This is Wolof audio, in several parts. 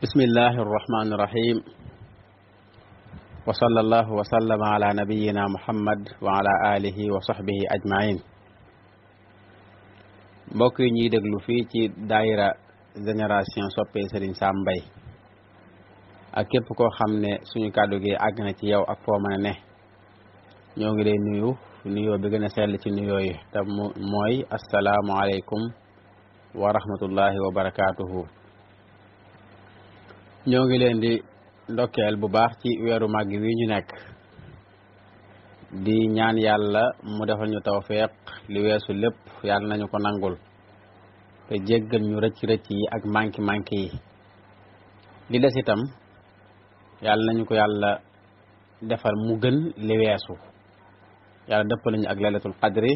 bismillahi arrahmani irrahim wa salla allahu wa sallama ala nabiyina muhammad ajmain mbokk yi ñuy déglu fii ci daayira génération soppe Serigne Sam Mbaye ak képp koo xam ne suñu kàddu gi àgg na ci yow ak foo mën a ñoo ngi lay nuyu nuyoo bi gën ci nuyoo yi te mooy asalaamualeykum wa rahmatullahi wa barakatuhu ñoo ngi leen di ndokkeel bu baax ci weeru màgg wii ñu nekk di ñaan yàlla mu defal ñu tawfeex li weesu lépp yàlla nañu ko nangul te jéggal ñu rëcc rëcc yi ak manki manki yi li des itam yàlla nañu ko yàlla defal mu gën li weesu yàlla dëppal ñu ak leylatul qadri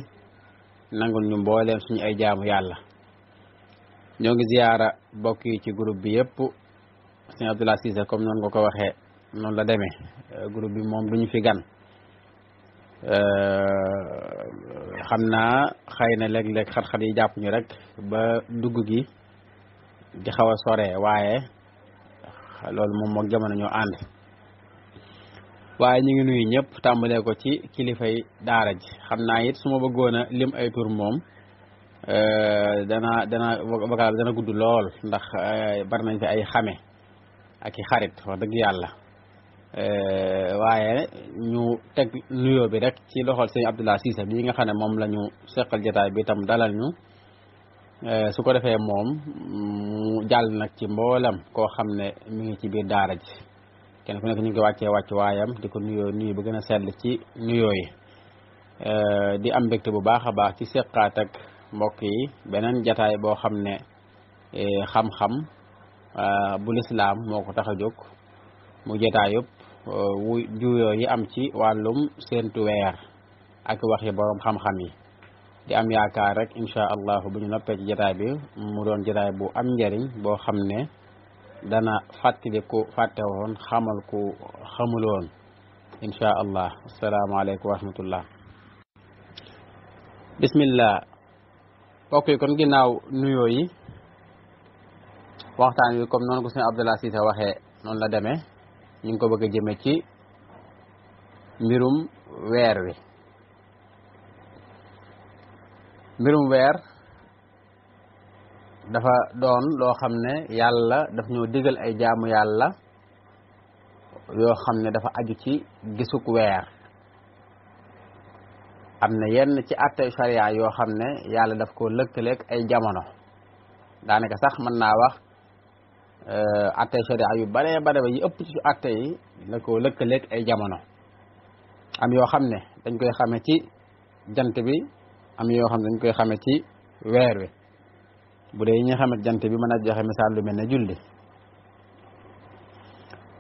nangul ñu mbooleem suñu ay jaamu yàlla ñoo ngi ziyaara bokk ci groupe bi yépp sëñ Abdoulaye Cissé comme noonu nga ko waxee noonu la deme euh, groupe bi moom du ñu fi gan euh, xam naa xëy na léeg-léeg xat-xat yi jàpp ñu rek ba dugg gi di xaw a sore waaye loolu moom moog jamono ñoo ànd waaye ñu ngi nuyu ñëpp tàmbalee ko ci kilifay daara ji xam naa it su ma bëggoon a lim ay tur moom euh, dana dana vocal dana gudd lool ndax bari nañ fi ay xame ak i xarit wax dëgg yàlla euh, waaye ñu teg nuyoo bi rek ci loxol sëñ Abdoulaye Cissé bi nga xam ne moom la ñu seqal jotaay bi dalal ñu euh, su ko defee moom mu jàll nag ci mboolam koo xam ne mu ngi ci biir daara ji kenn ku nekk ñu ngi wàccee wàcc waayam di ko nuyoo nuyu ba gën a sell ci nuyoo yi euh, di am mbégte bu baax a baax ci seqaat ak mbokk yi beneen jataay boo xam ne eh, xam-xam Euh, bu lislaam moo ko tax a jóg mu jotaa yëpp euh, wu juyoo yi am ci wàllum séentu weer ak waxi boroom xam-xam yi di am yaakaar rek incha allahu bu ñu noppee ci jotaay bi mu doon jotaay bu am njariñ boo xam ne dana fàttali ku fàtte woon xamal ku xamuloon incha allah asalaamaaleykum wa rahmatullah bismillah mbokk yi kon ginnaaw nuyoo yi waxtaan wi comme noonu ko sëñ Abdallah Cissé waxee noonu la deme ñu ngi ko bëgg a jëme ci mbirum weer wi mbirum weer dafa doon loo xam ne yàlla daf ñoo digal ay jaamu yàlla yoo xam ne dafa aju ci gisuk weer am na yenn ci attey charia yoo xam ne yàlla daf ko lëkkaleeg ay jamono daanaka sax mën naa wax Euh, atte sharia yu bare bare ba yi ëpp ci atte yi la ko lëkkaleeg ay jamono am yoo xam ne dañ koy xame ci jant bi am yoo xam ne dañ koy xame ci weer wi bu dee yi ñu xame jant bi mën a joxe misaal lu mel ne julli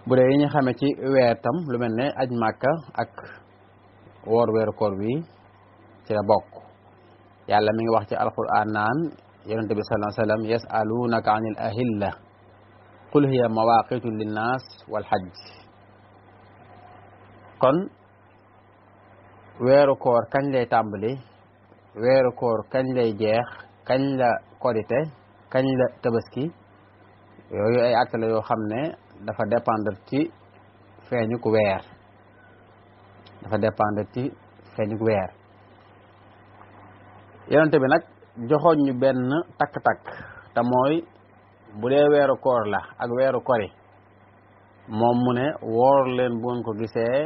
bu dee yi ñu ci weer tam lu mel ne aj màkka ak woor weeru koor bi ci la bokk yàlla mi ngi wax ci alquran naan yonente bi sallallahu alayhi wa sallam yasalunaka anil ahilla qul hiya mawaqitu linnas wal hajj kon weeru koor kañ lay tàmbali weeru koor kañ lay jeex kañ la korite kañ la tabaski yooyu ay acte la yoo xam ne dafa dépendre ci feeñu ku weer dafa dépendre ci feeñu ku weer yonente bi nag joxoon ñu benn bu dee weeru koor la ak weeru kori moom mu ne woor leen buon ko gisee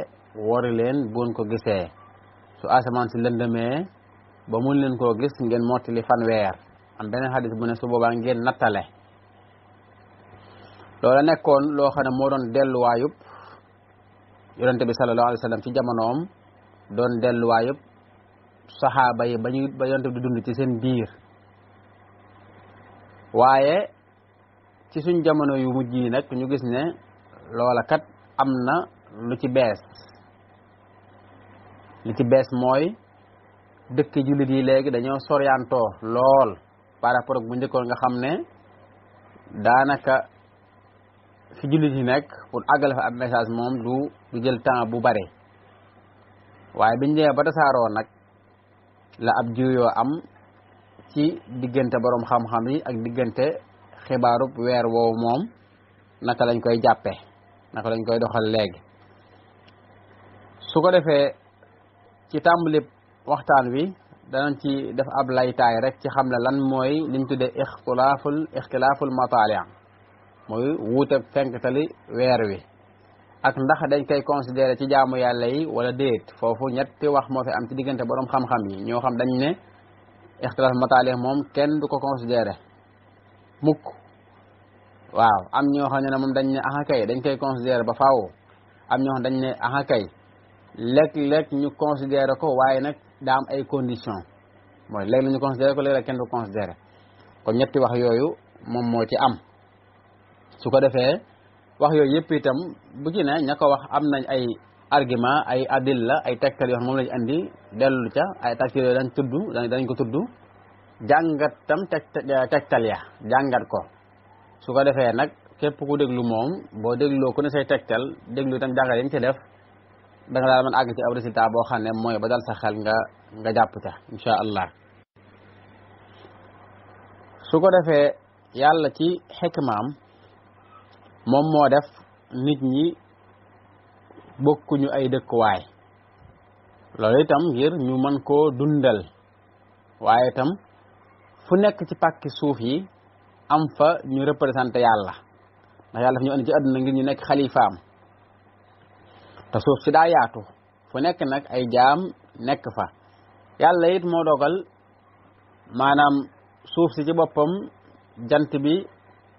woori leen buon ko gisee su asamaan si lëndëmee ba mun leen koo gis ngeen mottali fanweer am beneen xadis bu ne su boobaa ngeen nattale loola nekkoon loo xam ne moo doon delluwaayub yonente bi sallallahu alayhi wa sallam ci jamonoom doon delluwaayub saxaaba yi ba ñu bi di dund ci seen biir waaye ci suñ jamono yu mujj yi nag ñu gis ne loola kat am na lu ci bees lu ci bees mooy dëkk jullit yi léegi dañoo soriantoo lool par rapport ak bu njëkkoon nga xam ne daanaka fi jullit yi nag pour àggale fa ab message moom du du jël temps bu bare waaye biñ demee ba tasaaroo nag la ab jiw am ci diggante boroom xam-xam yi ak diggante xibaarub weer woowu moom naka lañ koy jàppe naka lañ koy doxal léegi su ko defee ci tàmbali waxtaan wi danañ ci def ab laytaay rek ci xam ne lan mooy liñ tuddee ixtilaaful ixtilaaful matalia mooy wuute fenktali weer wi ak ndax dañ koy considérer ci jaamu yàlla yi wala déet foofu ñetti wax moo fi am ci diggante borom xam-xam yi ñoo xam dañ ne ixtilaaf mataali moom kenn du ko considérer mukk waaw am ñoo xam ne moom dañ ne aha kay dañ koy considérer ba faw am ñoo xam dañ ne aha kay lekk léeg ñu considérer ko waaye nag daa am ay conditions mooy léeg lañu ñu considérer ko léeg-léeg kenn du considérer kon ñetti wax yooyu moom moo ci am su ko defee wax yooyu yëpp itam bu ci ne ña ko wax am nañ ay argument ay adilla ay tegtal yoo xam moom lañu indi dellu ca ay tegtal yooyu dañ tudd dañ ko tudd jàngat tam tegtal ya jàngat ko su ko defee nag képp ku deglu moom boo dégloo ku ne say tegtal déglu itam jàngat yi nga ci def danga nga daal mën àgg ci ab résultat boo xam ne mooy ba dal sa xel nga nga jàpp ca incha allah su ko defee yàlla ci xikmaam moom moo def nit ñi bokkuñu ay dëkkuwaay loolu itam ngir ñu mën koo dundal waaye itam fu nek ci pakki suuf yi am fa ñu représenter yalla ndax yalla ñu andi ci aduna ngir ñu nekk xalifaam ta suuf ci da yaatu fu nek nak ay jaam nek fa yalla yit mo dogal manam suuf ci bopam jant bi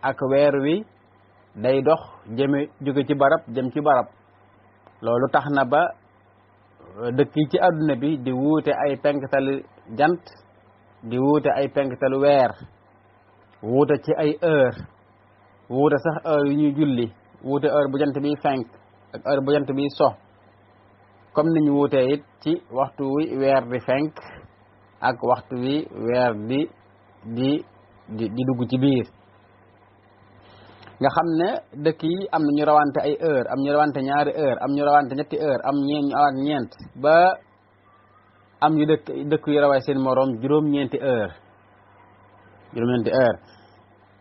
ak weer wi day dox jëme ci barab jëm ci barab lolu taxna ba dëkk ci aduna bi di wuté ay penktal jant di wuta ay penktalu weer wuta ci ay heure wuta sax heure yu ñu julli wuta heure bu jant bi fenk ak heure bu jant bi so comme niñ wuté it ci waxtu wi weer di fenk ak waxtu wi weer di di di di dugg ci biir nga xamne ne yi am ñu rawante ay heure am ñu rawante ñaari heure am ñu rawante ñetti heure am ñeen ñu ñent ba am yu dëkk dëkk yu rawaay seen moroom juróom-ñeenti heure juróom-ñeenti heure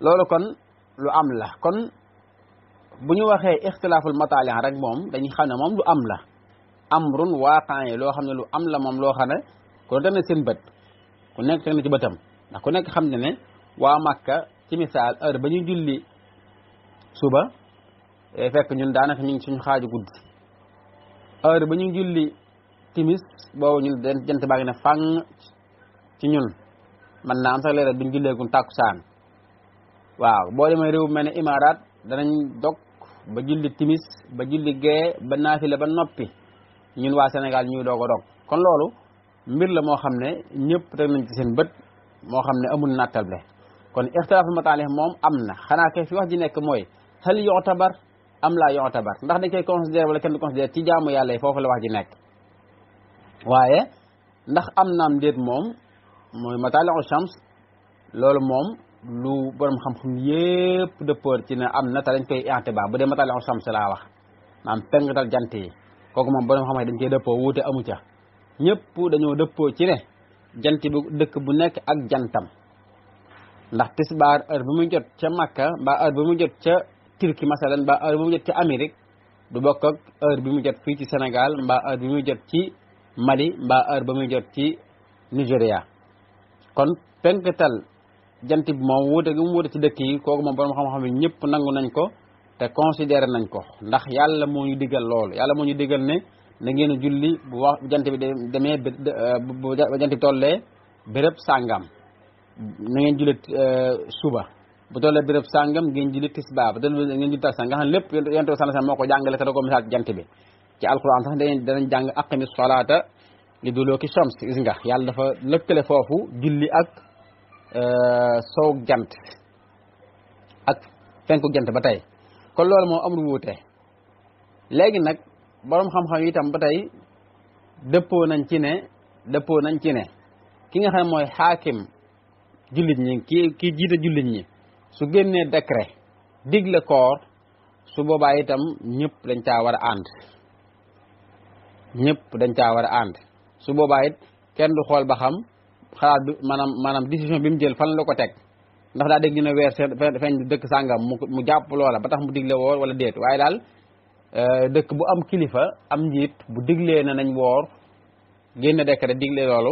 loolu kon lu am la kon bu ñu waxee ixtilaaful mataali rek moom dañuy xam ne moom lu am la am waa waaqaan loo xam ne lu am la moom loo xam ne ku ne seen bët ku nekk ci bëtam ndax ku xam ne ne waa Makka ci misaal heure ba ñuy julli suba eh, fekk ñun daanaka ñu ngi suñu xaaju guddi heure ba ñu julli timis bo ñu den jant baa ngi fang ci ñun man na am sax duñu jullé gun takusan waaw bo demé rew mel imarat danañ dok ba julli timis ba julli Ge ba naafila ba nopi ñun wa sénégal ñu dogo dok kon lolu mbir la mo xamné ñepp ñëpp nañ ci seen bëtt mo xamné amul natal nattable kon ikhtilaf matalih mom amna xana kay fi wax di nek moy hal yu'tabar am la yu'tabar ndax dañ koy considérer wala kenn du considéré ci jaamu yalla fofu la wax di nek waaye ndax am naam déet moom mooy mataalau shams loolu moom lu borom xam-xam yépp dëppoor ci ne am na te dañ koy i'tibar bu dee mataalau shams laa wax maanaam pengatal jant yi kooku moom borom xam-xam dañ koy dëppoo wuute amu ca ñëpp dañoo dëppoo ci ne jant bu dëkk bu nekk ak jantam ndax tisbaar heure bi mu jot ca Makka mbaa heure bi mu jot ca turki masalan mbaa heure bi mu jot ca Amérique du bokk ak heure bi mu jot fii ci Sénégal mbaa heure bi mu jot ci mali mbaa heure bamuy jot ci nigeria kon penkatal janti bi moom wote gi mu wuute ci dekk yi koku mom borom xam-xam ñepp nangu nañ ko te considéré nañ ko ndax yalla mo ñu diggal lool yalla mo ñu diggal ne na ngeen julli bu wax janti bi demee euh, bu janti bi tollee sangam na ngeen julli euh, suba bu tollee béréb sangam ngeen julli tisba bu ngeen julli tas nga xam lépp yonte bi sàngam moo te da ko misaal bi ci alquran sax dañ danañ jàng aqimi salaata li dulooki shams gis nga yàlla dafa lëkkale foofu julli ak euh, sow jant ak fenku jant ba tey kon loolu moom amul wute léegi nag boroom xam-xam itam ba tey dëppoo nañ ci ne dëppoo nañ ci ne ki nga xam ne mooy xaakim jullit ñi ki kii jiite jullit ñi su génnee décret digle koor su boobaa itam ñëpp dañ caa war a ànd ñëpp dañ caa war a ànd su boobaa it kenn du xool ba xam xalaat bi maanaam maanaam décision bi mu jël fan la ko teg ndax daa dégg ñu ne weer feeñ dëkk sàngam mu jàpp loola ba tax mu digle woor wala déet waaye daal euh, dëkk bu am kilifa am njiit bu digle na nañ woor génn décret digle loolu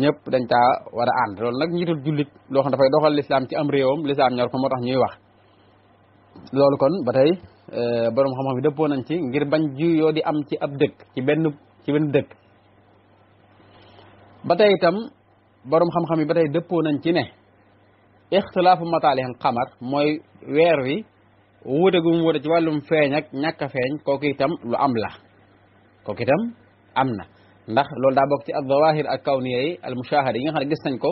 ñëpp dañ caa war a ànd loolu nag njiitul jullit loo xam dafay doxal lislaam ci am réewam lislaam ñor ko moo tax ñuy wax loolu kon ba tey Eh, borom xam-xam bi dëppoo nañ ci ngir bañ juyoo di am ci ab dëkk ci benn ci benn dëkk ba tey itam borom xam-xam yi ba tey nañ ci ne ixtilaafu al xamar mooy weer wi wuute gu mu wuute ci wàllum feeñ ak ñàkk a feeñ kooku itam lu am la kooku itam am na ndax loolu daa bokk ci adawahir ak kawniya yi al mushahada yi nga xam ne gis nañ ko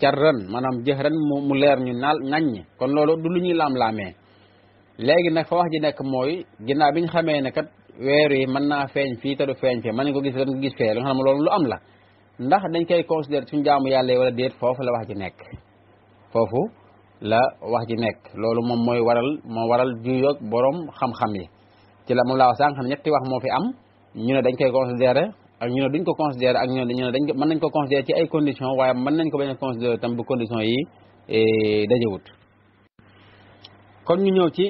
jarran maanaam jëhran mu leer ñu naal nañ kon loolu du lu lam laam-laamee léegi nag fa wax ji nekk mooy ginnaaw bi ñu xamee ne kat weer yi mën naa feeñ fii te du mën nañ ko gis doon ko gis fee la loolu lu am la ndax dañ koy considéré suñu jaamu yàlla wala déet foofu la wax ji nekk foofu la wax ji nekk loolu moom mooy waral moo waral juyoog borom xam-xam yi ci la moom laa sànq ñetti wax moo fi am ñu dañ koy considéré ak ñu duñ ko considéré ak ñu ne dañ mën nañ ko considéré ci ay conditions waaye mën nañ ko bañ a considéré tam bu conditions yi eh, dajewut kon ñu ñëw ci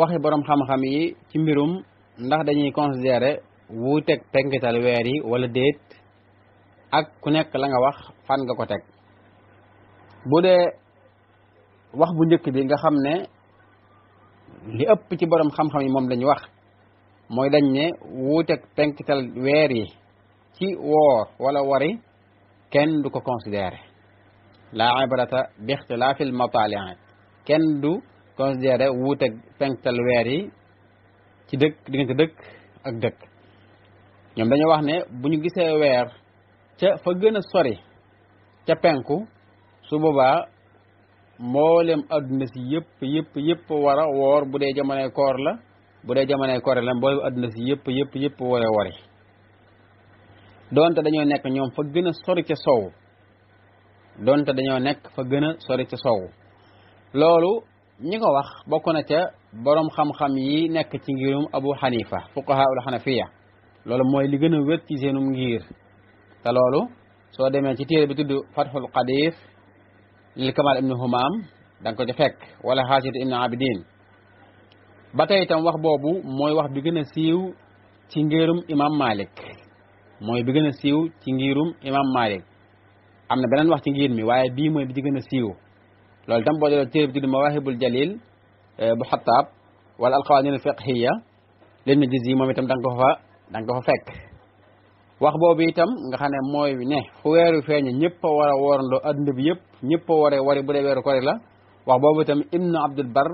waxi borom xam-xam yi ci mbirum ndax dañuy considérer wuuteeg penkital weer yi wala ak ku la nga wax fan nga ko teg bu dee wax bu njëkk bi nga xam ne li ëpp ci borom xam-xam yi moom lañu wax mooy dañ ne wuuteeg penkital weer yi ci wala wari kenn du ko considérer la ibrata bi ixtilaafil mataaliat kenn du considéré wuuteeg penktal weer yi ci dëkk diggante dëkk ak dëkk ñoom dañoo wax ne bu ñu gisee ca fa gën a sori ca penku su boobaa mboolem adduna si yëpp yëpp yëpp war a woor bu koor la bu dee koor la mboolem adduna si yëpp wori donte fa a sori ca sow donte dañoo nekk fa gën sori ca sow lolu ñi ko wax bokk na ca borom xam-xam yi nekk ci ngirum abu xanifa fuqahaul xanafiya loolu mooy li gën a wér ci seenum ngir te loolu soo demee ci téere bi tudd fathul qadir lil kamal ibnu humam da ko ci wala xaasiyatu ibnu abidin ba tey itam wax boobu mooy wax bi gën a siiw ci ngirum imam malik mooy bi gën a siiw ci ngirum imam malik am na beneen wax ci ngir mi waaye bi mooy bi ci gën a siiw loolu tam boo delloo téere bi tudd mawahibul jalil bu xataab wala alqawaaninu fiqhiya leen majlis yi moom itam da nga ko fa da nga ko fa fekk wax boobu itam nga xam ne mooy ne fu weeru feeñe ñëpp a war a woorandoo adduna bi yëpp ñëpp a waree wari bu dee weeru kori la wax boobu itam ibnu abdul bar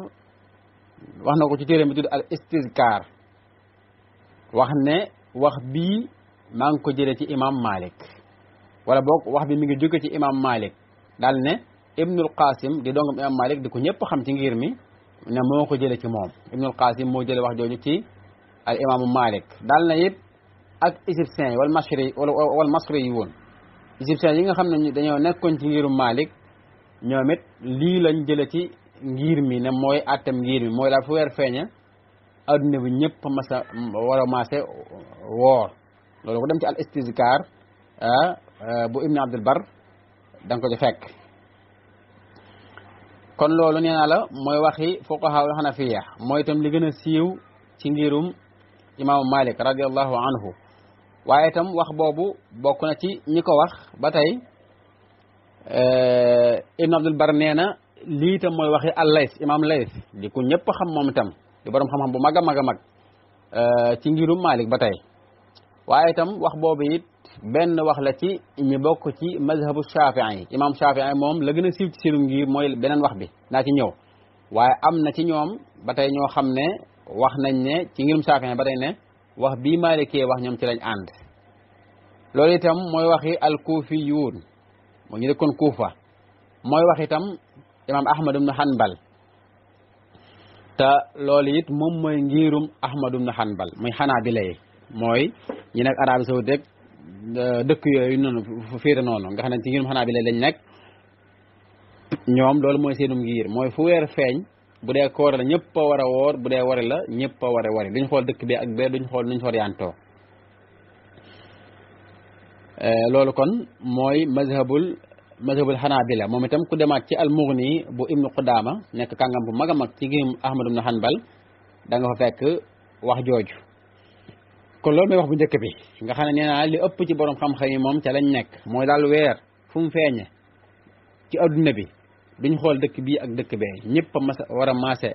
wax na ko ci téere bi tudd al istizkar wax ne wax bii maa ngi ko jëlee ci imam malik wala boog wax bi mi ngi jóge ci imam malik daal ne ibnul qasim di dongam imam malik di ko ñëpp xam ci ngir mi ne moo ko jële ci moom ibnul qasim moo jële wax jooju ci al imaamu malik daal na it ak égyptien yi wal masri wala wal masri yi woon égyptien yi nga xam ne dañoo nekkoon ci ngirum malik ñoom it lii lañ jële ci ngir mi ne mooy attam ngir mi mooy daal fu weer feeña adduna bi ñëpp mas a war a maase woor loolu ko dem ci al istizkar bu ibnu abdul bar da nga ko ci fekk kon loolu nee naa la mooy waxi fuqahaa ul xanafiya mooy itam li gën a siiw ci ngirum imaamu malik radiallahu anhu waaye itam wax boobu bokk na ci ñi ko wax ba tey ibn abdul bar nee na lii itam mooy waxi al lays lays di ku ñëpp xam moom itam di borom xam-xam bu mag a mag a mag ci ngirum malik ba tey waaye itam wax boobu it benn wax la ci ñi bokk ci mazhabu shafii yi imam shafii moom la gën a siiw ci seenu ngir mooy beneen wax bi naa ci ñëw waaye am na ci ñoom ba ñoo xam ne wax nañ ne ci ngirum shafii ba tey ne wax bii maalikee wax ñoom ci lañ ànd loolu itam mooy waxi alkuufiyuun moo ñu dëkkoon kuufa mooy wax itam imam ahmad ibnu hanbal te loolu it moom mooy ngirum ahmad ibnu hanbal muy xanaa bi lay mooy ñi nekk Arabie Saoudite dëkk yooyu noonu féete noonu nga xam ne ci ngirum xanaa bi la lañ nekk ñoom loolu mooy seenum ngir mooy fu weer feeñ bu dee koor la ñëpp a war a woor bu dee wari la ñëpp a war a wari duñ xool dëkk bi ak bee duñ xool nuñ xool euh, loolu kon mooy mazhabul mazhabul xanaabila moom itam ku demaat ci bu ibnu qudaama nekk kàngam bu mag a mag ci ngirum ahmadu ibnu hanbal da nga fa fekk wax jooju kon loolu may wax bu njëkk bi nga xam ne nee naa li ëpp ci borom xam-xam yi moom ca lañ nekk mooy daal weer fu mu feeñe ci adduna bi duñ xool dëkk bii ak dëkk bee ñëpp a mas war a maase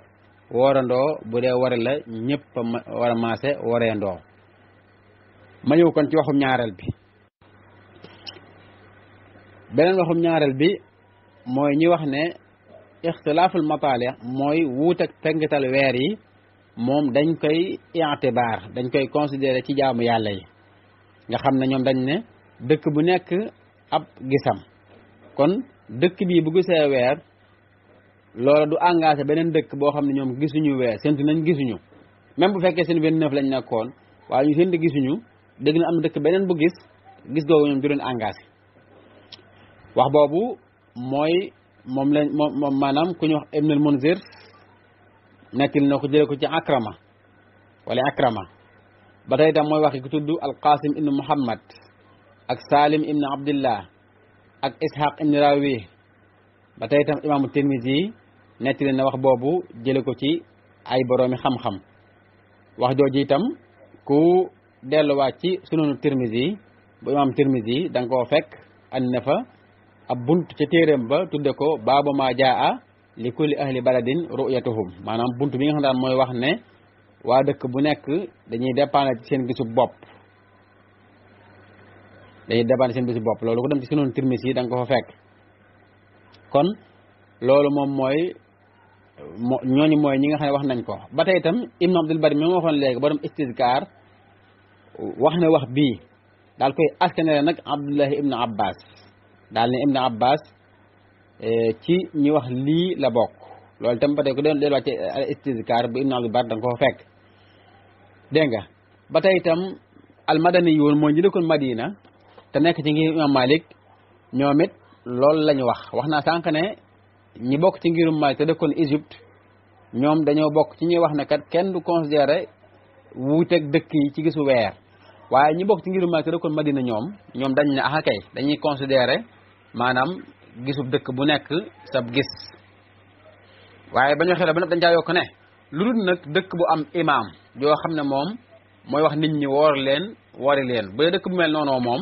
woorandoo bu dee ware la ñëpp a war a maase wareendoo ma ñëw kon ci waxum ñaareel bi beneen waxum ñaareel bi mooy ñi wax ne ixtilaaful mataali mooy wuut ak pengital weer yi mom dañ koy i'tibar dañ koy considérer ci jaamu yalla yi nga xam ñom dañ ne dekk bu nekk ab gisam kon dekk bi bu gisee weer loolu du engagé benen dekk bo xam ñom gisunu gisuñu weer nañ gisunu même bu fekke sen 29 lañ nekkoon wa ñu séntu gisunu dégg na am dekk benen bu gis gis googu ñom du leen engagé wax bobu moy mom lañ moom maanaam ku ñu wax ibn al Munzir nekkil na ko ci akrama wala akrama ba tey tam mooy waxi ku tudd alqasim ibnu muhammad ak salim ibnu abdillah ak ishaq ibnu rawi ba tey tam imaamu tirmisi wax boobu jële ko ci ay boroomi xam-xam wax jooju itam ku delluwaat ci sunanu tirmisi bu imaam tirmisi da nga fekk a na fa bunt ci téeréem ba tudde ko baabu maa jaa li ahli baladin ru'yatuhum manam buntu bi nga xam daan moy wax ne wa dekk bu nek dañuy dépendre ci seen gisu bop dañuy dépendre seen bisu bop ko dem ci sunu tirmisi dang ko fa fek kon loolu mom moy ñoni moy ñi nga xam wax nañ ko batay tam ibn abdul bari mi ma waxoon borom istizkar wax na wax bi dal koy askene nak abdullahi ibnu abbas dal ni ibnu abbas Eh, ci ñu wax lii la bokk loolu tam ba tey eh, ko doon delluwaat ci al istizkar bu ibnu abdul bar da nga ko fekk dégg nga ba tey itam al madani yi woon mooy ñi dëkkoon madina te nekk ci ngir imam malik ñoom it loolu la ñu wax wax naa sànq ne ñi bokk ci ngirum malik te dëkkoon égypte ñoom dañoo bokk ci ñuy wax ne kat kenn du considéré wuuteeg dëkk yi ci gisu weer waaye ñi bokk ci ngirum malik te dëkkoon madina ñoom ñoom dañ ne ah kay dañuy considéré maanaam gisub dëkk bu nekk sab gis waaye ba ñu xelal ba nag dañ caa yokk ne lu dul nag dëkk bu am imaam yoo xam ne moom mooy wax nit ñi woor leen wari leen bu dee dëkk bu mel noonu moom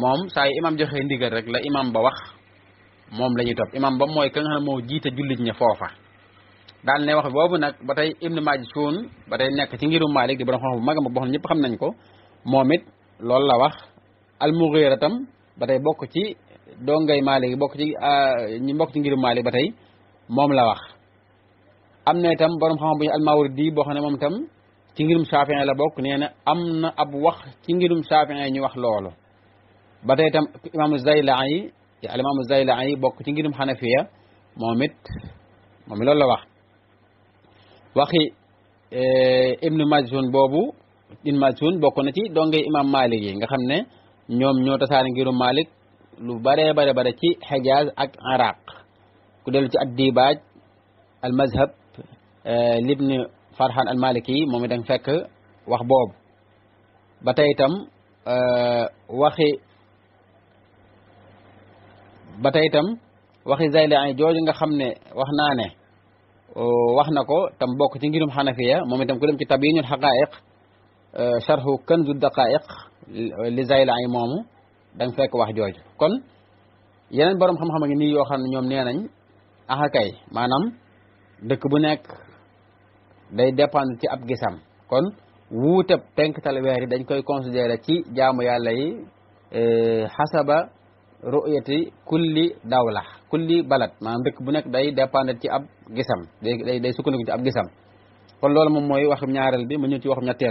moom saa yi imaam joxe ndigal rek la imaam ba wax moom lañuy ñuy topp imaam ba mooy ka xam moo jiite jullit ñi foofa. daal ne wax boobu nag ba tey Ibn Majsun ba tey nekk ci ngirum Maalik di borom bu mag a mag ñëpp xam nañ ko moom it loolu la wax al-Mughira ba tey bokk ci. dongay Maalik bokk ci ah, ñu bokk ci ngirum Maalik ba tey moom la wax am na itam borom xam-xam bu ñu al-Mawardi boo xam ne moom itam ci ngirum Shaafi'i la bokk nee na am na ab wax ci ngirum Shaafi'i ñu wax loolu ba tey itam imaamu Zaylai al Imam Zaylai bokk ci ngirum Xanafiya moom it moom loolu la wax waxi eh, Ibnu Majzun boobu Ibnu Majzun bokk na ci dongay imaam Maalik yi nga xam ne ñoom ñoo tasaare ngirum Maalik lu bare bare bare ci Hijaz ak Iraq ku delu ci ad al-Mazhab libni Farhan al-Maliki momi dang fek wax bob batay tam waxi batay tam waxi Zayli ay joju nga xamne wax naa wax nako tam bok ci ngirum hanafiya momi tam ku dem ci tabiinul xaqaa'iq sharhu kanzu daqaa'iq li Zayli ay dang fekk wax jooju kon yenen borom xam-xam a ngi nii yoo xam ne ñoom nee bu nek day dépendre ci ab gisam kon wuté penktal tal wéri dañ koy considéré ci jaamu yalla yi hasaba e, ru'yati kulli dawla kulli balad manam dekk bu nek day dépendre ci ab gisam day day sukkandiku ci ab gisam kon loolu mom moy wax ñaaral bi ma ñu ci wax bi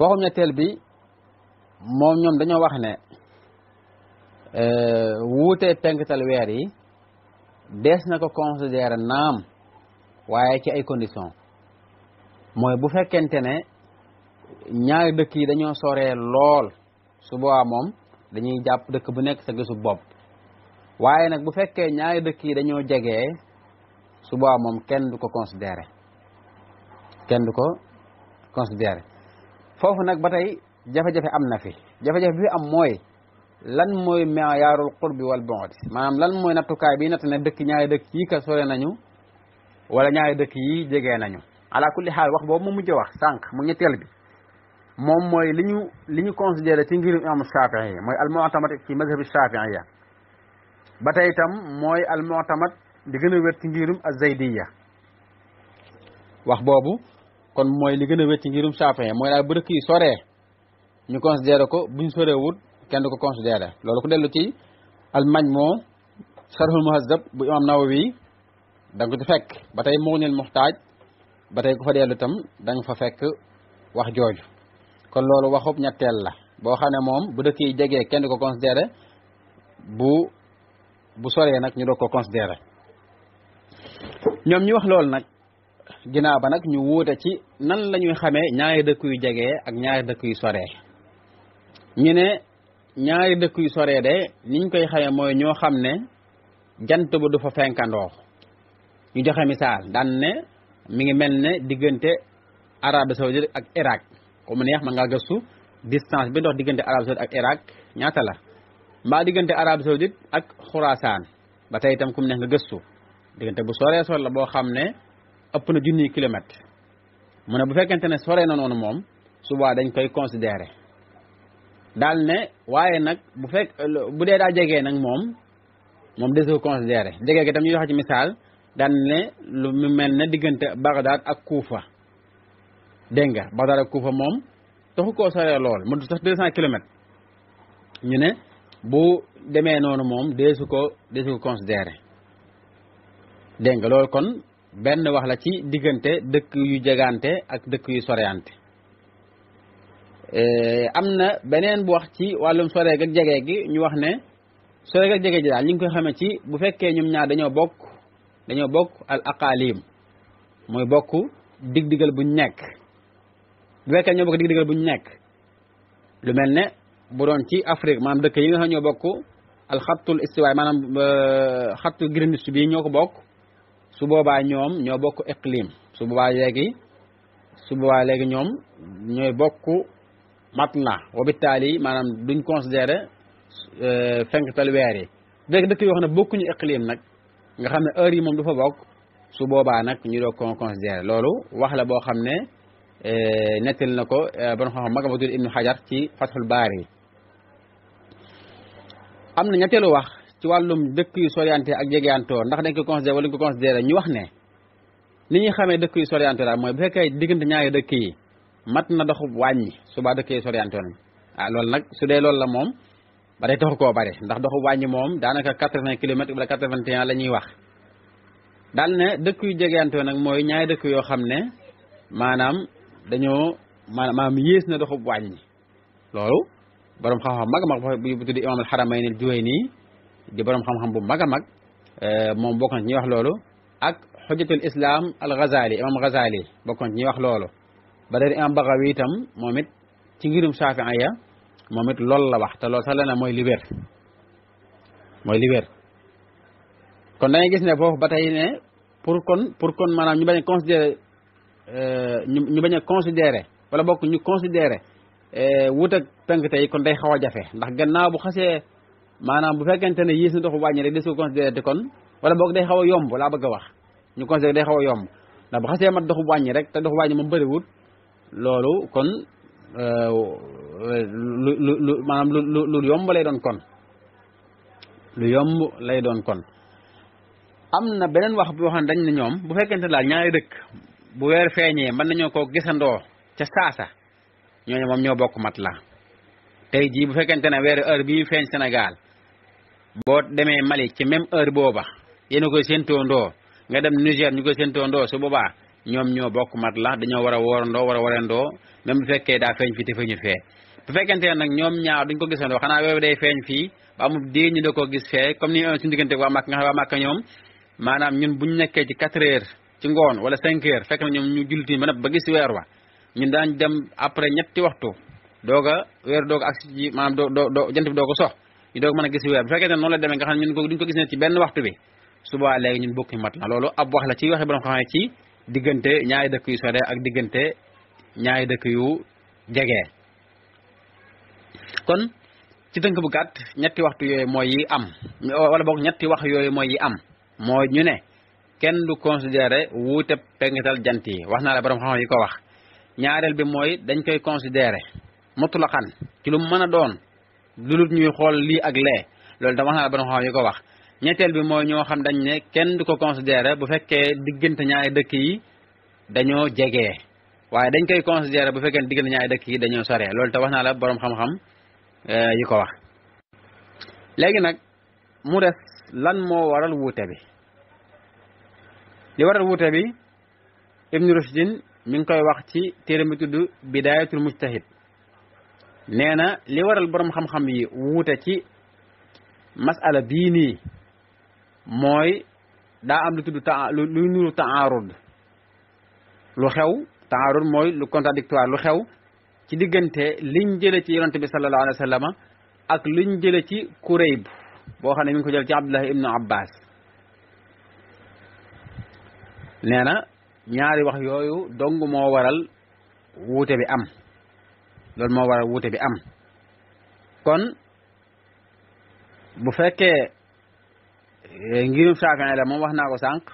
waxum bi moom ñoom dañoo wax ne euh, wuutee penktal weer yi dees na ko considérer naam waaye ci ay conditions mooy bu fekkente ne ñaari dëkk yi dañoo soree lool su moom dañuy jàpp dëkk bu nekk sa gisu bopp waaye nag bu fekkee ñaari dëkk yi dañoo jegee su boobaa moom kenn ko considere kenn ko considérer foofu nag ba tey jafe-jafe am na fi jafe-jafe bi am mooy lan mooy maayaarul qurbi wal bu'd maanaam lan mooy nattukaay bi natt na dëkk ñaari dëkk yi ka sore nañu wala ñaari dëkk yi jege nañu ala kulli xaal wax boobu moo mujj wax sànq mu ñetteel bi moom mooy li ñu li ñu considéré ci ngirum imam Shafii yi mooy almutamad ci mazhabi Shafiiya ba tey itam mooy almutamad di gën a wér ci ngirum wax boobu kon mooy li gën a wér ci ngirum Shafii mooy daal bu dëkk yi soree ñu considéré ko bu buñ sorewut kenn du ko considéré loolu ko dellu ci almajmu sharhul muhazzab bu imam nawawi da nga ko fekk ba tey mugnil muhtaaj ba tey ku fa dellu itam da fa fekk wax jooju kon loolu waxub ñetteel la boo xam ne moom bu dëkk yi jegee kenn du ko considéré bu bu soree nag ñu doog ko considéré ñoom ñu wax loolu nag ginnaaw ba nag ñu wuute ci nan lañuy xamee ñaari dëkk yu jegee ak ñaari dëkk yu soree ñu ne ñaari dëkk yu soree de niñ koy xamee mooy ñoo xam ne jant ba du fa fenkandoo ñu joxe misaal daan ne mi ngi mel ne diggante Arabie Saoudite ak Irak ku mu neex ma ngaa gëstu distance bi ndox diggante Arabie ak Irak ñaata la mbaa diggante Arabie ak Xuraasaan ba itam ku mu nga gëstu diggante bu soree sore la boo xam ne ëpp na junniy kilomètre mu ne bu fekkente ne soree na noonu moom subaa dañ koy considéré daal ne waaye nag bu fekk bu dee daa jegee nag moom moom des ko considéré jegee gi tam ñuy wax ci misaal dal ne lu mu mel na diggante Bagdad ak Kuufa dégg nga Bagdad ak Kuufa moom taxu ko soree lool mu sax deux cent kilomètres ñu ne bu demee noonu moom deesu ko deesu ko considéré dégg nga loolu kon benn wax la ci diggante dëkk yu jegante ak dëkk yu soreyante Eh, am na beneen bu wax ci wàllum soreeg ak jege gi ñu wax ne soreeg ak jege ji daal ñu ngi koy xamee ci bu fekkee ñoom ñaar dañoo bokk dañoo bokk al aqaalim mooy bokk dig-digal buñ nekk bu fekkee ñoo bokk dig-digal buñ nekk lu mel ne bu doon ci Afrique maanaam dëkk yi nga xam ñoo bokk al xattul istiwaay maanaam eh, xattu Greenwich bi ñoo ko bokk su boobaa ñoom ñoo bokk iqlim su boobaa léegi ñoom ñooy bokk mat na wa bittaali maanaam duñ considéré euh, fenktal weer yi dëkk dëkk yoo xam ne bokkuñu iqlim nag nga xam ne heure yi moom du fa bokk su boobaa nag ñu doog ko considéré loolu wax la boo xam ne euh, nettal na ko euh, borom xam-xam magam ba tudd ibnu xajar ci fathul baari am na ñetteelu wax ci wàllum dëkk yu soriante ak jegeantoo ndax dañ ko considéré wala ñu ko considéré ñu wax ne ni ñuy xamee dëkk yu soriante daal mooy bu fekkee diggante ñaari dëkk yi mat na doxub wàññi subaa dëkk yi soriante nañ ah loolu nag su dee loolu la moom ba taxu koo bare ndax doxub wàññi moom daanaka quatre-vingts kilomètres wala quatre-vingt-un la ñuy wax daal ne dëkk yu jegeantoo nag mooy ñaari dëkk yoo xam ne maanaam dañoo maanaam yées na doxub wàññi loolu borom xam-xam mag a mag bu tudd imaam al-Haramayn al-Juwayni borom xam-xam bu mag a mag eh, moom bokkoon ci ñuy wax loolu ak xujjatul islam al-Ghazali imaam Ghazali bokkoon ci ñuy wax loolu badari am imam bagawi itam moom ci ngirum saafiaya moom it loolu la wax te lol sa la ne mooy li wér kon dangay gis ne fofu batay ne pour kon pour kon manam ñu bañ considérer euh ñu bañ considérer wala bokku ñu considérer euh, wut ak tank tay kon day xawa jafé ndax gannaaw bu xasse manam bu fekkante ne yees na doxu wàññi rek des considérer te kon wala boog day xawa yomb la bëgg wax ñu considérer day xawa yomb ndax bu xasse ma doxu wañi rek te doxu mo moom wut loolu kon euh, lu lu lu maanaam lu lu yomb lay doon kon lu yomb lay doon kon am na beneen wax boo xam ne dañ ne ñoom bu fekkente daal ñaari dëkk bu weer feeñee mën nañoo koo gisandoo ca saasa ñooñu moom ñoo bokk mat la tey jii bu fekkente ne weeru heure bii feeñ Sénégal boo demee Mali ci même heure booba yéen a koy séentoondoo nga dem Niger ñu koy séentoondoo su boobaa ñom ñoo bokk mat la dañu wara a woorandoo war a warendoo même fekke da feñ fi fii te feeñu fee bu fekkente nak ñom ñoom ñaar duñ ko gisandoo xanaa wewe day feñ fi ba mu deñ ñu da ko gis fee comme ni suñu digënté wa mak nga wa mak ñom manam ñun buñ nekké ci 4 heures ci ngoon wala 5 heures fekk na ñom ñu jullit ba ba giss wër wa ñun dañ dem après ñetti waxtu doga wër doga ak ci manam do do do jënt bi doo sox ñu doog mëna giss wër bu fekkee non la démé nga xam ñun ko duñ ko giss ne ci benn waxtu bi suba léegi ñun bokk mat la lolu ab wax la ci waxe borom xam ci digënté ñaay dëkk yu sore ak nyai ñaay dëkk yu kon ci dëng bu gatt ñetti waxtu yoy moy yi am wala bok ñetti wax yoy moy yi am moyi ñu né kenn du considéré wuté pengetal jant yi wax na la borom xam yi ko wax ñaarël bi moy dañ koy considéré mutlaqan ci lu mëna a doon lulut ñuy xol li ak lé dama borom xam yi ko wax ñetteel bi mooy ñoo xam dañ ne kenn du ko considéré bu fekkee diggante ñaari dëkk yi dañoo jege waaye dañ koy considéré bu fekkee diggante ñaari dëkk yi dañoo sore loolu te wax naa la boroom xam-xam eh, yi ko wax. léegi nag mu des lan moo waral wuute bi li waral wuute bi Ibn Rushdin mi ngi koy wax ci téere mi tudd Bidaayatul Mujtahid nee na li waral boroom xam-xam yi wuute ci masala bii nii. mooy daa am lu tudd ta lu nuru taarud lu xew taarud mooy lu contradictoire lu xew ci diggante liñ jële ci yonante bi sallallahu alayhi wa ak liñ jële ci kurayb boo xam ne mi ko jël ci abdullahi ibnu abbas nee na ñaari wax yooyu dong moo waral wuute bi am loolu moo waral wuute bi am kon bu fekkee Eh, ngirum Shaafi'i la moom wax naa ko sànq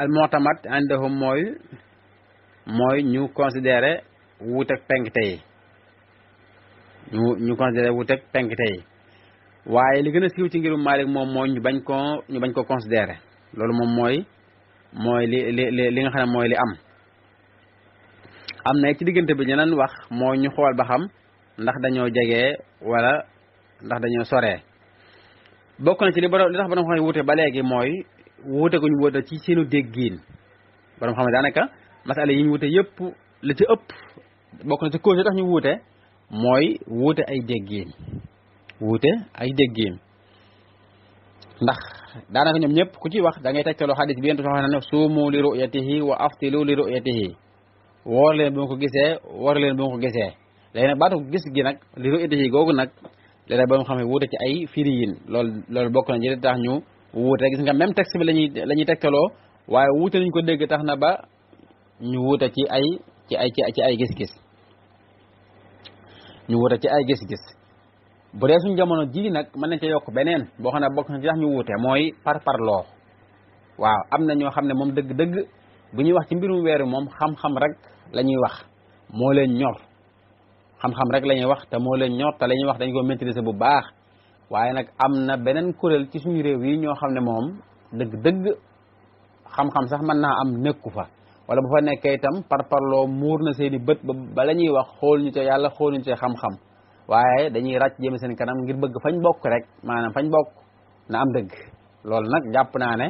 al mu'tamad indahum mooy mooy ñu considéré wuuteeg penkte yi ñu ñu considéré wuuteeg penkte yi waaye li gën a siiw ci ngirum Maalik moom mooy ñu bañ koo ñu bañ ko considéré loolu moom mooy mooy li li li nga xam ne mooy li am am na ci diggante bi ñeneen wax mooy ñu xool ba xam ndax dañoo jege walla ndax dañoo sore bokk na ci li borom li tax borom xam ne wuute ba léegi mooy wuute guñ wuute ci seenu déggiin borom xam ne daanaka masala yi ñu wuute yëpp la ci ëpp bokk na ci cause yi tax ñu wuute mooy wuute ay déggiin wuute ay déggiin ndax daanaka ñoom ñëpp ku ci wax da ngay tegtaloo xadis bi yéen soo xam ne suumu li ru'yatihi wa aftilu li ru'yatihi woor leen bu nga ko gisee woor leen bu nga ko gisee léegi nag baatu gis gi nag li ru'yatihi googu nag léeg-léeg xamé wuté ci ay firiyin lol lol bokk na ci tax ñu wuté gis nga même texte bi lañuy lañuy ñuy waye wuté ñu ko dégg tax na ba ñu wuté ci ay ci ay ci ay gis-gis ñu wuté ci ay gis-gis bu dé suñu jamono ji nak man nañ ci yok benen bo xana bokk na tax ñu wuté moy par par lo waaw amna ño xamné mom dëgg-dëgg bu ñuy wax ci mbirum weeru mom xam-xam rek lañuy wax mo leen ñor xam-xam rek lañuy wax te moo leen ñor la ñuy wax dañ ko maîtriser bu baax waaye nag am na beneen kuréel ci suñu réew yi ñoo xam ne moom dëgg-dëgg xam-xam sax mën naa am nekku fa wala bu fa nekkee itam par parloo muur na seeni bët ba ba la ñuy wax xool ñu te yàlla xool ñu ca xam-xam waaye dañuy ràcc jëm seen kanam ngir bëgg fañ bokk rek maanaam fañ bokk na am dëgg loolu nag jàpp naa ne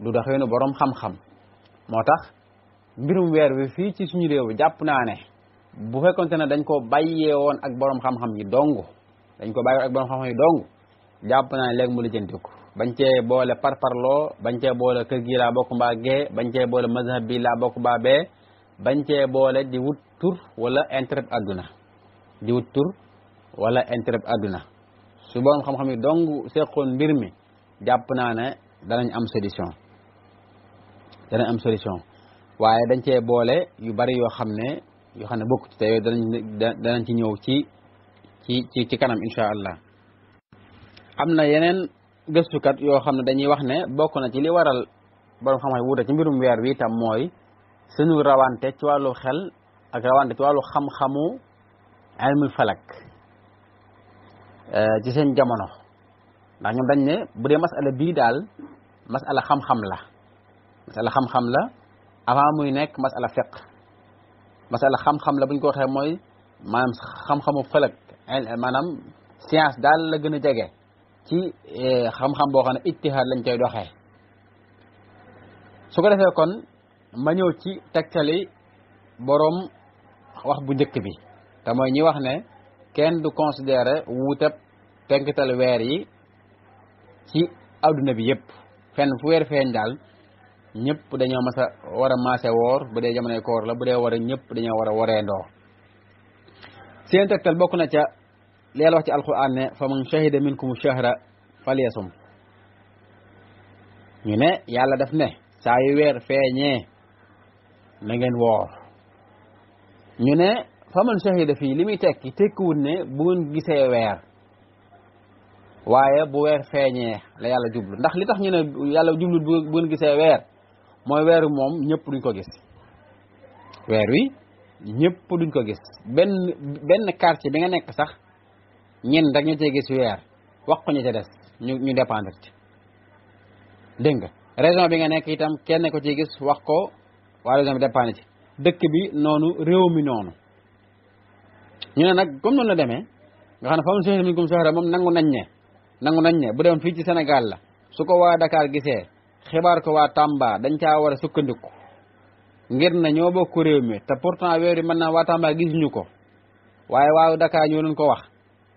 du doxeenu boroom xam-xam moo tax mbirum weer wi fii ci suñu réew jàpp naa ne bu fekkonte ne dañ ko bàyyee woon ak borom xam-xam yi dong dañ ko bàyyee woon ak borom xam-xam yi dong jàpp naa ne léegi mu lijjanti ko bañ cee boole parparloo bañ cee boole kër gi laa bokk mbaa bañ cee boole mazhab bi laa bokk mbaa bee bañ cee boole di wut wala intérêt àdduna di wut wala intérêt àdduna su borom xam-xam yi dong seqoon mbir mi jàpp naa ne danañ am solution danañ am solution waaye dañ cee boole yu bari xam ne. yo xamne bokku ci tayé danañ danañ ci ñëw ci ci ci kanam insha allah amna na gëstu kat yo xamne dañuy wax ne bokku na ci li waral borom xam-xam wuté ci mbirum wër wi tam moy suñu rawante ci walu xel ak rawante ci walu xam-xamu ilmul falak eh, ci seen jamono da ñu dañ ne bu dé masala bi dal masala xam-xam la masala xam-xam la avant muy nek masala fiq masala xam-xam la bu ñu ko waxee mooy maanaam xam-xamu maanaam science daal la gën a jege ci eh, xam-xam boo xam ne ittihaad lañ koy doxee su ko defee kon ma ñëw ci tegtali boroom wax bu njëkk bi te mooy ñi wax ne kenn du considéré wuutab penktal weer yi ci adduna bi yëpp fenn fu weer feeñ daal ñepp dañu massa wara massé wor maase bu dé jamonoy koor la bu dé war ñepp dañu wara war ndo seen tektal bokku na ca li wax ci alquran né fa man shahida minkum shahra falyasum ñu né yalla daf né sa yu weer feeñee na ngeen wor ñu né fa man shahida fi limi tekki tekkiwut ne bu ngeen gisé weer waaye bu weer feeñee la yalla djublu ndax li tax ñu ne yalla djublu bu ngeen gisee weer moy wèr mom ñepp duñ ko gis wèr wi ñepp duñ ko gis ben ben quartier bi nga nek sax ñen rek ñu tay gis wèr wax ko ña ca des ñu ñu dépendre ci dégg nga région bi nga nek itam kenn ko ci gis wax ko wa région bi dépendre ci dëkk bi nonu réew mi nonu ñu nak comme la démé nga xam famu fa mu seen minkum mom nangu nañ ne nangu nañ ne bu dem fi ci Sénégal la su ko Dakar gisé xibaar ko waa Tamba dañ caa war a sukkandiku ngir na ñoo bokk réew mi te pourtant weer yi mën naa waa Tamba gisuñu ko waaye waaw Dakar ñoo leen ko wax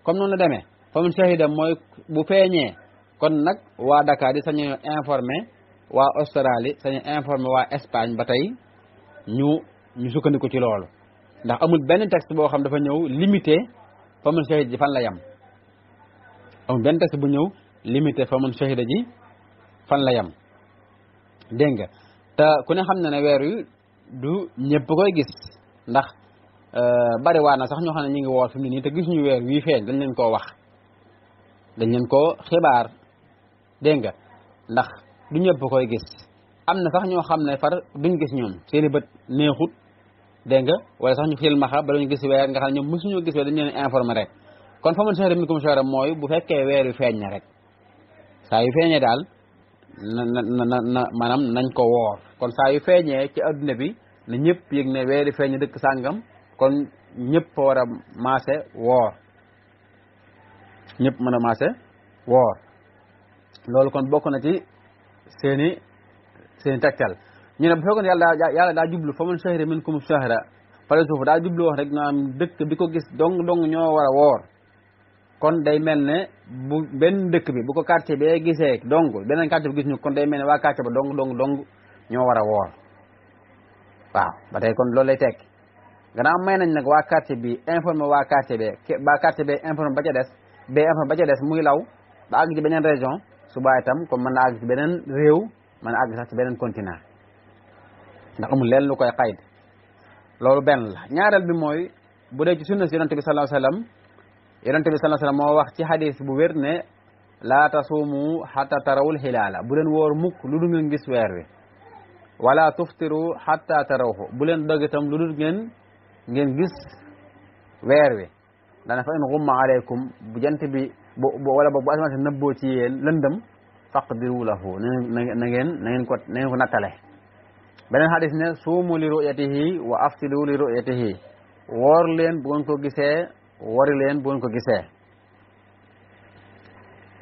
comme noonu demee famun shahida mooy bu feeñee kon nag waa Dakar di sañu informé waa Australie sañu informé waa Espagne ba tey ñu ñu sukkandiku ci loolu ndax amul benn texte boo xam dafa ñëw limité famun shahida fan la yem amul benn texte bu ñëw limité famun shahida ji fan la yem dégg nga te ku ne xam na ne weer wi du ñëpp koy gis ndax euh, bari waa na sax ñoo xam ne ñu ngi woor fi mu nii te gis ñu weer wii feeñ dañ leen koo wax dañ leen ko xibaar dégg nga ndax du ñëpp koy gis am na sax ñoo xam ne far duñ gis ñoom seeni bët neexut dégg nga wala sax ñu xil maxa bala ñu gis weer nga xam ne ñoom mësuñoo gis weer dañ leen informé rek kon fa man sahri minkum shahran mooy bu fekkee weer yu feeñ na rek saa yu feeñee daal na na na maanaam nañ ko woor kon saa yu feeñee ci adduna bi na ñëpp yëg ne weeri feeñ dëkk sàngam kon ñëpp war a maase woor ñëpp mën a maase woor loolu kon bokk na ci seeni seeni tegtal ñu ne bu fekkoon yàlla daa yàlla daa jublu fa man shahra minkum shahra pare suuf daa jublu wax rek maanaam dëkk bi ko gis dong dong ñoo war a kon day mel ne bu benn dëkk bi bu ko quartier bi gisee dong beneen quartier bi gis ñu kon day mel ne waa quartier ba dong dong dong ñoo war a woor waaw ba tey kon loolu lay tekk gannaaw may nañ nag waa quartier bi informé waa quartier bee waa quartier bee informé ba ca des bee informé ba ca des muy law ba àgg ci beneen région subaa itam kon mën na àgg ci beneen réew mën na àgg sax ci beneen continent ndax amul leen lu koy xayd loolu benn la ñaareel bi mooy bu dee ci sunna si yonante bi sallallahu alayhi wa sallam yonente bi sallallahu alayhi moo wax ci xadis bu wér ne laa tasuumu xata tarawul xilaala bu leen woor mukk lu dul ngeen gis weer wi wala tuftiru xata tarawhu bu leen dog itam lu dul ngeen ngeen gis weer wi dana fa in gumma aleykum bu jant bi bu wala bu asamaan si nëbboo ci yéen lëndëm faqdiru na na ngeen ko na ngeen ko nattale beneen xadis ne suumu li ru'yatihi wa aftiru li ru'yatihi woor leen bu ngeen ko gisee wari leen bu ko gisee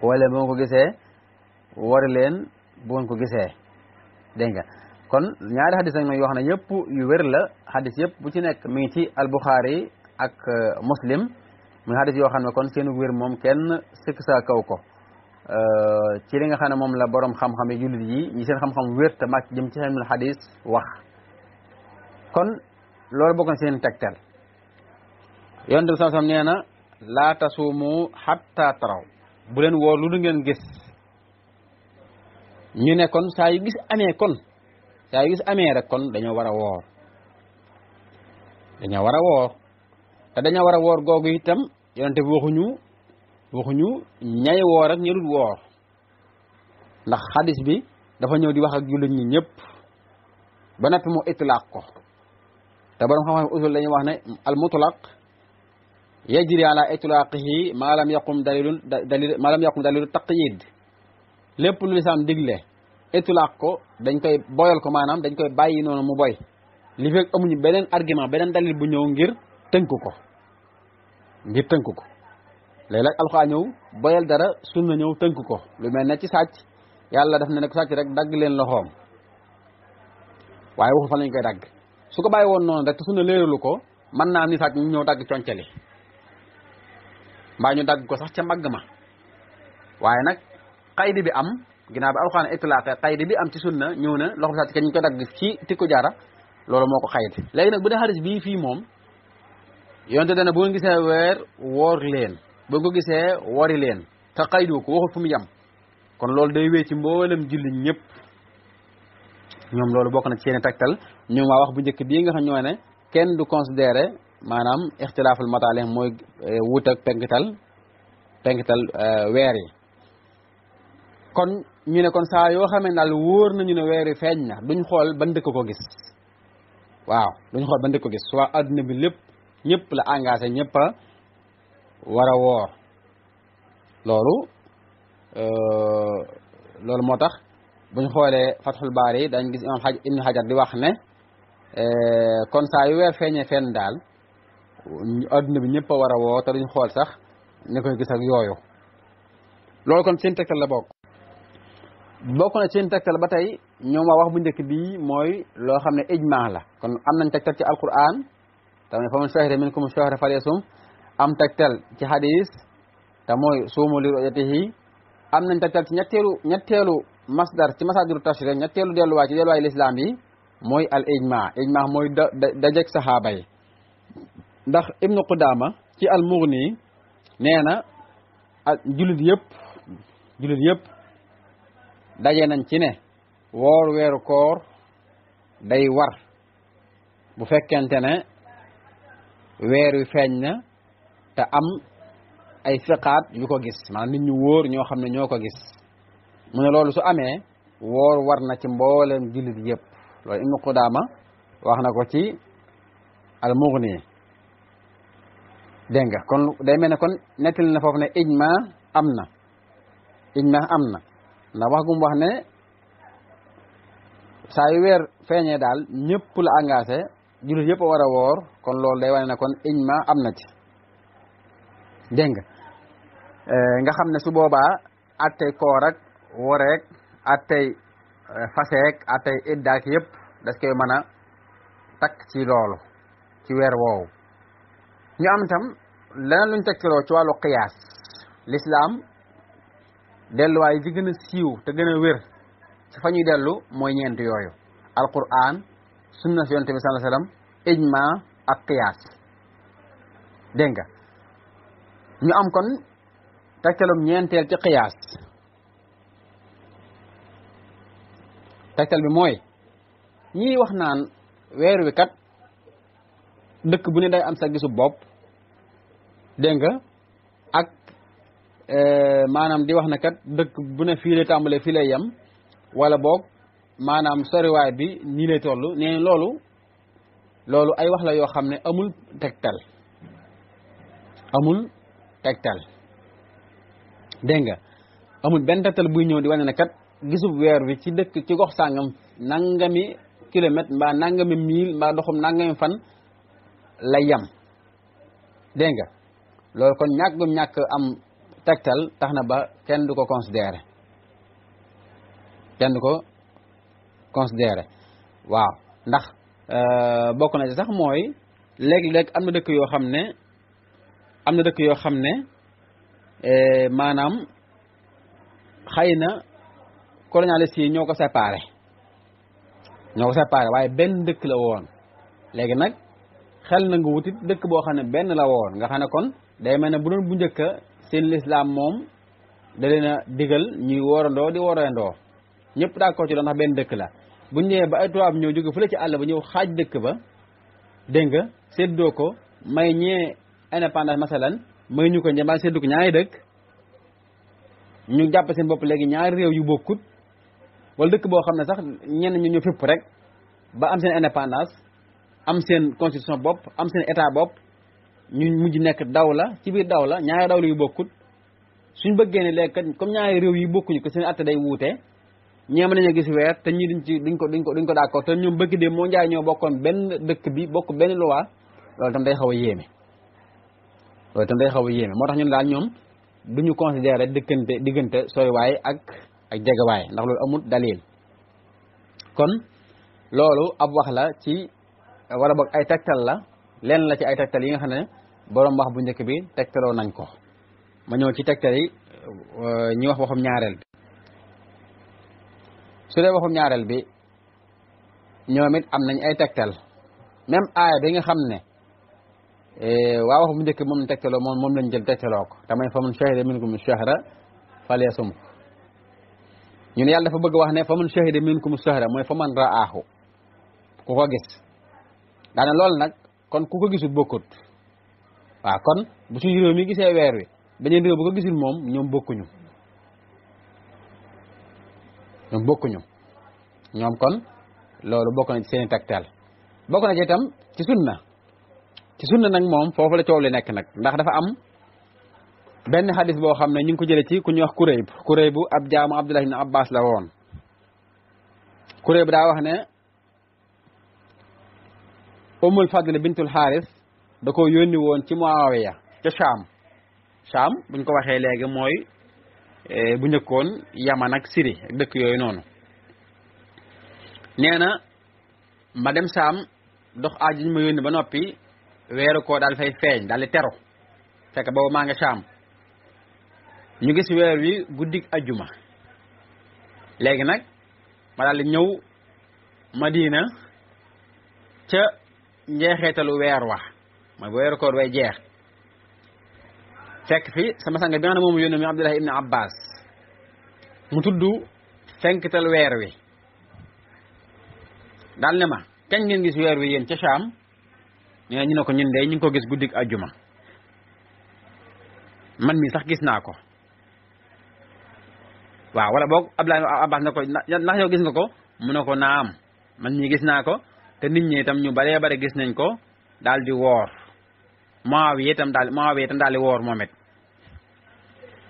wari leen bu ko gisee wari leen bu ngeen ko gisee dégg nga kon ñaari xadis nag yoo xam ne yëpp yu wér la xadis yëpp bu ci nekk mi ngi ci albuxaari ak euh, muslim muy xadis yoo xam ne kon seenu wér moom kenn sikk saa kaw ko euh, ci li nga xam ne moom la borom xam-xam yi jullit yi ñi seen xam-xam wér te màcc jëm ci xelmul xadis wax kon loolu bokkoon seen tegtal yonent bi sallallahu nee na laa tasuumu hatta taraw bu len wo lu ngeen gis ñu ne kon sa yu gis amé kon sa yu gis amé rek kon dañu wara a woor wara war ta woor wara wor gogu woor googu itam yonent bi waxuñu waxuñu ñay woor ak ñërul woor ndax hadith bi dafa ñew di wax ak jullit ñi ñepp ba natt mu itlaq ko ta borom xam-xam usul dañu wax ne al mutlaq yajri ala itlaqihi maa lam yaqum dalilun dalil maa lam yaqum dalilu taqyid lépp lu lislaam digle itlaaq ko dañ koy boyal ko maanaam dañ koy bàyyi noonu mu boy li fekk amuñu beneen argument beneen dalil bu ñëw ngir tënk ko ngir tënk ko léeg-léeg alxuraan ñëw boyal dara sunna ñëw tënk ko lu mel ne ci sàcc yàlla def ne ne ko rek dagg leen loxoom waaye waxu fan lañ koy dagg su ko bàyyi woon noonu rek te sunna léeralu ko mën naa am ni sàcc ñu ñëw dagg concali mbaa ñu dagg ko sax ca màgg ma waaye nag bi am ginaa bi alxuraan itlaaqe xaydi bi am ci sunna ñëw na loxo saati ka ñu ko dagg ci tikku jaara loolu moo ko xaydi léegi nag bu dee xaris bii fii moom yonte dana bu nga gisee weer woor leen bu ko gisee wori leen te xaydu ko waxut fu mu yem kon loolu day wéy ci mboolem julli ñëpp ñoom loolu bokk na ci seen i tegtal ñoom waa wax bu njëkk bii nga xam ñoo ne kenn du considéré maanaam ixtilaaful mataalih mooy eh, wut ak penktal penktal eh, weer yi kon ñu ne kon saa yoo xamee daal wóor nañu ne weer yi feeñ na duñ xool ban dëkk ko gis waaw duñ xool ban dëkk ko gis soit adduna bi lépp ñëpp la engagé ñëpp wara woor loolu eh, loolu moo tax buñ xoolee Fathul Baari dañ gis imam Ibnu Hajar di wax ne kon saa yu weer feeñee fenn daal adduna bi ñëpp a war a woo te xool sax ñu koy gis ak yooyu lool kon seen tegtal la bokk bokk na seen tegtal ba tey ñoom waa wax bu njëkk bi mooy loo xam ne ijma la kon am nañ tegtal ci alquran tam ne fa man shahida minkum shahra falyasum am tegtal ci hadis mooy suumu li ru'yatihi am nañ tegtal ci ñetteelu ñetteelu masdar ci masadiru tashri ñetteelu delluwaay ci delluwaay lislaam mooy al ijma ijma mooy da dajeg saxaaba ndax ibnu Qudaama ci al ni nee na ak yépp yëpp yépp yëpp daje nañ ci ne woor weeru koor day war bu fekkente ne weer wi feeñ na te am ay fiqaat yu ko gis maanaam nit ñu wóor ñoo xam ne ñoo ko gis mu ne loolu su amee woor war na ci mbooleem jullit yépp loolu ibnu Qudaama wax na ko ci al-Mughni dégg nga kon day mel ne kon nettil na foofu ne ijma am na ijma am na ndax wax gum wax ne saa yu weer feeñee daal ñëpp la engagé jullit yëpp a war woor kon loolu day wane ne kon ijma am na ci dégg nga eh, nga xam ne su boobaa attey koor ak woreek attey eh, faseek attey iddaak yëpp das koy mën a takk ci loolu ci weer woowu ñu am tam leneen luñ tegtaloo ci wàllu qiyaas lislaam delluwaay ji gën a siiw te gën a wér ci fa ñuy dellu mooy ñeent yooyu alquran sunna si yonte bi sallallahu alayhi wasallam ijma ak qiyaas dégg nga ñu am kon tegtalum ñeenteel ci qiyaas tegtal bi mooy ñii wax naan weer wi kat dëkk bu ne day am sa gisu bopp dégg nga ak eh, maanaam di wax ne kat dëkk bu ne fii lay tàmbalee fii lay yem wala boog maanaam soriwaay bi nii lay toll nee loolu loolu ay wax la yoo xam amul tegtal amul tegtal denga, amul benn tegtal buy ñëw di wane ne kat gisu weer wi ci dëkk ci gox sàngam nangami kilomètre mbaa nangami mil mbaa doxum nangami fan lay yam dégg nga loolu kon ñàkk gum ñàkk am tegtal tax na ba kenn du ko considéré kenn du ko considéré waaw ndax euh, bokk na ci sax mooy léeg-léeg am na dëkk yoo xam ne am na dëkk yoo xam ne euh, maanaam xëy na colonialiste yi ñoo ko séparé ñoo ko séparé waaye benn dëkk la woon léegi nag xel na nga wutit dëkk boo xam ne benn la woon nga xam ne kon day mel ne bu doon bu njëkk seen lislaam moom da leen a digal ñuy woorandoo di woorandoo ñëpp daa ko ci doon ndax benn dëkk la bu ñëwee ba ay tubaab ñëw jóge fële ci àll ba ñëw xaaj dëkk ba dégg nga séddoo ko may ñee indépendance masalan may ñu ko njëmbaa séddu ko ñaari dëkk ñu jàpp seen bopp léegi ñaari réew yu bokkut wala dëkk boo xam ne sax ñenn ñu ñu fépp rek ba am seen indépendance am sen constitution bop am sen état bop ñu mujj nek dawla ci biir dawla ñaari dawla yu bokut suñu bëggé né lék comme ñaari réew yi ñu ko seen atté day wuté ñeem nañu gis wér té ñi duñ ci duñ ko duñ ko duñ ko d'accord té ñoom bëgg dé mo ñaay ñoo bokkon ben dëkk bi bokku ben loi lool tam day xawa yéme lool tam day xawa yéme motax ñun daal ñoom duñu considérer dëkkënte dëkkante soy way ak ak way ndax lool amul dalil kon loolu ab wax la ci wala boog ay tegtal la lenn la ci ay tegtal yi nga xam ne borom wax bu njëkk bi tegtaloo nañ ko ma ñëw ci tegtal yi euh, ñi wax waxum ñaareel bi su dee waxum ñaareel bi ñoom it am nañ ay tegtal même aaya bi nga xam ne euh, waa waxum njëkk moom lañ tegtaloo moom moom lañ jël tegtaloo ko tamay fa mun shahida minkum shahra falyasum ñu ne yàlla dafa bëgg wax ne fa mun shahida minkum shahra mooy fa man raahu ku ko gis daane loolu nag kon ku ko gisul bokkut waaw kon bu suñu réew mi gisee weer wi beneen réew bu ko gisul moom ñoom bokkuñu ñoom bokkuñu ñoom kon loolu bokk na ci seen i bokk na ci itam ci sunna ci sunna nag moom foofu la coow li nekk nag ndax dafa am benn xadis boo xam ne ñu ngi ko jëlee ci ku ñuy wax Kurayb Kurayb ab jaamu Abdullah ibn Abbas la woon Kurayb daa wax ne umul fadl bintul xaaris da ko yónni woon ci Muawiya ca Cham Cham buñ ko waxee léegi mooy e, bu njëkkoon yamanak siri dëkk yooyu noonu nee na ma dem Cham dox aajuñ ma yónni ba noppi weeru ko daal fay feeñ daal di teru fekk boobu maa nga Cham ñu gis weer wi guddig ajjuma léegi nag ma daal di ñëw Madina ca njeexeetalu weer wax mooy bu weeru koor way jeex fekk fi sama sanga bi nga xam ne moomu yónne mi Abdullah ibn Abbas mu tudd fenktal weer wi daal ne ma kañ ngeen gis weer wi yen ca Saam ne ko ñun de ñu ngi ko gis guddik ajjuma man mii sax gis naa ko waaw wala boog Abdullah ibn Abbas ne ko ndax yow gis nga ko mu ne ko naam man mi gis naa ko te nit ñi itam ñu baree bare gis nañ ko dal di woor Muawiya itam daal Muawiya itam daal di woor moom it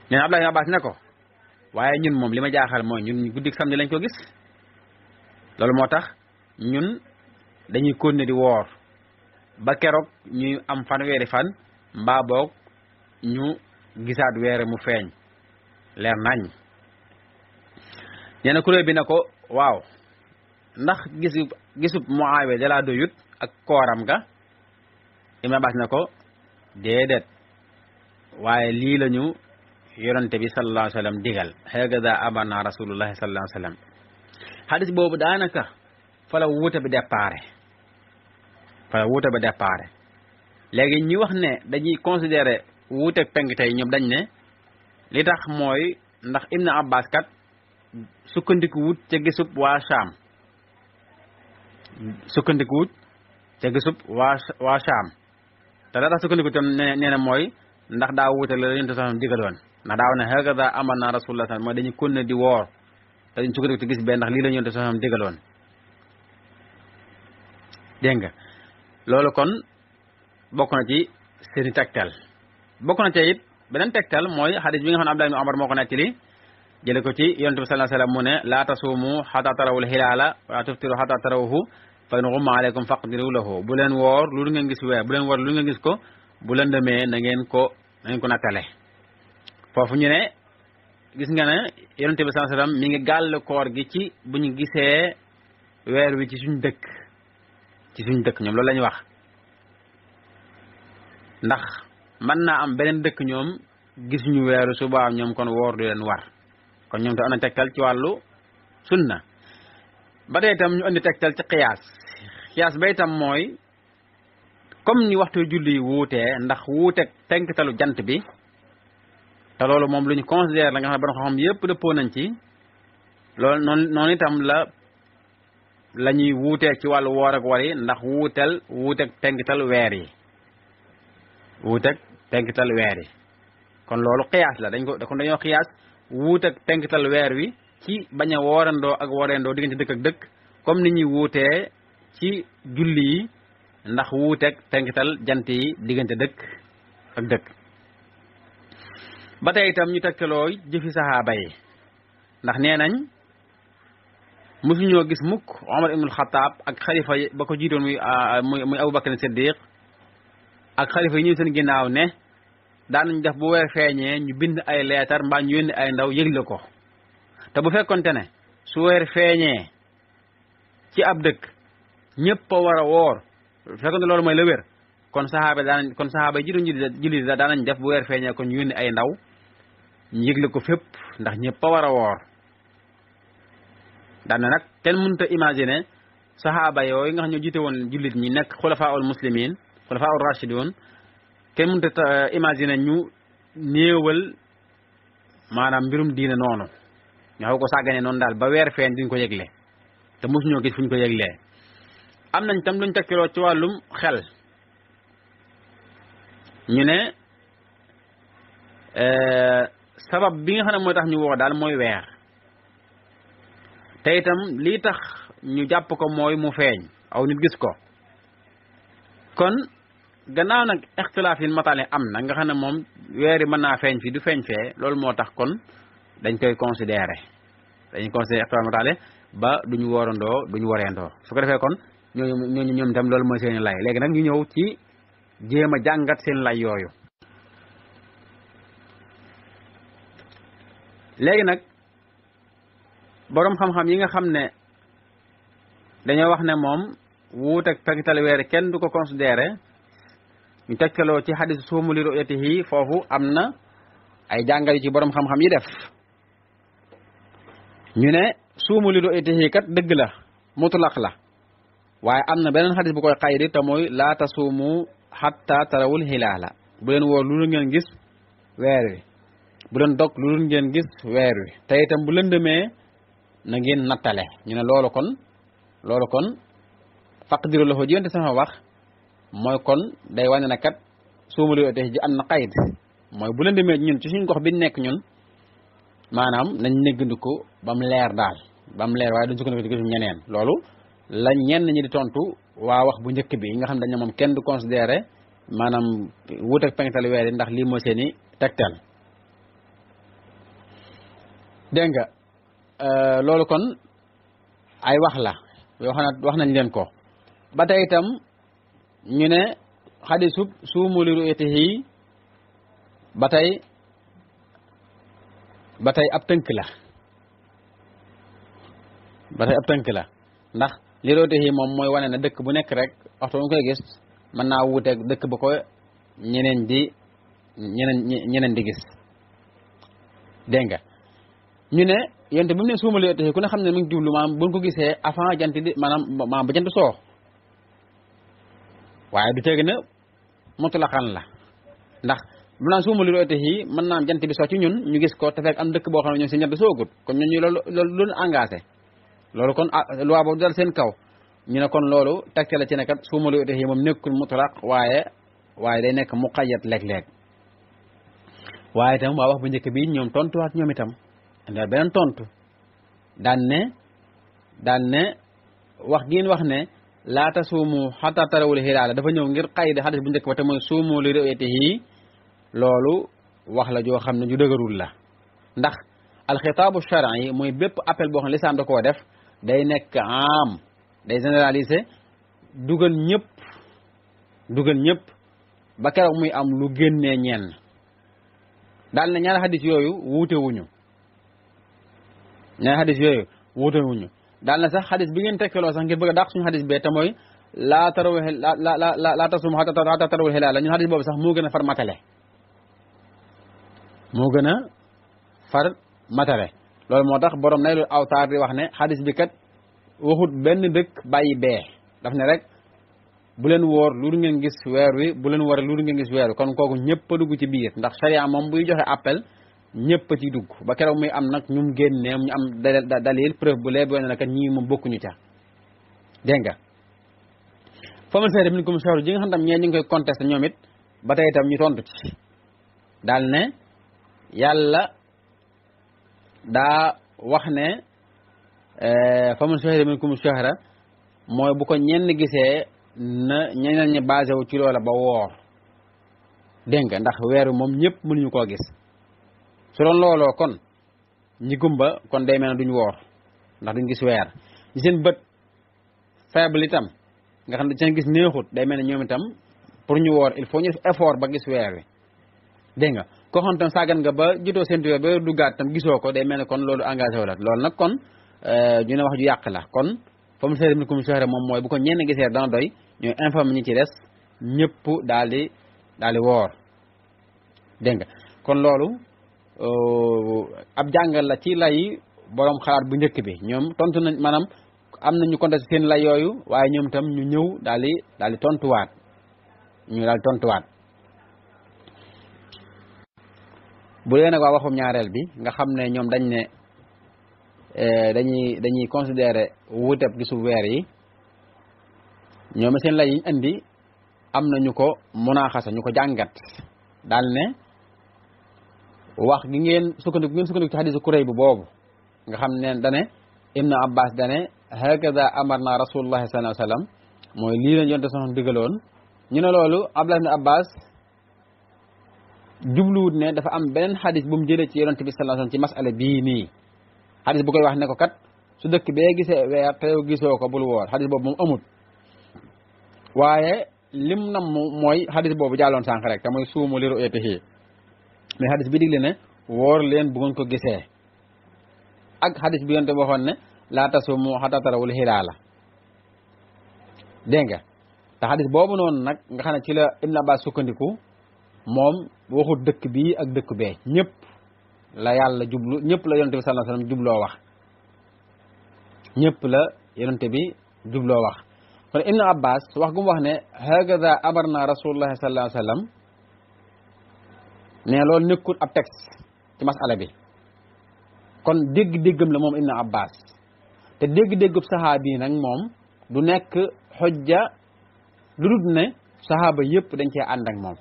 nee na Abdoulaye Abbas ne ko waaye ñun moom li jaaxal mooy ñun guddik samedi lañ ko gis loolu moo tax ñun dañuy continuer di woor ba keroog ñuy am fanweeri fan mba bok ñu gisaat weere mu feeñ leer nañ nee na bi ne ko ndax gis gisub Muawiya dalaa doyut ak kooram ga Ibn Abbas na ko déedéet waaye lii lañu ñu yonente bi sallallahu alayhi wa sallam digal hagada amarna rasulullahi sallallahu alayhi wa sallam hadis boobu daanaka fa wuute bi départ fa la wuute bi départ léegi ñi wax ne dañuy considérer wuute penk tey ñoom dañ ne li tax mooy ndax Ibn Abbas kat sukkandiku wut ca gisub waa Saam sukkandikuut te gisub waa waa Saam te la tax sukkandiku tam nee na mooy ndax daa wuute la yonent sax digaloon ndax daa wax ne hakaza amar naa rasulullah sax mooy dañuy continuer di woor te dañu sukkandiku te gis benn ndax lii la yonent sax digaloon dégg nga loolu kon bokk na ci seeni tegtal bokk na ci it beneen tegtal mooy xadis bi nga xam ne Abdullah ibn Umar moo ko nettali jele ko ci yonent bi sallallahu alayhi wasallam mu ne laa tasuumu xataa tarawul hilaala wa tuftiru hatta tarawhu fa in ghumma alaykum faqdiru lahu bu leen woor lu ngeen gis weer bu leen lu ngeen gis ko bu leen na ngeen ko na ngeen ko nattale fofu ñu ne gis nga ne yonent bi sallallahu alayhi wasallam mi ngi gal koor gi ci bu ñu gisee wi ci suñu dëkk ci suñu dëkk ñom loolu lañ wax ndax man na am dëkk ñom kon wor du len war kon ñoom tam am na tegtal ci wàllu sunna ba dee tam ñu indi tegtal ci xiyaas xiyaas ba itam mooy comme ni waxtu julli wuutee ndax wuuteeg tenktalu jant bi te loolu moom lu ñu considère la nga xam ne borom xam-xam yëpp dëppoo nañ ci loolu noonu noonu itam la la ñuy wuutee ci wàllu woor ak war yi ndax wuutel wuuteeg tenktal weer yi wuuteeg tenktal weer yi kon loolu xiyaas la dañ ko kon dañoo wuut ak tenktal weer wi ci bañ a woorandoo ak worandoo diggante dëkk ak dëkk comme ni ñuy wuutee ci julli yi ndax wuuteeg tenkital jant yi diggante dëkk ak dëkk ba tey itam ñu tegtalooy jëfi saxaaba yi ndax nee nañ mosuñoo gis mukk Omar ibnul Xataab ak xalifa ba ko jiitoon muy ah, muy Abubakar Siddiq ak xalifa yi ñëw seen ginnaaw ne daanañ def bu weer feeñee ñu bind ay leetar mbaa ñu yónni ay ndaw yëgle ko te bu fekkonte ne su weer feeñee ci ab dëkk ñëpp a war a woor fekkonte loolu mooy la wér kon saxaaba daanañ kon saxaaba yi jidoon jullit da daanañ def bu weer feeñee ko ñu yónni ay ndaw ñu yëgle ko fépp ndax ñëpp a war a woor daana nag kenn mënut a imaginer saxaaba yooyu nga xam ñoo jiite woon jullit ñi nekk xulafaa ul muslimin xulafaa ul rashidun kenn mënut a euh, imaginer ñu néewal maanaam mbirum diine noonu ñu xaw ko sàggane noonu daal ba weer feeñ duñ ko yëgle te mosu ñoo gis fuñ ko yëglee am nañ tam luñ takkiloo ci wàllum xel ñu ne euh, sabab bi nga xam ne mooy tax ñu woo daal mooy weer te lii tax ñu jàpp ko mooy mu feeñ aw nit gis ko kon gannaaw nag ixtilaaf yi matale am na nga xam ne moom weeri mën naa feeñ fi du feeñ fee loolu moo tax kon dañ koy considéré dañuy considéré ixtilaaf matale ba duñu woorandoo duñu wareendoo su ko defee kon ñooñu ñoom itam loolu mooy seen lay léegi nag ñu ñëw ci jéem a jàngat seen lay yooyu léegi nag boroom xam-xam yi nga xam ne dañoo wax ne moom wuut ak fegital weer kenn du ko considéré ñu tegtaloo ci xadis suumu li ru'yatihi foofu am na ay jàngal yu ci borom xam-xam yi def ñu ne suumu li ru'yatihi kat dëgg la mutlaq la waaye am na beneen xadis bu koy xayri te laata laa tasuumu xatta tarawul hilaala bu leen woor lu dul ngeen gis weer wi bu leen dog lu dul ngeen gis weer wi te itam bu lëndëmee na ngeen nattale ñu ne loolu kon loolu kon faqdiru lahu jiyante sama wax moy kon day wane na kat sumul yote ji an qaid moy bu len demé ñun ci suñ gox bi nekk ñun manam nañ neggnduko ko leer dal bam mu leer waaye duñ nekk ci ñeneen lolu la ñen ñi di tontu wa wax bu ñëkk bi nga xam dañ mom kenn du considérer manam wut ak peñtal wéri ndax li mo seen tektal denga euh lolu kon ay wax la yo xana wax nañ len ko batay ñu ne xadisub suumu li ru'yatihi batay batay ab tënk la batay ab tënk la ndax li ru'yatihi moom mooy wane ne dëkk bu nekk rek waxtu mu koy gis mën naa wuuteeg dëkk ba ko ñeneen di ñeneen ñeneen di gis dégg nga ñu ne yent bu mu ne suuma li ru'yatihi ku ne xam ne mu ngi jublu maanaam buñ ko gisee avant jant di maanaam ba jant soo waye du tegg na mutlaqan la ndax mu naan suuma liru atihi mën naam jant bi so ci ñun ñu gis ko te fek am dekk bo xamne ñu ci seen sogut kon ñun ñu lolu lu loolu engagé kon ah, loi bo dal seen kaw ñu ne kon lolu tegte ci ne sumu suuma liru atihi moom nekkul mutlaq waye waye day nekk muqayyad lek lek waye itam ba wax bu njëkk bi tontu wat ñom itam da benen tontu dan ne dan ne wax gi wax ne laata suumu xata tarawul hilaala dafa ñëw ngir xayda xadis bu njëkk ba te mooy suumu li ru'yatihi loolu waxla joo xam ne ñu dëgërul la ndax alxitaabu char'i mooy bépp appel boo xam ne lisaan da koo def day nekk am day généraliser dugal ñépp dugal ñëpp ba keroog muy am lu génnee ñenn daal na ñaari xadis yooyu wuute wuñu ñaari yooyu wuute dal na sax xadis bi ngeen tekkeloo sax ngir bëgg a dàq suñu xadis bee te mooy laa taraw la la la la tasum xata xata tarawul xilaala ñun xadis boobu sax moo gën a far matale moo gën a eh, far matale loolu moo tax borom naylul awtaar di wax ne xadis bi kat waxut benn dëkk bàyyi bee daf ne rek bu leen woor lu ngeen gis weer wi bu leen war lu ngeen gis weer wi kon kooku ñëpp a dugg ci biir ndax sharia moom buy joxe appel ñëpp a ci dugg ba keroog muy am nag ñu mu génneem ñu am dalil preuve bu lee boone na kat ñii moom bokkuñu ca dégg nga faman seere min comme ji nga xam tam ñee ñu ngi koy contesté ñoom ba tey itam ñu tontu ci ne yàlla daa wax ne eh, faman seere min comme sehra mooy bu ko ñenn gisee na ñeneen ñi basé wu ci loola ba woor dégg nga ndax weer wi moom ñëpp mënuñu koo gis su lo lo kon ñi gumba kon day mel duñ wor ndax duñ gis wer ñi seen bët faible itam nga xamne ci gis neexut day mel ñoom itam pour ñu wor il faut ñu effort ba gis wer wi nga ko xam tam sàggan nga ba jutoo seen tuyo ba gaat tam gisoo ko day mel kon lolu engagé wala lolu nak kon kon euh, ñu ne wax ju la kon fam seere mi kum seere mom moy bu ko ñen gisee dana doy ñu inform ñi ci lo ñepp di di nga kon lolu Euh, ab jàngal la ci lay boroom xalaat bu njëkk bi ñoom tontu nañ maanaam am nañu contesté seen lay yooyu waaye ñoom tam ñu ñëw daal di daal di tontuwaat ñu daal tontuwaat bu dee nag waa waxum ñaareel bi nga xam ne ñoom dañ ne eh, dañuy dañuy considéré wuuteb gisu weer yi ñoom seen lay yiñ indi am na ñu ko munaaxasa ñu ko jàngat daal ne wax gi ngeen sukkandiku ngeen sukkandiku ci xadisu bu boobu nga xam ne dane na abbas dane hakada amar na rasulullahi sallallahu alayhi wa sallam mooy lii lañ yonte sonon digaloon ñu ne loolu abdullah ibnu abbas jubluwut ne dafa am beneen xadis bu mu ci yonente bi sallallahu alayhi wa sallam ci masala bii nii bu koy wax ne ko kat su dëkk bee gise weer te gisoo ko bul woor xadis boobu moom amut waaye lim nam mooy xadis boobu jàlloon sànq rek te muy suumu li mais xadis bi digle ne woor leen bu ngeen ko gisee ak xadis bi yonte waxoon ne laa tasuumu xataa tarawul hilaala dégg nga te xadis boobu noonu nag nga xam ne ci la Ibn Abbas sukkandiku moom waxut dëkk bi ak dëkk bee ñëpp la yàlla jublu ñëpp la yonte bi sallallahu alayhi jubloo wax ñëpp la yonente bi jubloo wax kon Ibn Abbas wax gu wax ne hakada amarna rasulullahi sallallahu alayhi wasallam ne loolu nekkul ab texte ci masala bi kon dégg-déggam la moom ibnu abbas te dégg-déggub sahaaba yi nag moom du nekk xojja lu dul ne sahaaba yëpp dañ cee ànd ak moom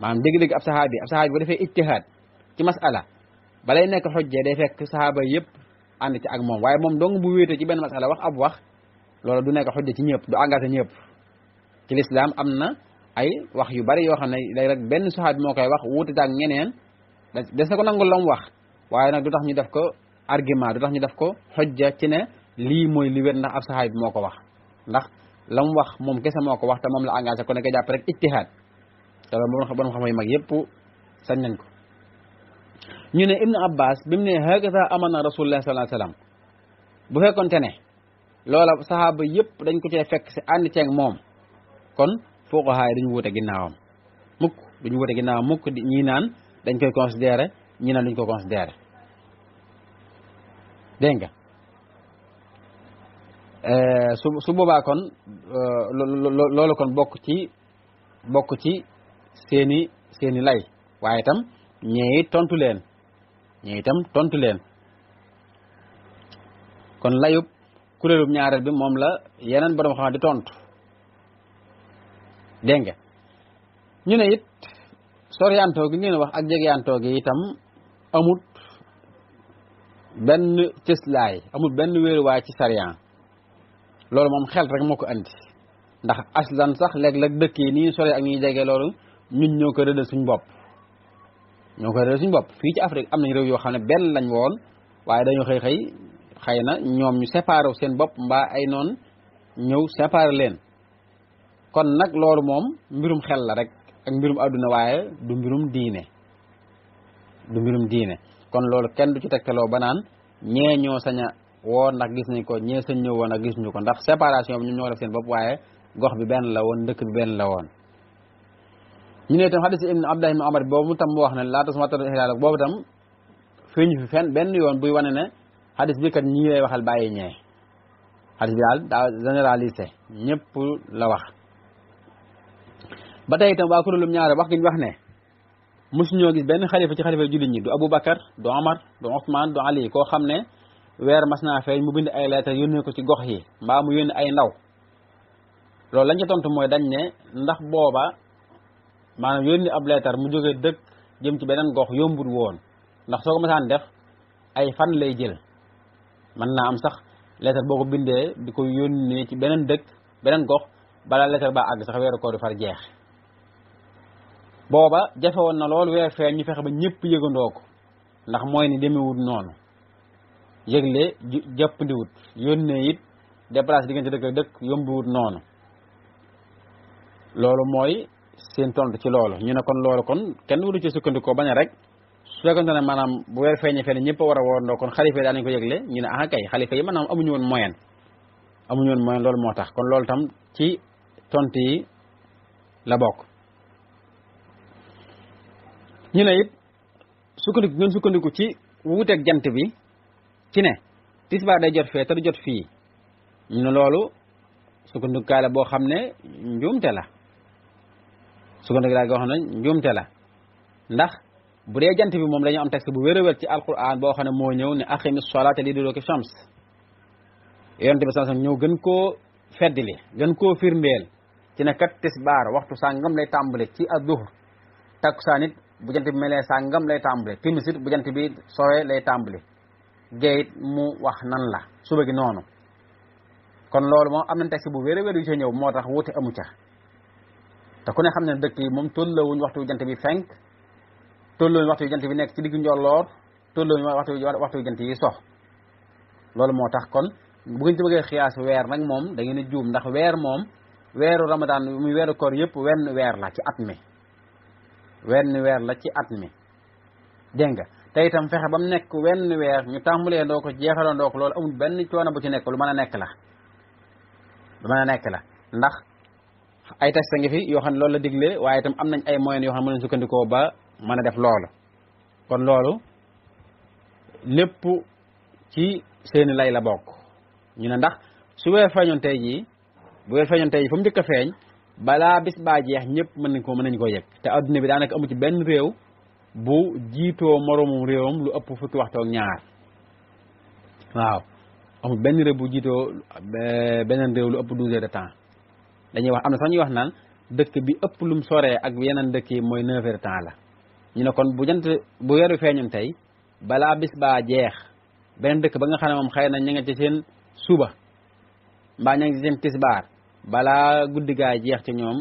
maanaam dégg-dégg ab sahaaba yi ab sahaaba bu defee ijtihaad ci masala balay nekk xojja day fekk sahaaba yëpp ànd ci ak moom waaye moom dong bu wéete ci benn masala wax ab wax loolu du nekk xojja ci ñëpp du engagé ñëpp ci lislaam am na ay wax yu bari yo xamne ne day rek ben sahab mo koy wax wuti tak ñeneen des na ko nangul lam wax waye nak du tax ñu def ko argument du tax ñu def ko hujja ci ne li moy li wer ndax ab sahab moo ko wax ndax lam wax mom kessa moko wax ta mom la engager ko ne ga japp rek ittihad mo xam mag yep sañ nañ ko ñu ne ibnu abbas bimne ne hakata amana rasulullah sallallahu Alaihi wasallam bu fekkon tane lola sahaba yep dañ ko cee fekk and ci ak mom kon foko yi dañu wuté ginnawam mukk dañu wuté ginnaawam mukk ñi naan dañ koy considérer ñi naan dañ ko considérer denga nga euh, su boba kon euh, lolu kon bok ci bok ci seeni seeni lay waye tam ñee tontu len tam tontu len kon layub kurelum ñaaral bi mom la yenen borom xam di tontu dégg nga ñu ne it soriyantoo gi ngeen wax ak jegeyantoo gi itam amut benn cëslaay amut benn wéeruwaay ci sariyan loolu moom xel rek moo ko andi ndax aslan sax léeg-léeg dëkk yi ni ñu sore ak ñuy jege loolu ñun ñoo ko rëddal suñ bopp ñoo ko rëddal suñ bopp fii ci Afrique am nañ réew yoo xam ne benn lañ woon waaye dañoo xëy xëy xëy na ñoom ñu séparé seen bopp mbaa ay noon ñëw séparé leen kon nag loolu moom mbirum xel la rek ak mbirum àdduna waaye du mbirum diine du mbirum diine kon loolu kenn du ci tegtaloo ba naan ñee ñoo sañ a woo ndax gis nañ ko ñee sañ ñëw woon ndax gis ñu ko ndax séparation bi ñoom ñoo ko seen bopp waaye gox bi benn la woon dëkk bi benn la woon ñu ne itam xadis boobu tam wax ne laa tasma boobu tam fii benn yoon buy wane ne xadis bi kat ñii lay waxal bàyyi ñee xadis bi daal daa généralisé la wax ba tey itam waa kuréelum ñaare wax giñ wax ne mosu ñoo gis benn xalifa ci xalifa jullit ñi du aboubacar du omar du ousmane du ali koo xam ne weer mas naa feeñ mu bind ay lettre yónnee ko ci gox yi mbaa mu yónni ay ndaw loolu lañ ca tontu mooy dañ ne ndax booba maanaam yónni ab lettre mu jógee dëkk jëm ci beneen gox yombut woon ndax soo ko masaan def ay fan lay jël mën naa am sax lettre boo ko bindee di ko yónnee ci beneen dëkk beneen gox lettre ba àgg sax weeru far jeex booba jafe woon na lool weer feeñ ñu fexe ba ñëpp yëgandoo ko ndax mooy ni demewut noonu yëgle jàppandiwut yónnee it déplacé diggante dëkk dëkk yombiwut noonu loolu mooy seen tont ci loolu ñu ne kon loolu kon kenn waru ci sukkandikoo bañ a rek su fekkonte ne maanaam bu weer feeñee fenn ñëpp a war a woorandoo kon xalifa yi daanañ ko yëgle ñu ne ah kay xalifa yi maanaam amuñu woon moyen amuñu woon moyen loolu moo tax kon loolu tam ci tont yi la bokk ñu ne it sukkandiku ñun sukkandiku ci wuuteeg jant bi ci ne tisba day jot fee te du jot fii ñu ne loolu sukkandikukaay la boo xam ne njuumte la sukkandikukaay boo xam ne njuumte la ndax bu dee jant bi moom dañu am texte bu wér a wér ci alquran boo xam ne moo ñëw ne aqimi li dudooki shams yonte bi sansan ñëw gën koo feddli gën koo firndeel ci ne kat tisbaar waxtu sàngam lay tàmbale ci adduhur takkusaan it bu jant bi melé sangam lay tim timisit bu jant bi soré lay tambalé geyit mu wax nan la suba gi nonu kon lolu mo amna tax bu wéré wéré wér yu ca ñëw moo tax amu e ca ta ku ne xamné dëkk yi tollu wuñ waxtu jant bi fenk tollu waxtu jant bi nek ci diggu njolloor tollu waxtu waxtu jant yi sox lolu motax kon bu ngeen ci bëggee xiyaas weer nag moom da ngeen a juum ndax weer moom weeru ramadan muy weeru koor yépp wenn weer la ci at mi wenn weer la ci at mi dégg nga te itam fexe ba mu nekk wenn weer ñu tàmbalee ndoo ko jeexaloo ndoo ko loolu amul benn coono bu ci nekk lu mën a nekk la lu mën a nekk la ndax ay texte ngi fi yoo xam ne loolu la diglee waaye itam am nañ ay moyens yoo xam ne mën nañ sukkandikoo ba mën a def loolu kon loolu lépp ci seeni lay la bokk ñu ne ndax su weer feeñoon tey jii bu weer feeñoon tey jii fu mu njëkk a feeñ bala bis ba jeex ñepp mën nañ ko mën nañ ko yegg te aduna bi daanaka amu ci benn réew bu jiitoo moromum réewam lu ëpp fukki waxtu ak ñaar waaw amu benn réew bu jiitoo benen réew lu ëpp douze heures de temps dañuy wax am na sax ñuy wax naan dëkk bi ëpp lu mu soree ak yeneen dëkk yi mooy neuf heures de temps la ñu ne kon bu jant bu weeru feeñoon tey bala bis ba jeex beneen dëkk ba nga xam ne moom xëy na ña nga ci seen suba mbaa ña nga ci seen tisbaar balaa guddi gaa jeex ci ñoom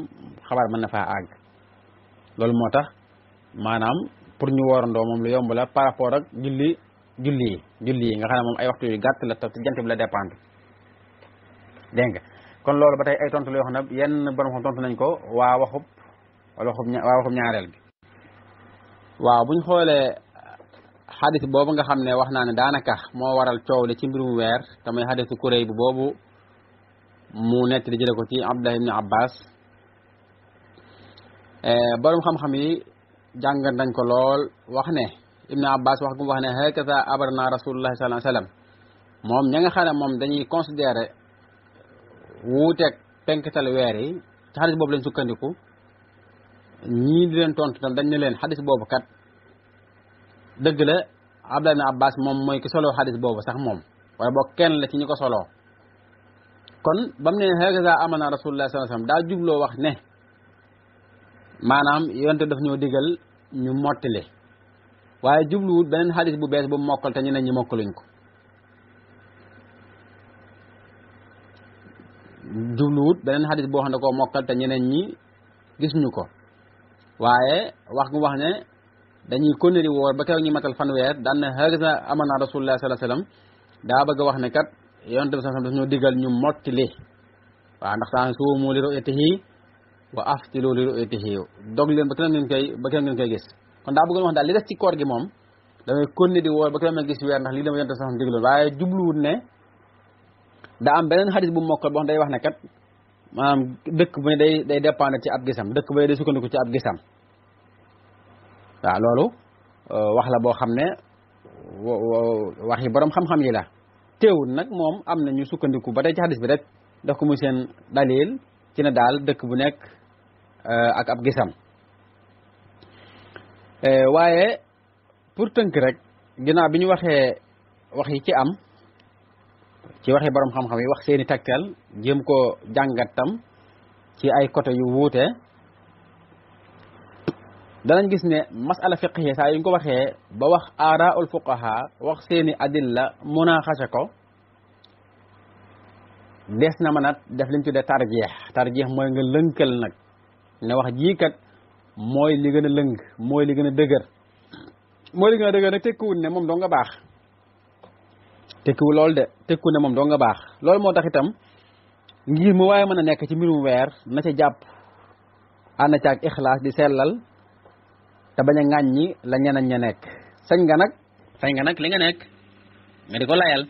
xabaar mën na faa àgg loolu moo tax maanaam pour ñu woorandoo moom lu yomb la par rapport ak julli julli yi julli yi nga xam ne moom ay waxtu yu gàtt la te jant bi la dépendre dégg nga kon loolu ba tey ay tontu la yoo xam ne yenn borom tontu nañ ko waa waxub wala ñaareel bi waaw buñ xadis boobu nga xam ne wax naa ne daanaka moo waral coow li ci mbirum weer te muy xadisu kuréy boobu mu nett di jële ko ci abdullah ibn abbas eh, borom xam-xam yi jangal nañ ko lol wax ne ibn abbas wax gum wax ne hakaza abarna rasulullah sallallahu Alaihi wasallam Mom ñinga xala mom dañuy considérer wutek penkatal weer yi ci hadith bobu lañ sukkandiku ñi di leen tontu tam dañ ne leen hadith bobu kat deug la abdullah ibn abbas mom moy ki solo hadith bobu sax mom wala bok kenn la ci ñiko solo kon ba ne hakaza amana rasulullah sallallahu alayhi wasallam daa jubloo wax ne maanaam yonte daf ñoo digal ñu mottile waaye jubluwut beneen xadis bu bees bu mokkal te ñu ne ñu ko jubluwut beneen xadis boo xam ne koo mokkal te ñeneen ñi gis ñu ko waaye wax gu wax ne dañuy konneri woor ba keroog ñi matal fanweer daan na hakaza amana rasulullah sallallahu alayhi wasallam daa bëgg wax ne kat yonent bi sallallahu alayhi wa sallam daf ñoo digal ñu mottili waaw ndax taan suumu li ru'yatihi wa aftilu li ru'yatihi dog leen ba kenn ngeen koy ba kenn ngeen koy gis kon daa bëggoon wax daal li des ci koor gi moom damay continuer di woor ba kenn ngeen gis weer ndax lii dama yonent bi sallallahu alayhi wa sallam digaloon waaye jubluwut ne daa am beneen xadis bu mokkal boo xam day wax ne kat maanaam dëkk bu ne day day dépendre ci ab gisam dëkk bu ne day sukkandiku ci ab gisam waaw loolu euh, wax la boo xam ne wax yi borom xam-xam yi la teewul nag moom am na ñu sukkandiku ba tey ci xadis bi rek def ko muy seen dalil ci ne daal dëkk bu nekk eh, ak ab gisam eh, waaye pour tënk rek ginnaaw bi ñu waxee wax yi ci am ci waxi borom xam-xam yi wax seeni tegtal jéem ko jàngatam ci ay côté yu wuute danañ gis ne masala fiqhiya sa yuñ ko waxe ba wax ara'ul fuqaha wax seeni adilla munaaxasa ko des na manat def lim tudde tarjih tarjih moy nga leunkel nag ne wax ji kat moy li gën leung moy li gën a moy li gën a nak nag ne mom do nga bax tekku lol de tekku ne mom do nga bax lol moo tax itam ngir mu waye nek ci mirum na ca ana ànd caag ikhlas di selal te baña a la ñeneen ña nek sañ nga nak sañ nga nak li nga nek nga ko layal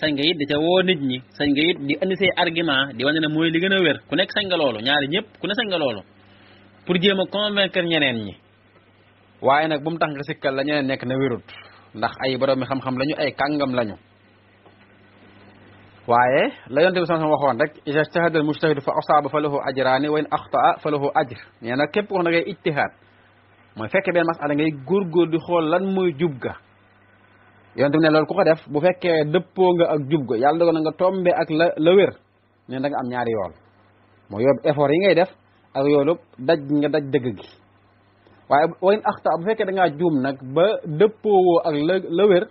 sañ nga it di ca wo nit ñi sañ nga it di andi say argument di wone na moy li gëna wër ku nek sañ nga lolu ñaari ñepp ku ne sañ nga lolu pour jema convaincre ñeneen ñi waye nak bu mu tax nga sikkal la ñeneen nek na wërut ndax ay borom xam-xam lañu ay kangam lañu waye la yonte bi sama waxon rek isa ijtahada al fa asaba falahu ajran wa in axtaa falahu ajr ñena kep wax ijtihad mooy fekkee benn masala ngay góorgóor di xool lan mooy jub ga yonte bi ne loolu ku ko def bu fekkee dëppoo nga ak jub ga yàlla dogal na nga tombe ak la la wér ne da nga am ñaari yool mooy yoolu effort yi ngay def ak yoolu daj nga daj dëgg gi waaye wayn axta bu fekkee da ngaa juum nag ba dëppoowoo ak la la wér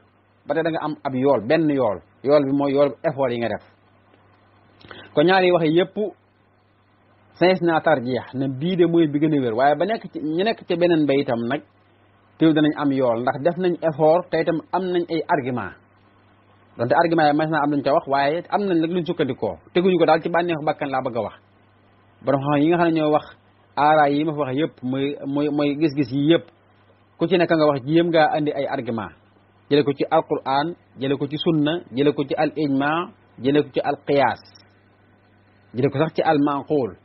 ba tey da nga am ab yool benn yool yool bi mooy yoolu effort yi nga def ko ñaari waxe yépp sanes na tarjiyax na bi de moy bi gëna wër waye ba nek ci ñu nek ci benen bay itam nak teew dinañ am yool ndax def nañ effort tay itam am nañ ay argument donte argument yi mas naa am luñ ca wax waye am nañ nak luñ sukkandiko teguñu ko dal ci banex bakkan la bëgg wax borom xam yi nga xam ñoo wax ara yi ma fa wax yépp moy moy gis-gis yi yépp ku ci nek nga wax jëm nga andi ay argument jele ko ci alquran jele ko ci sunna jele ko ci al ijma jele ko ci al qiyas jele ko sax ci al manqul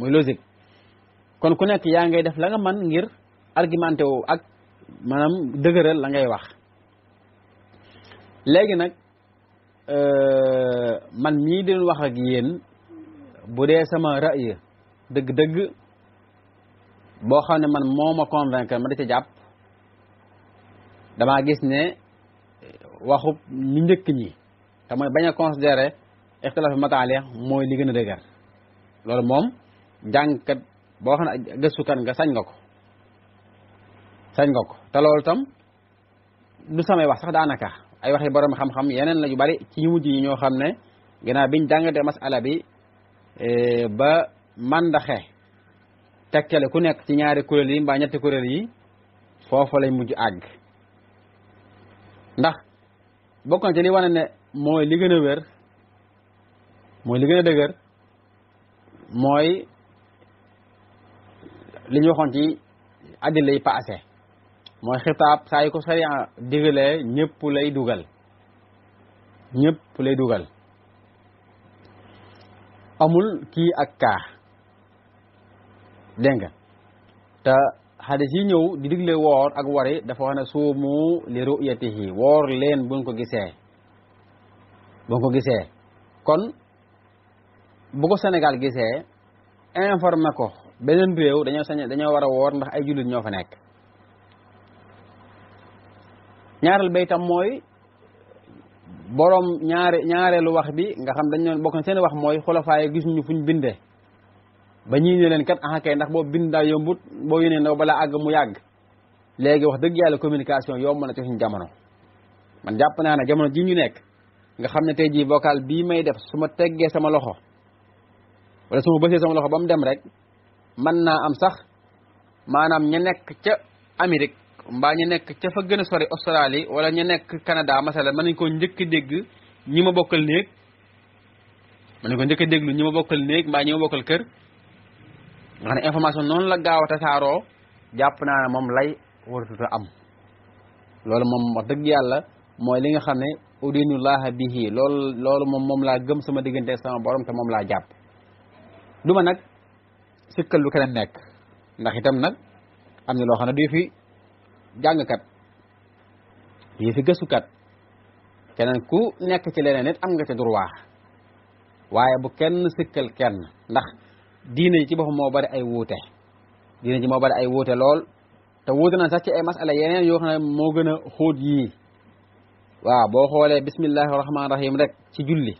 muy logique kon ku nekk yaa ngay def la nga man ngir argumenté wu ak maanaam dëgëral la ngay wax léegi nag euh, man mii di wax ak yéen bu dee sama ra'y dëgg-dëgg boo xam man moma ma convaincre ma di ca jàpp damaa gis ne waxub ñu njëkk ñi te mooy bañ a considéré ixtilaaf li gën a dëgër loolu jàngkat bo xana ne gëstukat nga sañ nga ko sañ nga ko te loolu tam du samay wax sax danaka ay waxe borom xam-xam yenen la yu bari ci ñu mujj yi ñoo xam ne biñ masala bi e, ba mandaxe tekkale ku nekk ci ñaari kurel yi ba ñetti kurel yi fofu lay mujj ag ndax bokk na ci li wane ne mooy li gëna wër moy li gëna dëgër moy li waxon adilai ci addila yi passé moy xitaab say ko sariya digelé ñepp lay dugal ñepp lay dugal amul ki ak ka denga ta te xadis yi ñëw di diglé wor ak waré dafa wax ne suumu li ru'yatihi wor len buñ ko gisé buñ ko gisé kon bu ko Sénégal gisé informé ko benen rew dañu sañ dañu wara wor ndax ay julit ñofa nek ñaaral bay tam moy borom ñaare lu wax bi nga xam dañu bokk seen wax moy xulafaaye gis ñu fuñ binde ba ñi ñu leen kat ah kay ndax bo binda yombut bo yene ndaw bala ag mu yag legi wax deug yalla communication yom na ci suñu jamono man japp na na jamono ji ñu nek nga xam ne tey vocal bi may def suma tegge sama loxo wala suma bëssé sama loxo bam dem rek man naa am sax maanaam ña nekk ca amérique mbaa ña nekk ca fa gën a sori australie wala ña nekk canada masala mën nañ ko njëkk dégg ñi ma bokkal néeg mën nañ ko njëkk déglu ñi ma bokkal néeg mbaa ñi ma bokkal kër nga ne information noonu la gaaw a tasaaroo jàpp naa ne moom lay waratuta am loolu moom wax dëgg yàlla mooy li nga xam ne udinullaha bihi loolu loolu moom moom laa gëm sama diggante sama borom te moom laa jàpp duma nag sikkel lu keneen nekk ndax itam nag am na loo xam ne du fi jàngkat yi fi gëstukat keneen ku nekk ci leneen it am nga ci droit waaye bu kenn sikkal kenn ndax diine ci boppam moo bari ay wuute diine ji moo bari ay wuute lool te wuute na sax ci ay masala yeneen yoo xam ne moo gën a xóot yii waaw boo rek ci julli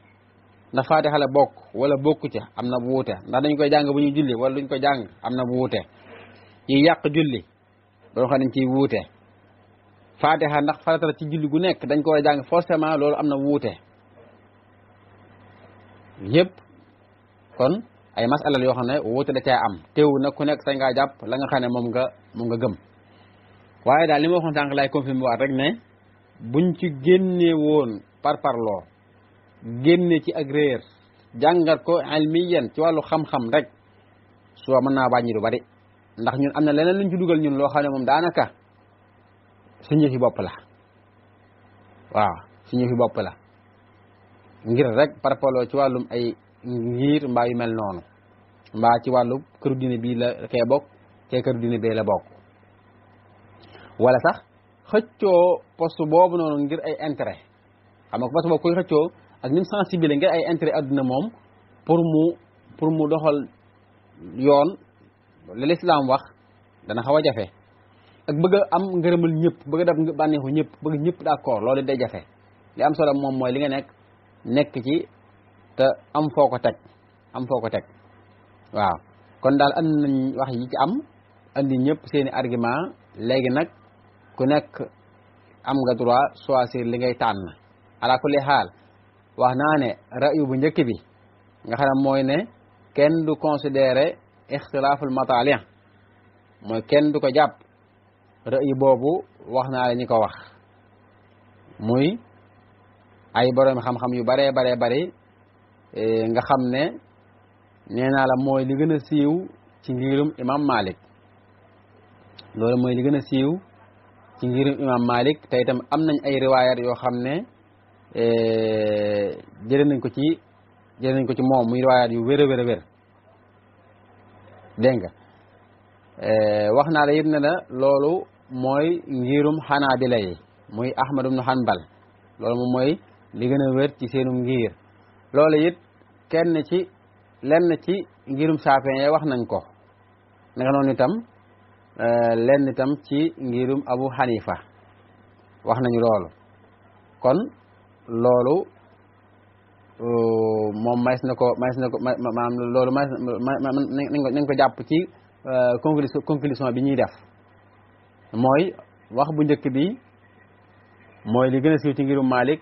na faatixa bokk wala bokku ci am na bu wuute ndax dañ koy jàng bu ñuy julli wala duñ ko jàng am na bu wuute yi yàq julli loolu xam nañ ciy wuute fatiha ndax farata ci julli gu nekk dañ ko war a jàng forcément loolu am na wuute yëpp kon ay masalal yoo xam ne wuute da caa am teewu nag ku nekk sañ ngaa jàpp la nga xam ne moom nga moom nga gëm waaye daal li ma waxoon sànq laay confirmé waat rek ne buñ ci génne won, par parloo génne ci ak réer jàngat ko ilmiyan ci wàllu xam-xam rek soo mën naa wàññi lu bari ndax ñun am na leneen luñ ci dugal ñun loo xam ne moom daanaka suñu fi bopp la waaw suñu fi bopp la ngir rek par rapport ci wàllum ay ngir mbaa yu mel noonu mbaa ci wàllu këru diine bii la kee bokk kee këru diine bee la bokk wala sax xëccoo poste boobu noonu ngir ay intérêt xam nga poste koy xëccoo ak nim sensibilé ngir ay intérêt aduna mom pour mu pour mu doxal yoon li lislaam wax dana ak bëgg am ngeureumal ñëpp bëgg a nga bànneexu ñëpp bëgg ñëpp d'accord loolu day jafé li am solo mom moy li nga nek nek ci te am foko tek am foko tek waaw kon dal andi nañ wax yi ci am andi ñëpp seeni argument légui nak ku nek am nga droit choisir li ngay tan ala kulli hal wax naa ne rayu bu njëkk bi nga xam mooy ne kenn du considéré ixtilaaful mataali mooy kenn du ko jàpp rayu boobu wax naa la ñi ko wax muy ay borom xam-xam yu baree baree bari e, nga xam ne nee naa la mooy li gën a siiw ci ngirum imam Malik loolu mooy li gën a siiw ci ngirum imam Malik te itam am nañ ay riwaayat yoo xam ne Eh, jëlee nañ ko ci jëlee ko ci moom muy riwaayaat yu wér a wér a wér dégg nga eh, wax naa la it ne la loolu mooy ngirum xanaabila yi muy ahmad ibnu hanbal loolu mooy li gën a ci seenum ngir loolu it kenn ci lenn ci ngirum saafin ya wax nañ ko naka noonu itam eh, lenn itam ci ngirum abu xanifa wax nañu loolu kon loolu euh, moom mays na ko mays na ko maanaam loolu mays nañ ko jàpp ci euh, conclusion conclusion bi ñuy def mooy wax bu njëkk bi mooy li gën siiw ci ngirum Malik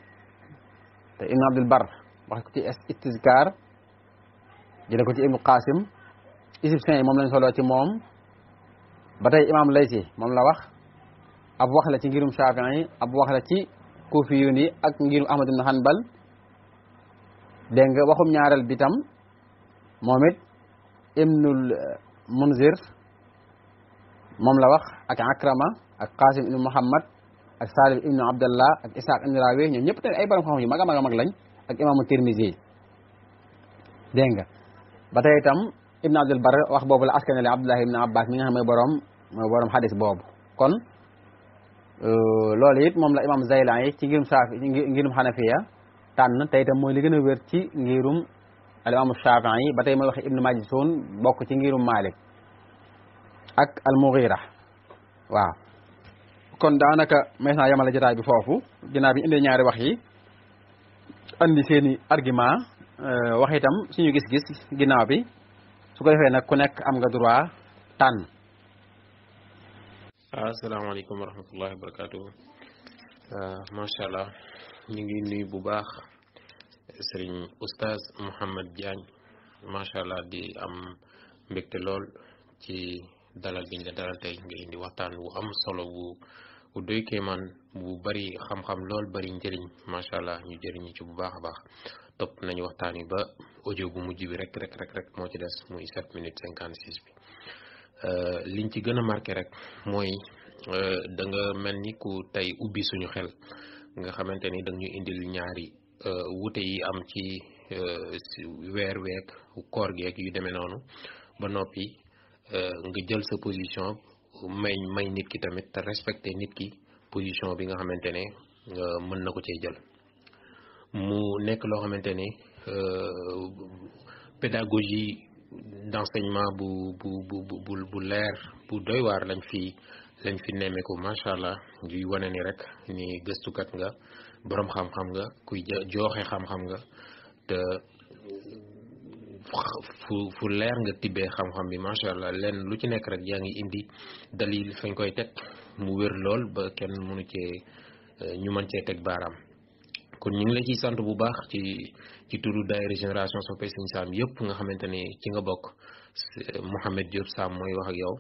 te Ibn Abdul Bar wax ko ci istizkar jële ko ci Ibnu Qasim égyptiens yi moom lañ soloo ci moom ba tey imam Laysi moom la wax ab wax la ci ngirum yi ab wax la ci kufiyun yi ak ngirum ahmad ibn hanbal dégg nga waxum ñaareel bi tam moom it ibnul munzir moom la wax ak akrama ak qasim ibnu muhammad ak salih ibnu abdallah ak isaaq ibnu rawi ñoom ñëpp tamit ay borom xam-xam yu mag a mag a mag lañ ak imaamu tirmisi dégg nga ba tey itam ibnu abdul bar wax boobu la askanale abdullah ibnu abbas mi nga xam mooy borom mooy borom xadis boobu kon Euh, loolu it moom la imam Zaylan yi ci ngirum Saafi ngirum Xanafiya tànn tey itam mooy li gën a ci ngirum al imam Shaafi'i yi ba tey mooy waxe Ibnu Majsun bokk ci ngirum Malik ak al Mughira waaw kon daanaka may naa yamala jotaay bi foofu ginnaaw bi ñu indee ñaari wax yi andi seeni argument euh, waxitam itam suñu gis-gis ginnaaw bi su ko defee nag ku nekk am nga droit tànn asalaamaaleykum wa rahmatullahi wa barakaatu euh, macha allah ñu ngi nuyu bu baax sëriñ oustaz Mouhamed Diagne macha allah di am mbégte lool ci dalal biñ ñu la dalal tey nga indi waxtaan wu am solo bu bu doy kéemaan bu bari xam-xam lool bari njëriñ macha allah ñu jëriñu ci bu baax a baax topp nañu waxtaan wi ba audio bu mujj bi rek rek rek rek moo ci des muy 7 minutes 56 bi. Euh, liñ ci gën a marqué rek mooy euh, da nga mel ni ku tey ubbi suñu xel nga xamante ni da ñu indil ñaari euh, wute yi am ci weer week koor geek yu demee noonu ba noppi nga jël sa position may may nit ki tamit te respecté nit ki position bi nga xamante ne mën na ko cee jël mu nekk loo xamante ne pédagogie d'enseignement bu bu bu bu bu leer bu doy waar lañ fi lañ fi nemmeeku macha allah juy wane ni rek ni gëstukat nga boroom xam-xam nga kuy jooxe xam-xam nga te fu fu leer nga tibbee xam-xam bi macha allah lenn lu ci nekk rek yaa ngi indi dalil fañ koy teg mu wér lool ba kenn mënu cee euh, ñu mën cee teg baaraam. kon ñu ngi la ci sante bu baax ci ci turu daayira génération sopé seigne sam yépp nga xamante ci nga bok mohammed diop sam moy wax ak yow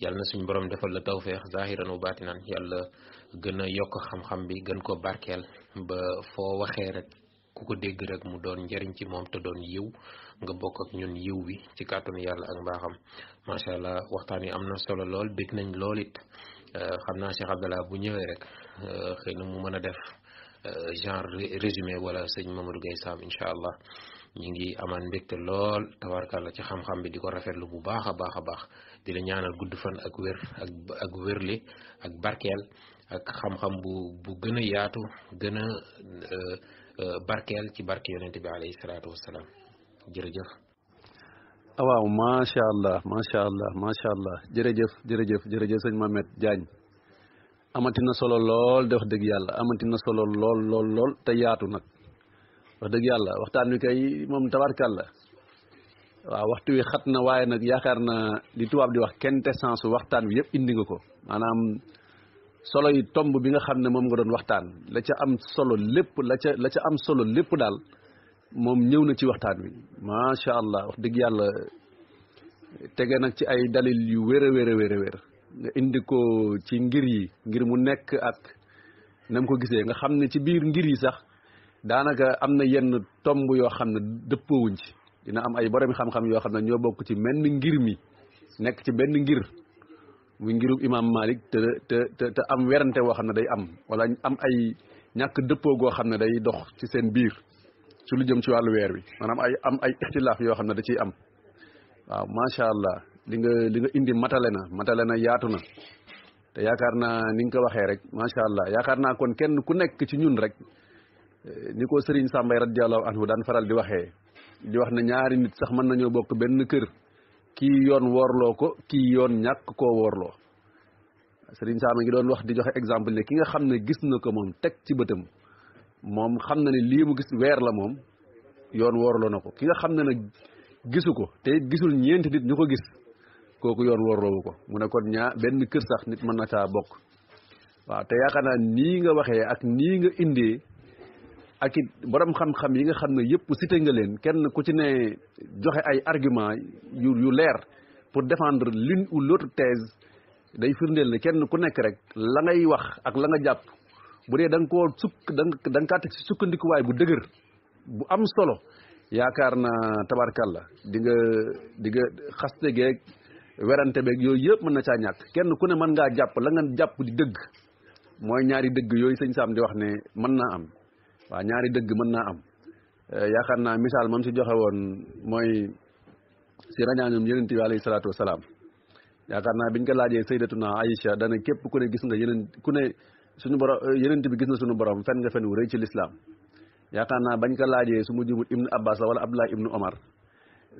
yalla na suñu borom defal la tawfiq zahiran wa batinan yalla gëna yok xam-xam bi gën ko barkel ba fo waxé rek ku ko dégg rek mu doon njariñ ci mom te doon yiw nga bok ak ñun yiw wi ci yalla ak allah solo lol nañ lolit eh, xamna cheikh abdallah bu ñëwé rek eh, xeyna mu mëna def Euh, genre résumé wala sëñ Mamadou Gueye Sam incha allah ñu ngi amaan mbégte lool la ci xam-xam bi di ko rafetlu bu baax a baax a baax di la ñaanal gudd fan ak wér ak ak li ak barkeel ak xam-xam bu bu gën a yaatu gën a euh, euh, barkeel ci barke yonente bi alayhi salaatu wassalaam jërëjëf ah waaw macha allah macha allah macha allah jërëjëf jërëjëf jërëjëf sëñ Mamet Diagne amati na solo lol de wax dëgg yàlla amati na solo lol lol lol, te yaatu nag wax dëgg yàlla waxtaan wi kay moom tabarkàlla waaw waxtu wi xat na waaye nag yaakaar na di wax sansu waxtaan wi yëpp indi nga ko maanaam solo yi tomb bi nga xam ne nga la ca am solo lépp la ca la ca am solo lépp dal, mom ñëw na ci waxtaan wi macha allah wax dëgg yàlla tege ci ay dalil yu wér a wér a nga indi ko ci ngir yi ngir mu nekk ak nam ko gisee nga xam ne ci biir ngir yi sax daanaka am na yenn tomb yoo xam ne dëppoowuñ ci dina am ay borom xam-xam yoo xam ne ñoo bokk ci menn ngir mi nekk ci benn ngir imam malik te te te, te am werante woo xam ne day am wala am ay ñàkk dëppoo goo xam ne day dox ci seen biir ci lu jëm ci wàllu weer wi maanaam ay am ay ixtilaaf yoo xam ne da ciy am waaw macha allah li nga li nga indi matalena matalena yatuna te yakarna ni nga waxe rek rek sha allah yakarna kon kenn ku nek ci ñun rek eh, ni Serigne Sambay anhu dan faral di waxe di wax na ñaari nit sax man nañu bok ben kër ki yoon worlo ko ki yoon ñak ko worlo Serigne Samba ngi doon wax di joxe exemple ne ki nga xamne gis na ko moom ci beutem mom xamna ni li mu gis wer la mom yoon worlo nako ki nga xamne na gisuko te gisul ñent nit ñuko gis kooku yor wor ko mu ne kon nya benn keur sax nit mën na caa bok wa te yakana ni nga waxee ak ni nga indi ak borom xam-xam yi nga xam na cité nga len kenn ku ci ne joxe ay argument yu yu leer pour défendre l'une ou l'autre thèse day firndel ne kenn ku nek rek la ngay wax ak la nga japp bu dee da nga koo dang da nga da bu dëgër bu am solo yaakaar na tabarkàlla di nga di nga xaste wérante beeg yoy yépp mën na caa ñàkk kenn ku ne mën nga japp la nga japp di dëgg moy ñaari dëgg yoy sëñ Sam di wax ne mën na am wa ñaari dëgg mën na am eh, yaakaar naa man si joxe woon si rañanum yenent bi alayhi salaatu wasalaam yaakaar biñ ko laajee saydatuna Aïcha dana képp ku ne gis nga ku ne suñu borom eh, yenent bi gis na suñu borom fen nga fen wu rëy ci l'islam yaakaar bañ ko laajee su mu jumut ibnu abbas wala abdullah ibnu omar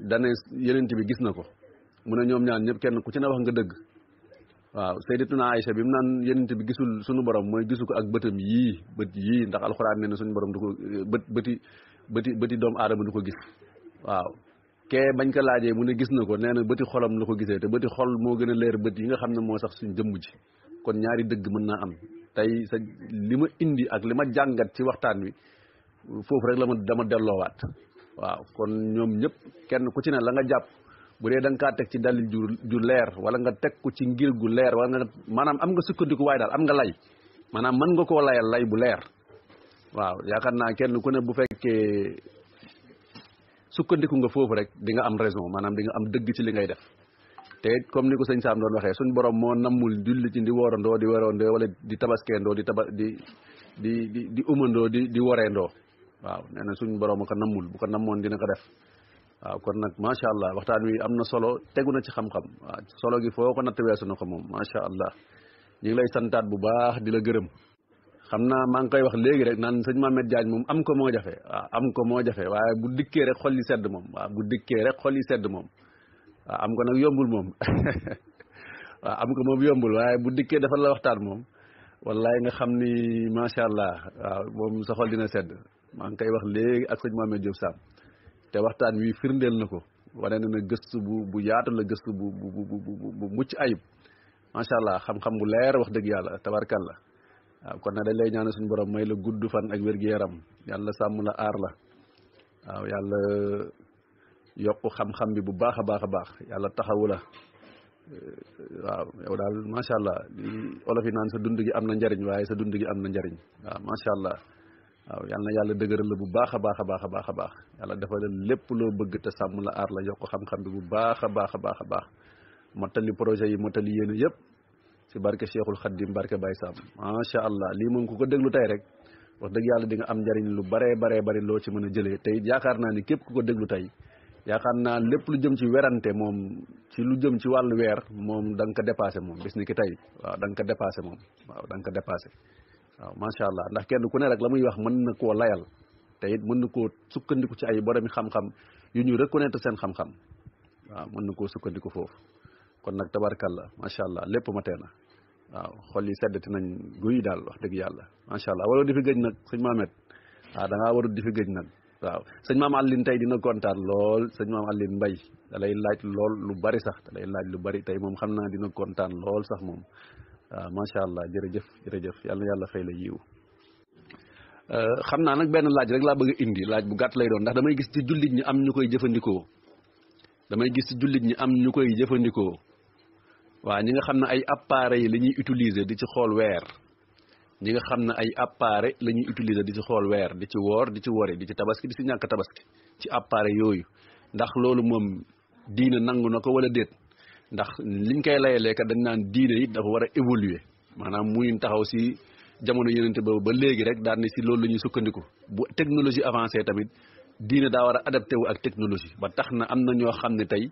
dane yenent bi gis na ko mu ne ñoom ñaan ñëpp kenn ku ci ne wax nga dëgg waaw sayyidatuna Aïcha bi mu naan yenente bi gisul suñu borom mooy gisu ko ak bëtam yii bët yii ndax alxuraan nee na suñu borom du ko bët bëti bëti bëti doomu aadama du ko gis waaw kee bañ ko laajee mu ne gis na ko nee na bëti xolam la ko gisee te bëti xol moo gën a leer bët yi nga xam ne moo sax suñ jëmm ji kon ñaari dëgg mën naa am tey sa li ma indi ak li ma jàngat ci waxtaan wi foofu rek la ma dama delloowaat waaw kon ñoom ñëpp kenn ku ci ne la nga jàpp bu dee da nga kaa ci dalil ju ju leer wala nga tek ko ci ngir gu leer wala nga am nga sukkandiku way dal am nga lay manam man nga ko layal lay bu leer waaw yaakaar naa kenn ku ne bu fekkee sukkandiku nga foofu rek di nga am raison manam di nga am dëgg ci li ngay def te comme ni ko sëñ Sam doon waxee suñ borom moo namul julli ci di woorandoo di werandoo wala di tabaskeendoo di taba di di di di umandoo di di woreendoo waaw nee na suñ borom ko kan namul bu ko namoon dina ko def waaw kon nag macha allah waxtaan wi am na solo tegu na ci xam-xam waaw solo gi foo ko natt weesu na ko moom macha allah ñu lay santaat bu baax di la gërëm xam naa maa ngi koy wax léegi rek naan sëñ Mamet Diagne moom am ko moo jafe am ko moo jafe waaye bu dikkee xol yi sedd moom waaw bu dikkee rek xol yi sedd moom waaw am ko nag yombul moom waaw am ko moom yombul waaye bu dikkee dafa la waxtaan moom wallaay nga xam ni macha allah waaw moom sa xol dina sedd maa ngi koy wax léegi ak sëñ Mamet Diop Sam te waxtaan wi firndeel na ko wane na gëstu bu bu yaatu la gëstu bu bu bu bu bu mucc ayib macha allah xam-xam bu leer wax dëgg yàlla tabarkalla waaw kon na dañ lay ñaan suñu borom may la gudd fan ak wér gu yaram yàlla sàmm la aar la waaw yàlla yokku xam-xam bi bu baax a baax a baax yàlla taxawu la waaw yow daal macha allah olof yi naan sa dund gi am na njariñ waaye sa dund gi am na njariñ waaw macha allah waaw yàlla na yàlla dëgëral la bu baax a baax a baax a baax a baax yàlla dafa lépp loo bëgg te sàmm la aar la yokk xam-xam bi bu baax a baax a baax a baax projet yi motali yéen yëpp si barke Cheikhul Khadim barke Baye Sam macha allah lii moom ku ko déglu tey rek wax dëgg yàlla di nga am njariñ lu baree bare bare loo ci mën a jëlee tey ni képp ku ko déglu tey yaakaar naa lépp lu jëm ci werante moom ci lu jëm ci wàllu weer moom da nga ko dépassé moom bis ni ki tey waaw da nga ko dépassé moom waaw da nga waaw macha allah ndax kenn ku ne rek la muy wax mën na koo layal te it mën na koo sukkandiku ci ay boromi xam-xam yu ñu reconnaître seen xam-xam waaw mën na koo sukkandiku foofu kon nag macha allah lépp matee na waaw xol yi seddati nañ guy daal wax dëgg yàlla allah waroo di fi gëj nag sëñ Mamet waaw da ngaa warut di fi gëj nag waaw sëñ maam Aline tey dina kontaan lool sëñ maam Aline Mbay da lay laaj lool lu bari sax da lay laaj lu bari tey moom xam naa waaw ah, allah jërëjëf jërëjëf yàlla yàlla fay la yiw ah, xam naa nag benn laaj rek laa bëgg a indi laaj bu gàtt lay doon ndax damay gis ci jullit ñi am ñu koy jëfandikoo damay gis ci jullit ñi am ñu koy jëfandikoo waa ñi nga xam ne ay appareil la ñuy utiliser di ci xool weer ñi nga xam ne ay appareil la ñuy utiliser di ci xool weer di ci woor di ci wori di ci tabaski di ci ñàkk tabaski ci appareil yooyu ndax loolu moom diina nangu na ko wala déet ndax liñ koy layee kat dañ naan diine it dafa war a évoluer maanaam muy taxaw si jamono yenente boobu ba léegi rek daan ne si loolu la ñuy sukkandiku bu technologie avancée tamit diine daa war a adapté wu ak technologie ba tax na am na ñoo xam ne tey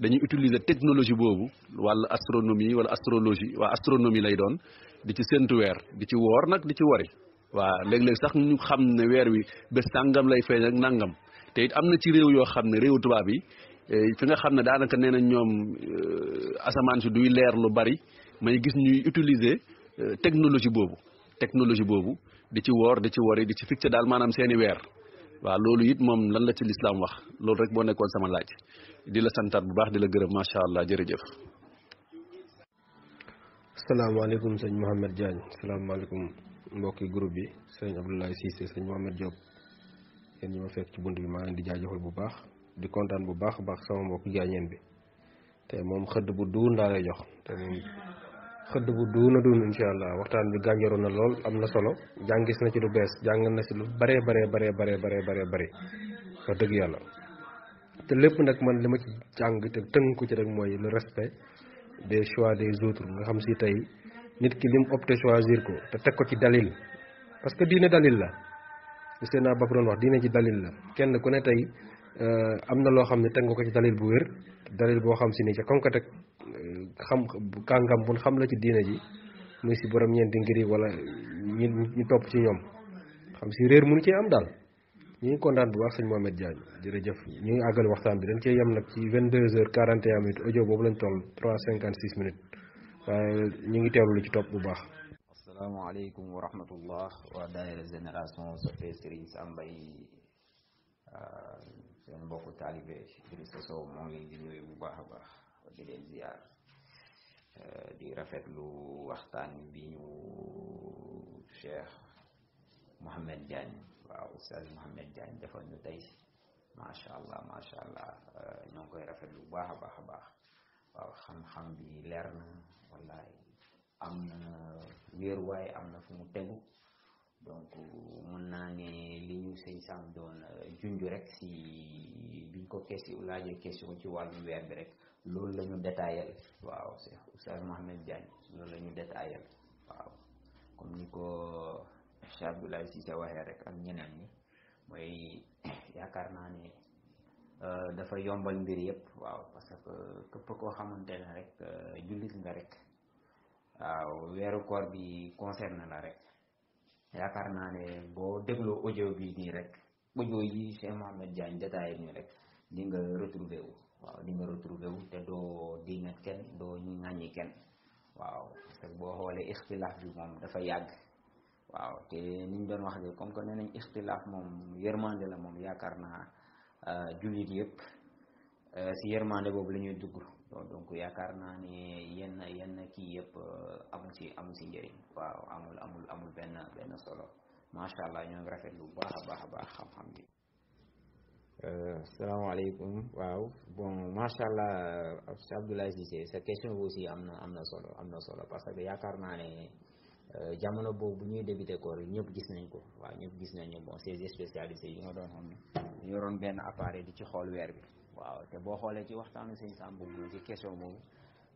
dañuy utiliser technologie boobu wala astronomie wala astrologie waa astronomie lay doon di ci séntu weer di ci woor nag di ci wari waa léeg-léeg sax ñu xam ne weer wi bés sàngam lay feeñ ak nangam te am na ci réew yoo xam ne réew tubaab yi Eh, fi nga xamne ne daanaka nee asaman ñoom eh, asamaan duy leer lu bari may gis ñuy utiliser eh, technologie bobu technologie bobu di ci wor di ci wori di ci fixé dal manam seeni weer wa lolu yit mom lan la ci l'islam wax lolu rek bo nekkon sama laaj di la santat bu baax di la ma sha allah jërëjëf salaamaaleykum sëñ Mohamed Diagne alaykum mbokki groupe bi seigne Abdoulaye Cissé seigne mohammed Diop yéen ñi ma fekk ci bunt bi ma di jaajëfal bu baax di kontaan bu baax a baax sama mbokk jaañeen bi te moom xëdd bu duun laa lay jox te moom xëdd bu duun a duun incha allah waxtaan bi gànjaroon na lool am na solo jàngis na ci lu bees jàng na ci lu bare bare bare bare bare bare bare wax dëgg yàlla te lépp nag man li ma ci jàng te tënk ko ci rek mooy le respect des choix des autres nga xam si tey nit ki lim opté choisir ko te teg ko ci dalil parce que diine dalil la gis naa ba ko doon wax diine ci dalil la kenn ku ne tey Eh, am na loo xam ne nga ko ci dalil bu wér dalil bo xam ci ni ci comme que xam kangam bu xam la ci diina ji muy ci borom ñeenti ngiri wala ñi top ci ñom xam ci reer mu ñu ci am dal ñi ko ndan bu wax sëñ mohammed Diagne jërëjëf ñu ñi agal waxtaan bi dañ ci yam nak ci 22h 41 quarante minutes audio bobu lañ toll 356 cinquante six minutes waaye ñu ngi teewlu ci top bu baax asalaamaaleykum wa rahmatullah waa daayira génération soppe Serigne Sam Mbaye seen bokku mbokku taalibe Idrissa Sow mo ngi di nuyu bu baax baax di leen ziar euh di rafetlu waxtaan bi ñu Cheikh mohammed Diagne wa Oustaz mohammed Diagne defal ñu tay ma sha allah ma sha allah ñoo koy rafetlu bu baax baax baax wa xam-xam bi leer na wallahi amna wër way amna fu mu teggu donc mën naa ne li ñu sëñ Sam doon euh, junj rek si biñ ko question laajee question ci wàllu weer bi rek loolu la ñu détaillé waaw Cheikh Oustaz Mohamed Diagne loolu la ñu détaillé waaw comme ni ko Cheikh Abdoulaye Cissé waxee rek ak ñeneen ñi mooy yaakaar naa ne euh, dafa yombal mbir yëpp waaw parce que képp koo xamante ne rek euh, jullit nga rek waaw weeru koor bi concerné la rek ya karena ne bo dégloo audio bi ni rek audio yi Cheikh mohammed Diagne detaay ni rek di nga retrouver wu waaw di nga retrouver wu te di diingat ken do ñu ngañi ken waaw parce que boo xoolee ixtilaaf bi mom dafa yag waaw te niñ doon wax ni comme que nee nañ ixtilaaf moom yërmande la moom yaakaar naa eh, jullit yëpp eh, si yërmande boobu la ñuy dugg donc yaakaar naa ni yenn yenn kii yep amu ci amu ci njëriñ waaw amul amul amul ben ben solo macha allah ñoo ngi rafet lu baax baax baax xam-xam bi alaykum eh, waaw bon allah Abdoulaye Cissé sa question bo aussi amna amna solo amna solo parce que yaakaar naa ne jamono bu ñuy débuter ko ñep gis nañ ko waaw ñep gis nañ ne bon ces spécialistes yi ñoo doon xam ne ron ben appareil di ci xol bi waaw te boo xoolee ci waxtaanu sëñ Sàmbu bi ci question boobu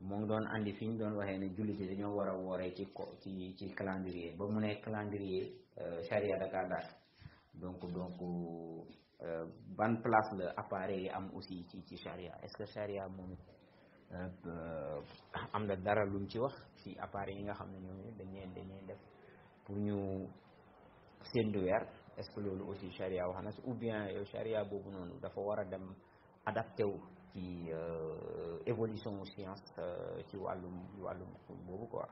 mu ngi doon andi fi ñu doon waxee ne jullit yi dañoo war a wooree ci ko ci ci calendrier ba mu ne calendrier euh, charia da kaa daal donc donc euh, ban place la appareil yi am aussi ci ci charia est-ce que charia moom euh, am na dara lu ci wax ci appareil yi nga xam ne ñoom dañ leen dañ def pour ñu seen weer est-ce que loolu aussi charia wax na si ou bien yow charia boobu noonu dafa war a dem adapté wu ci euh, évolution wu science ci euh, wàllum wàllum boobu quoi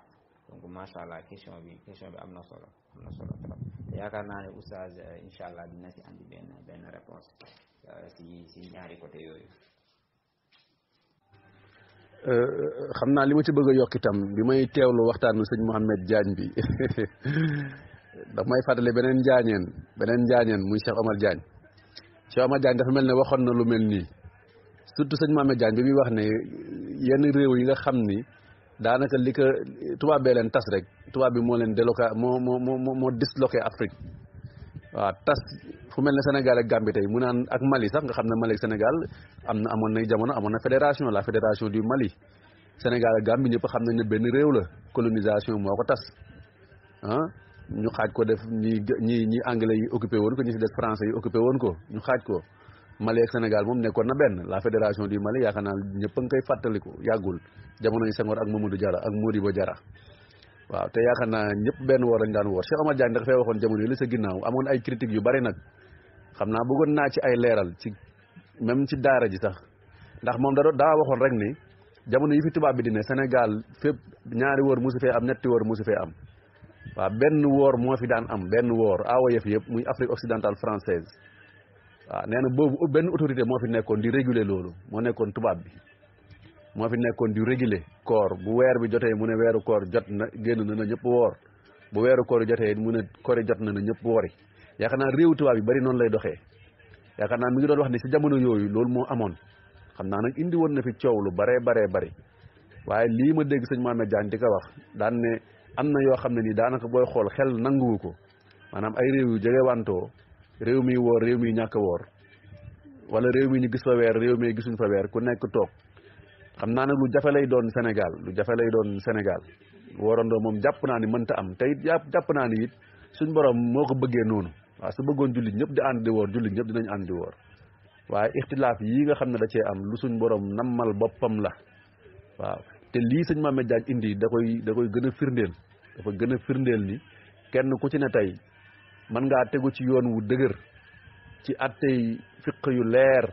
donc macha allah question bi question bi amna solo amna solo trop yakarna ni oustaz euh, inshallah dina ci andi ben ben réponse si si ñaari côté yooyu euh xamna li ma ci bëgg yok itam bi may teewlu waxtaanu sëñ mohammed Diagne bi da may fatale benen njaañeen benen njaañeen muy Cheikh Omar Diagne Cheikh Omar Diagne dafa melni waxon na lu melni surtout seigne mamadou Diagne bi wax ne yenn rew yi nga xamni danaka lika tuba be len tass rek tuba bi mo len déloca mo mo mo mo disloquer Afrique wa tas fu melni senegal ak Gambie tay mu nan ak Mali sax nga xamne Mali senegal amna amone na jamono amone na fédération la fédération du Mali senegal ak Gambie ñëpp xamna ne ben rew la colonisation moko tass han ah, ñu xaj ko def ñi ñi anglais yi occupé won ko ñi ci des français yi occupé won ko ñu xaj ko Mali ak Sénégal moom nekkoon na ben la fédération du Mali yakana ñepp ngay a yagul jamono yi sangor ak Mamadou jara ak Modibo Diarra waaw te yakana ñepp ben wor lañ daan wor Cheikh Omar Diagne dafa fee waxoon jamono yi li sa ginnaw amone ay critique yu bari nak xamna naa bëggoon naa ci ay leeral ci même ci daara ji sax ndax mom da do da waxon rek ni jamono yi fi tuba bi di ne Sénégal fépp ñaari wor musu fe am netti wor musu fe am waaw ben wor mo fi daan am ben wor aawa yep muy Afrique occidentale française Ah, neena boobu benn autorité moo fi nekkoon di régulé loolu moo nekkoon tubaab bi moo fi nekkoon di régulé koor bu weer bi jotee mu ne weeru koor jot na génn na na ñëpp woor bu weeru koor jotee mu ne kori jot na na ñëpp woori yaaka naa réewu tubaab yi bëri noonu lay doxee yaaka naa mi ngi doon wax ne si jamono yooyu loolu moo amoon xam naa nag indi woon na fi coow lu baree baree bari waaye lii ma dégg sëñ mohamed diane di ko wax daan ne am na yoo xam ne nii daanaka booy xool xel nanguwu ko maanaam ay réew yu jege wantoo réew mi woor réew mi ñàkk woor wala réew mi ñu gis fa weer réew mi gisuñ fa weer ku nekk toog xam naa nag lu jafe lay doon Sénégal lu jafe lay doon Sénégal woorandoo moom jàpp naa ni mënta am tey it jàpp naa ni it suñ borom moo ko bëggee noonu waaw su bëggoon julli ñëpp di ànd di woor jullit ñëpp dinañ ànd di woor waaye ixtilaaf yii nga xam ne da cee am lu suñ borom nammal boppam la waaw te lii sëñ Mame Diagne indi da koy da koy gën a firndeel dafa gën a firndeel ni kenn ku ci ne tey man ngaa tegu ci yoon wu dëgër ci attey fiq yu leer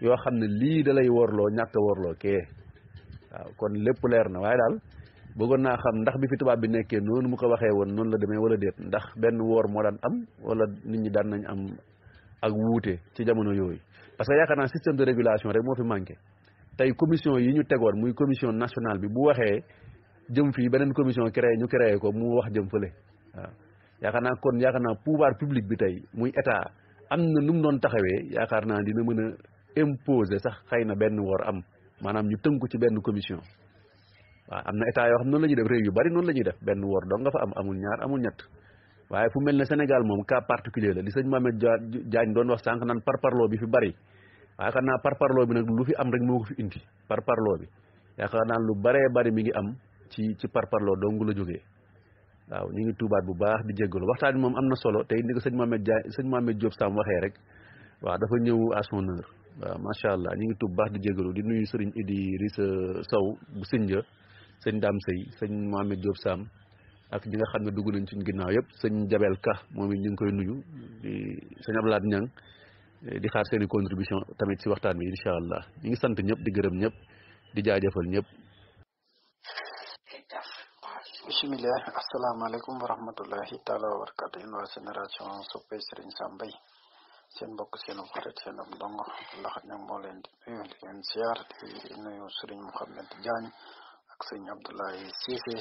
yoo xam ne lii dalay lay worloo ñàkk a worloo kee waaw kon lépp leer na waaye daal bëggoon naa xam ndax bi fi tubaab bi nekkee noonu mu ko waxee woon noonu la demee wala déet ndax benn woor moo daan am wala nit ñi daan nañ am ak wuute ci jamono yooyu parce que yaakaar naa système de régulation rek moo fi manqué tey commission yi ñu tegoon muy commission nationale bi bu waxee jëm fii beneen commission créé ñu créé ko mu wax jëm fële ya naa kon ya naa pouvoir public bi tay muy état am num nu taxawé doon taxawee dina mëna imposer sax xeyna benn am manam ñu tënku ci benn commission wa am na état yo xam non lañuy def réew yu bari non lañuy def benn wor do nga fa am amul ñaar amul ñett waye fu mel Sénégal mom cas particulier la li seigne Mamed Diagne don wax nan par parlo bi fi bari yaakaar par parlo bi nak lu fi am rek moko fi indi parlo bi ya lu bare bari mi ngi am ci ci parparloo dong la jógee. waaw ñu ngi tuubaat bu baax di jéggalu waxtaan bi moom am na solo tey ni ko sëñ Mohamed Dia sëñ Mohamed Diop Sam waxee rek waaw dafa ñëw à waaw macha allah ñu ngi tuub baax di jéggalu di nuyu sëriñ Idi Rissa Sow bu Sinja sëñ Dame Sey sëñ Mohamed Diop Sam ak ñi nga xam ne dugg nañ suñ ginnaaw yëpp sëñ Jabel Ka moom it ñu ngi koy nuyu di sëñ Ablaat eh, di xaar seen contribution tamit si waxtaan bi incha allah ñu ngi sant ñëpp di gërëm ñëpp di jaajëfal ñëpp Bismillah, Assalamualaikum warahmatullahi taala wabarakatuh. Inwa senera chon sope sering sampai. Sen bokk sen faret sen am dongo. Allah ñu mo leen di nuyu leen ziar di nuyu Serigne Mohammed Diagne ak Serigne Abdoulaye Sissé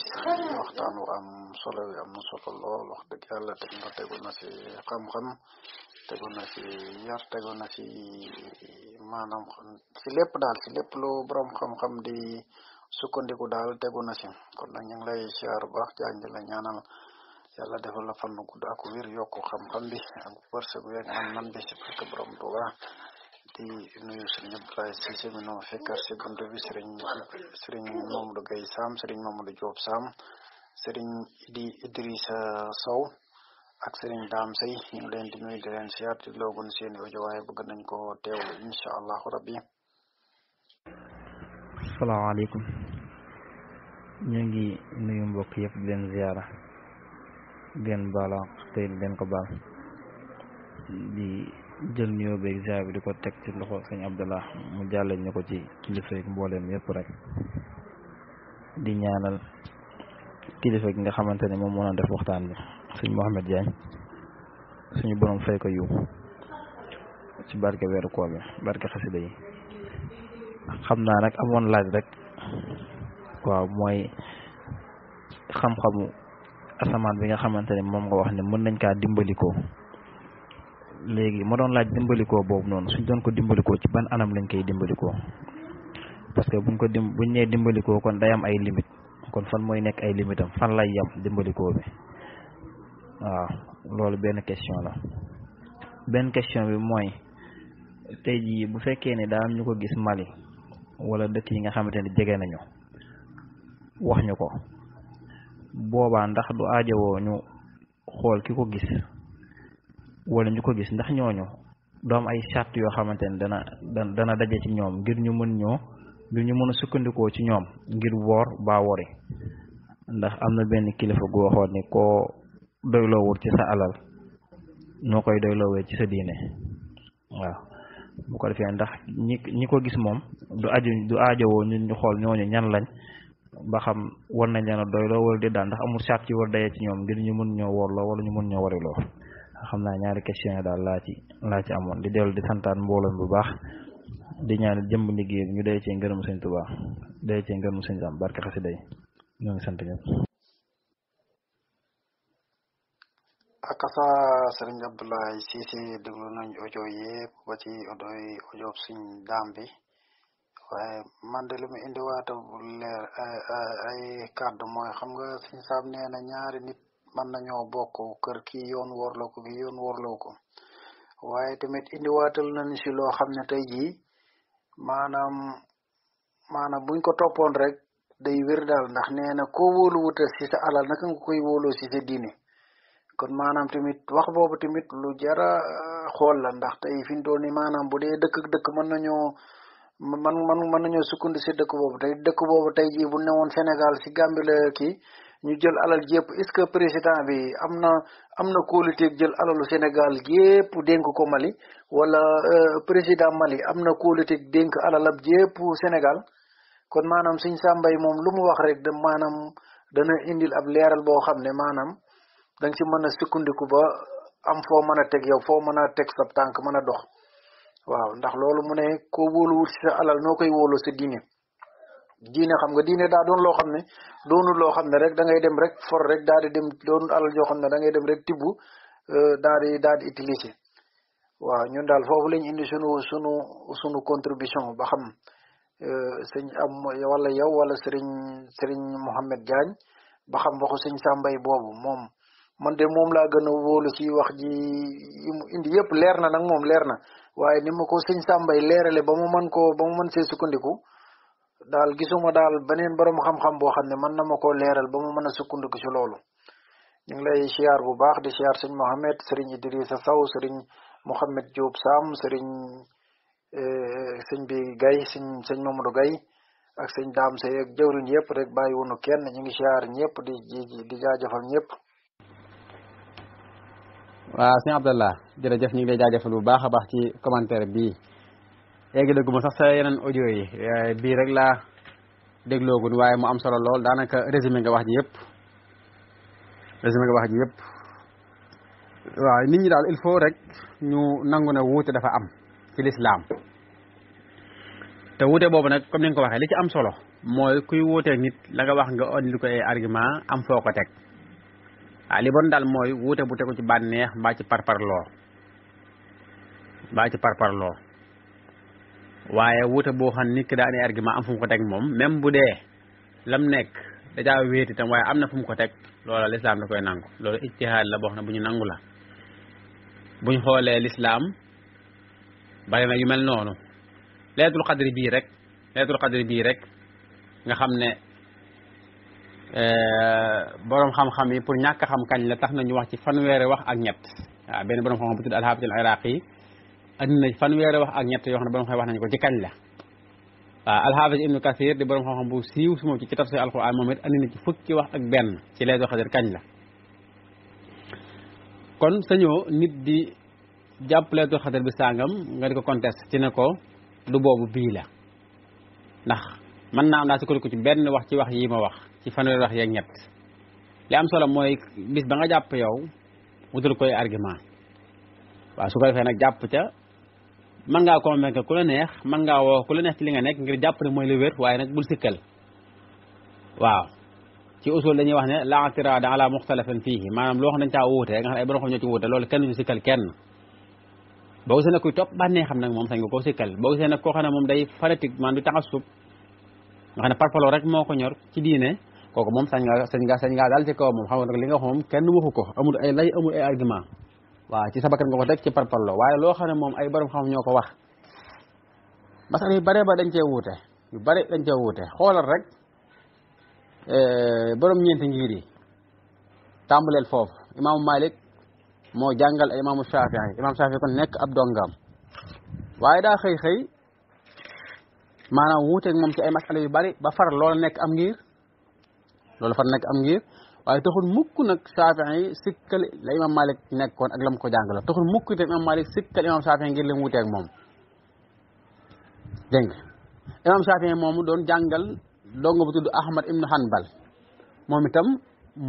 waxtaan wu am solo wi am solo lool wax deug Yalla te nga tegu na ci xam xam tegu na ci yar tegu na ci manam ci lepp dal ci lepp lu borom xam xam di sukkandiku dal tegu na ci kon nak ñing lay ciar bu baax jàng la ñaanal yalla defal la fannu gudd ak wér ko xam-xam bi ak force bu yeeg am nan bi ci barke borom tuba di nuyu sëriñ abdoulaye ci ci mëno fekkar bu ndu bi sëriñ sëriñ gay sam sëriñ mamadou job sam sëriñ di idrissa saw ak sëriñ dam sey ñu leen di nuyu di leen ci di loogun seeni ojo waaye bëgg nañ ko teewlu inshallah rabbi asalaamaaleykum ñu ngi nuyu mbokk yëpp di leen ziyaara di leen baala tey leen ko baal di jël nuyoo beeg ziyaar bi di ko teg ci loxo sëñ Abdallah mu jàllale ñu ko ci kilifa ak mbooleem yëpp rek di ñaanal kilifa gi nga xamante ne moom moo doon def waxtaan bi sëñ Mohamed Diagne suñu borom fay ko yiw ci barke weeru koor bi barke xasida yi xam naa nag amoon laaj rek waaw mooy xam-xamu asamaan bi nga xamante ne moom nga wax ne mën nañ kaa dimbalikoo léegi moo doon laaj dimbalikoo boobu noonu suñ doon ko dimbalikoo ci ban anam lañ koy dimbalikoo parce que buñ ko dim buñ nee dimbalikoo kon day am ay limite kon fan mooy nekk ay limite am fan lay yam dimbalikoo bi waaw loolu benn question la benn question bi mooy tey jii bu fekkee ne daa am ñu ko gis Mali wala dëkk yi nga xamante ne jege nañu wax ñu ko boobaa ndax du aajowoo ñu xool ki ko gis wala ñu ko gis ndax ñooñu doom ay sart yoo xamante ne dana dana daje ci ñoom ngir ñu mën ñoo ngir ñu mën a sukkandikoo ci ñoom ngir woor baa wori ndax am na benn kilifa gu waxoon ni koo doyloowul ci sa alal noo koy doyloowee ci sa diine waaw bu ko defee ndax ñi ñi ko gis moom du ajo du aajowoo ñun ñu xool ñooñu ñan lañ ba xam war nañ leen a doy loo wala di daal ndax amul sart yu war dayee ci ñoom ngir ñu mun ñoo woorloo wala ñu mun ñoo wariloo xam naa ñaari question yi daal laa ci laa ci amoon di dellu di santaan mbooloon bu baax di ñaan jëmb liggéey bi ñu day cee ngërëm sëñ Tuubaa day cee mu sëñ Sam barke xasida yi ñoo ngi sant ñëpp akasa sëriñ Abdoulaye Cissé déglu nañ audio yëpp ba ci audio yi audio suñ daam bi waaye man de li mu indiwaata bu leer ay kàddu mooy xam nga suñ saam nee na ñaari nit mën nañoo bokk kër kii yoon warloo ko kii yoon warloo ko waaye tamit indiwaatal nañ si loo xam ne tey jii maanaam maanaam buñ ko toppoon rek day wér daal ndax nee na koo wóolu wuta si sa alal nga koy wóoloo si diine kon maanaam tamit wax boobu tamit lu jara euh, xool la ndax tey fi mu toll nii maanaam bu dee dëkk dëkk mën nañoo man man mën nañoo sukkandi dëkk boobu tey dëkk boobu tey jii bu newoon Sénégal si Gàmbi la kii ñu jël alal jépp est-ce que président bi am na am na kóoluteeg jël alalu Sénégal jépp dénk ko Mali wala euh, président Mali am na kóoluteeg dénk alalam jépp Sénégal kon maanaam suñ sàmbay moom lu mu wax rek de maanaam dana indil ab leeral boo xam ne maanaam dang ci mëna a ba am fo mëna tek yow fo mëna tek sa sab mëna dox waaw ndax loolu mu ne ko wut sa alal noo koy wóolu sa diine diine xam nga diine da doon lo xamne ne lo xamne rek da ngay dem rek for rek daa di dem doonul alal jo xamne da ngay dem rek tibbu euh, daa di daa di utiliser waaw ñun daal fofu lañ indi sunu sunu sunu contribution ba xam euh, señ am wala yow wala señ señ mohammed Diagne ba xam waxu señ Sambay man de mom la gëna wolu ci wax ji indi yépp leer na nak mom leer na waaye nima ko sëñ sambay leerale ba mu man ko ba mu man sé sukkandiku dal gisuma dal benen borom xam-xam bo xamné man nama ko leeral ba mu mëna sukkandiku ci lolu ñu lay xiar bu baax di xiar mohamed sëriñ idrissa saw sëriñ mohamed diop sam sëriñ eh, sëñ bi gay sëñ sëñ mamadou gay ak sëñ daam sey ak jawrin yépp rek bàyyi kenn ñu ngi xiar ñëpp di di jaajeufal jaajëfal waaw sëñ Abdallah jërëjëf ñu ngi lay jaajëfal bu baax a baax ci commentaire bii léegi dëggu ma sax sa yeneen audio yi bii rek laa dégloogun waaye mu am solo lool daanaka résumé nga wax ji yëpp résumé nga wax ji yëpp waaw nit ñi daal il faut rek ñu nangu ne wuute dafa am ci lislaam te wuute boobu nag comme ni ko waxee li ci am solo mooy kuy wuuteeg nit la nga wax nga indi ko ay argument am foo ko teg ah li daal mooy wute bu tegu ci bànneex mbaa ci parparloo mbaa ci par parparloo waaye wuute boo xam nit ki daa ne argument am fu ko teg moom même bu dee lam nekk dajaa wéet itam waaye am na fu mu ko teg loola lislaam da koy nangu loolu ijtihaad la boox na ne bu ñu nangu la buñ xoolee lislaam bari na yu mel noonu leetul xadri bii rek leetul xadri bii rek nga xam ne Euh, boroom xam-xam yi pour ñàkk xam kañ la tax nañu wax ci fanweeri wax ak ñett waaw benn borom xam-xam bu tudd alxabitul iraq yi andi na fanweeri wax ak ñett yoo xam ne borom xam wax nañu ko ci kañ la waaw alxaafis ibnu kasir di borom bu siiw su moom ci ci tafsir alquran moom it andi na ci fukki wax ak benn ci leetul xadir kañ la kon sañoo nit di jàpp leetul xadir bi sàngam nga di ko conteste ci ne ko du boobu bii la ndax mën naa am daa ko ci benn wax ci wax yi ma wax ci fanweeri wax yeeg ñett li am mooy bis ba nga jàpp yow wutal koy argument waa su ko defee nag jàpp ca man ngaa convaincre ku la neex man ngaa woo ku la neex ci li nga nekk ngir jàpp ne mooy lu wér waaye nag bul sikkal waaw ci usul dañuy wax ne la tirada ala muxtalafin fiihi maanaam loo xam dañ caa wuute nga xam ne ay borom xam ñoo ci wuute loolu kenn du sikkal xam nag moom sañ nga koo sikkal boo gisee nag koo xam ne moom day fanatique man du taxasub nga xam ne parpaloo rek moo ko ñor kooku moom sañ nga sañ nga sañ nga daal ci kaw moom xam nga nag li nga xam kenn waxu ko amul ay lay amul ay argument waaw ci sabakat nga ko teg ci parparloo waaye loo xam ne mom ay borom xam ñoo ko wax masala yu bare ba dañ cee wuute yu bare dañ cee wuute xoolal rek eh, borom ñeenti ngir yi tàmbaleel foofu Imam Malik moo jàngal ay imaamu Shafii imaamu Shafii kon nekk ab dongam waaye daa xëy xëy maanaam wuuteeg mom ci ay masala yu bari ba far loola nekk am ngir loolu fa nekk am ngir waaye taxul mukk nag sikkal la imam Malik nekkoon ak lam ko jàngaloon taxul mukk itam imam Malik sikkal imam Shaafi'i ngir lim wutek wuteeg moom dégg imam Shaafi'i moomu doon jàngal dong bu tudd Ahmad ibnu Hanbal moom itam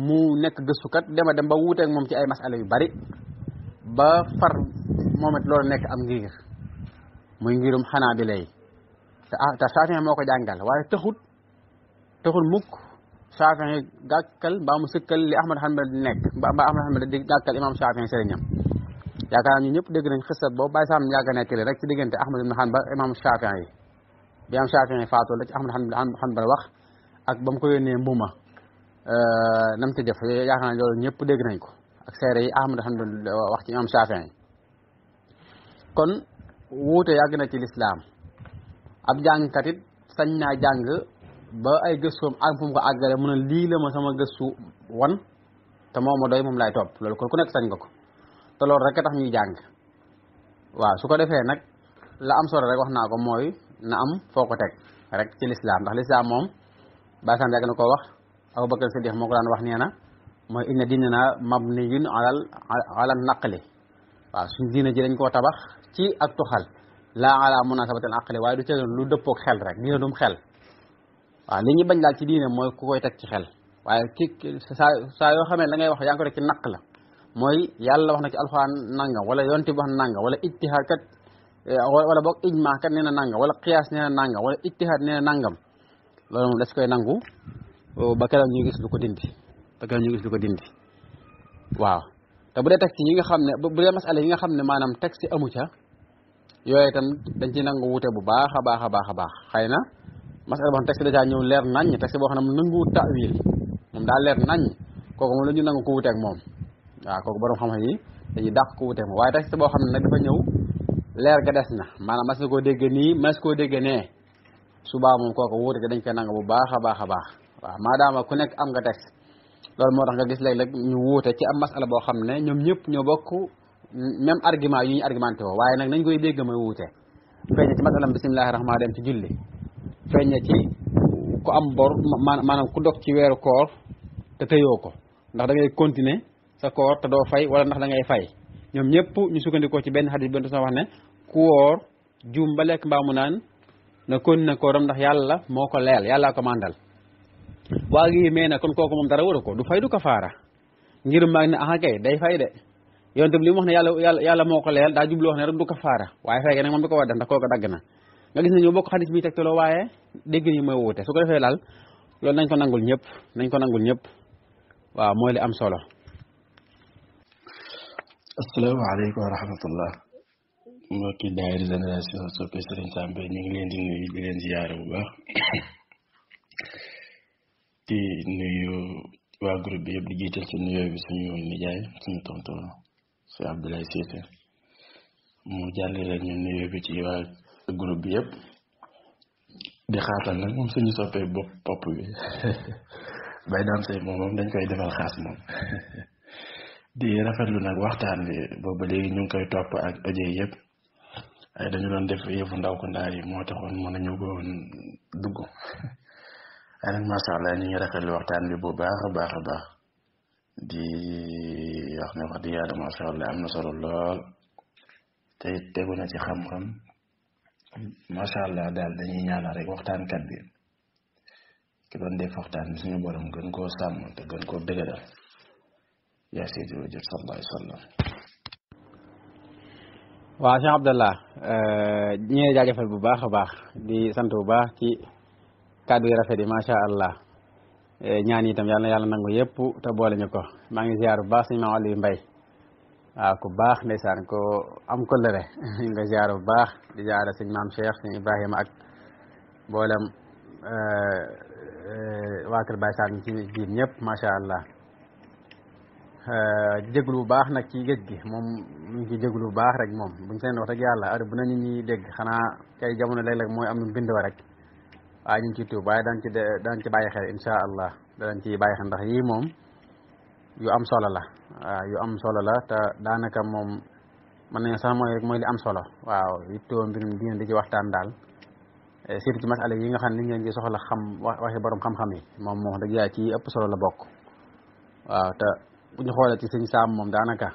mu nekk gëstukat dema dem ba wuuteeg moom ci ay masala yu bari ba far moom it loolu nekk am ngir muy ngirum xanaa bi lay te ah, moo ko jàngal waaye taxut taxul mukk Shaafi'i gàkkal mbaa mu sëkkal li Ahmad Hanbal di nekk mbaa Ahmad Hanbal di gàkkal imaam Shaafi'i sëriñam yaakaar naa ñëpp dégg nañ xisat boobu Baye Sam yàgg a nekk li rek ci diggante Ahmad ibn Hanbal imaam Shaafi'i yi bi am Shaafi'i faatoo la ci Ahmad Hanbal wax ba mu ko yónnee mbuuma nam ci def yaakaar naa loolu ñëpp dégg nañ ko ak seere yi Ahmad Hanbal wax ci imaam Shaafi'i kon wuute yàgg na ci lislaam ab jàngkat it sañ naa jàng ba ay gëstoom ak fu ko aggalé mu ne lii la ma sama gëssu wan te moo ma doy mom lay top lolou kon ku nek sañ nga ko te lolou rek tax ñuy jang wa su ko défé nak la am solo rek waxna ko moy na am foko tek rek ci l'islam ndax lislaam moom basan yàgg na ko wax abubakar siddiq moo ko daan wax nee moy inna diinana mabniyun alal ala naqli wa suñ dina ji dañ ko tabax ci ak tukhal la ala munasabatil aqli waaye du ci lu depp ak xel rek ni diina dum xel waaw li ñu bañ laal ci diine mooy ku koy teg ci xel waaye ki saa saa yoo xamee la ngay wax yaa ngi ko teg ci naq la mooy yàlla wax na ci alxuraan nanga wala yonti bi wax na nanga wala ijtihaad kat eh, wala boog kat nee na nanga wala qiyaas nee na nanga wala ijtihaad nee na nangam loolu des koy nangu oh, ba keroog ñu gis lu ko dindi ba keroog ñu gis lu ko dindi waaw te bu dee texte yi nga xam ne bu dee masala yi nga xam ne maanaam texte amu ca yooyu dañ ci nangu wute bu baax a baax a baax a baax xëy na masala boo xam texte dèjà ñew leer nañ texte bo xam ne nangu tawil moom da leer nañ koku mo la ñu nangu ku ak mom wa koku borom xam-xam yi dañuy dàq ku wuté mom waye texte bo xam nak dafa ñew leer ga dess na manam mas ko koo ni mas ko dégg nee suba moom koku wuté ga dañ ko nangu bu baaxa baaxa baax wa baax waaw ku nek am nga texte lool moo tax nga gis léeg-léeg ñu wuté ci am masala bo xamne ñom ñepp ñëpp ñoo bokk même argument yu ñu argumenté wo waye nak nañ koy dégg may wuté feeñ ci masalam bismillahir rahmanir rahim ci julli feeñ ci ku am bor manam ku dog ci weeru koor te teyo ko ndax da ngay continuer sa koor te do fay wala ndax da ngay fay ñom ñepp ñu sukkandiko ci ben hadith sama wax ne ku wor jumbalek ba mu na kon na koram ndax yalla moko leel yalla ko mandal waa gi na kon koko mom dara ko du fay du kafara ngir maag ne ah kay day fay de yoon tam li mu wax ne yalla yalla moko leel da jublu wax ne rek du kafara waye nak mom biko ko da koko dagna nga gis ne ñoo bokk xadis bi tegtaloo waaye dégg ni mooy wuute su ko defee daal loolu nañ ko nangul ñëpp nañ ko nangul ñëpp waaw mooy li am solo. asalaamaaleykum wa rahmatullah mbokki daayira ñu ngi leen di nuyu di bu baax di nuyu waa groupe bi yëpp ci nuyoo groupe bi yëpp di xaasal nag moom suñu soppee bopp bopp bi bay daan say moom moom dañ koy defal xaas moom di rafetlu nag waxtaan wi boobu léegi ñu ngi koy toppa ak audio yëpp ay dañu doon def yëfu ndaw ko ndaar yi moo taxoon mën a ñu ko woon ñu ngi rafetlu waxtaan bi bu baax a baax a baax di wax ne yàlla macha allah am na solo lool te tegu na ci xam-xam macha allah daal dañuy ñaanal rek waxtaankat bi ki doon def waxtaan bi suñu borom gën koo sàmm te gën koo dëgëral yaa seydi wa jot sallallahu alayhi wa sallam waaw cheikh abdallah eh, ñu ngi jaajëfal bu baax baax di sant bu baax ci kàddu yu rafet yi macha allah eh, ñaan itam yàlla yàlla nangu yépp te boole ñu ko maa ngi ziar bu baax suñu Aliou Mbaye waaw ah, ku baax ndeysaan ko am ko lëre ñu nga ziar bu baax di ziar sëñ maam Cheikh sëñ Ibrahima ak mboolem eh, eh, waa Kër Baye Sall ci biir ñëpp macha allah eh, jéglu bu baax nag ci géej gi moom mu ngi jéglu bu baax rek moom buñ seen wax rek yàlla heure bu na nit ñi dégg xanaa kay jamono léeg-léeg mooy am nu bindoo rek waaye ñu ci ciy tuub waaye daan ci daan ci bàyyi xel incha allah daan ci bàyyi xel ndax yii moom yu am solo la waaw yu am solo la te daanaka moom mën nañu sax mooy mooy li am solo waaw yittewoo mbirum diine di ci waxtaan daal eh, surtout ci masala yi nga xam ne ni ngeen ci soxla xam waxi borom xam-xam yi moom moom dëgg yaa ci ëpp solo la bokk bu ñu xoolee ci sëñ saam moom daanaka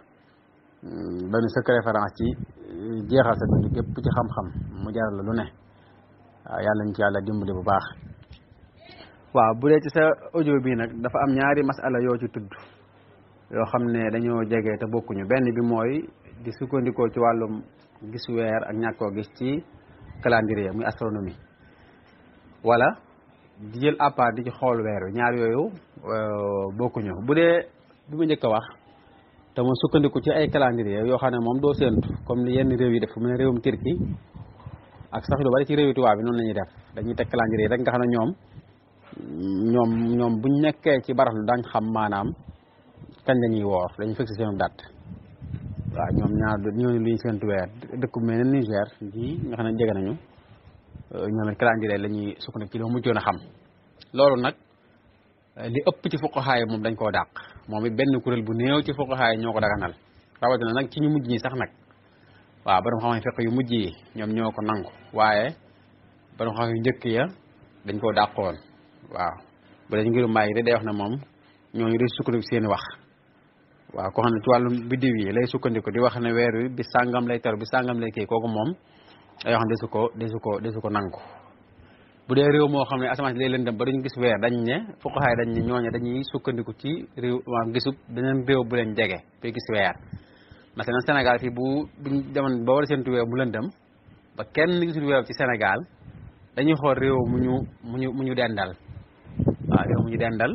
dañu mm, sëkk ci mm, jeexal sa dund gépp ci xam-xam mu jaral la lu ne yàlla ñu ci yàlla dimbali bu baax waaw bu dee ci sa audio nag dafa am ñaari masala yoo ci tudd yoo xam ne dañoo jege te bokkuñu benn bi mooy di sukkandikoo ci wàllum gis weer ak ñàkkoo gis ci calendrier muy astronomie wala di jël appart di ci xool weer wi ñaar yooyu euh, bokkuñu bu dee bi ma njëkk wax te mu sukkandiku ci ay calendrier yoo xam ne moom doo séentu comme ni yenn réew yi def mu ne réewum Turquie ak sax lu bari ci réewi tubaab bi noonu la ñuy def dañuy te calendrier rek nga xam ñoom ñoom ñoom buñ ci baraxlu daañ xam maanaam kan la wor dañu fixé seen date wa ñom ñaar ñooñu ñoo luñu séntu weer dekk bu mel ne Niger ji nga xam jégé jege nañu euh, ñoom it calendrier la ñuy sukkandiku ci lo ma mujjoon xam lolu nak euh, li ëpp ci fuqahaay mom dañ ko daq momi benn kurel bu neew ci fuqahaay ñoo ko daganal rawati nak ci ñu mujj ni sax nak wa borom xam-xam fekk yu mujj yi ñoom ñoo ko nangu waaye borom xam yu njëkk ya dañ ko daqoon waaw bu dee ngir may re day wax na mom ñoo moom ñooñu day sukkandiku seen wax wa ko xamne ci wàllum biddiw yi lay sukkandiko di wax ne weer wi bi sangam lay ter bi sangam lay ke kooku mom ay xam desuko desuko desuko nangu bu de rew mo xamne asaman lay leen dem ba duñ gis weer dañ ne hay dañ ne ñoña dañuy sukkandiko ci rew wa gisub rew bu leen jege bi gis weer masalan senegal fi bu buñ demoon ba war sen séntu bu leen dem ba kenn gisul ci senegal dañuy xor rew muñu muñu muñu dendal wa rew muñu dendal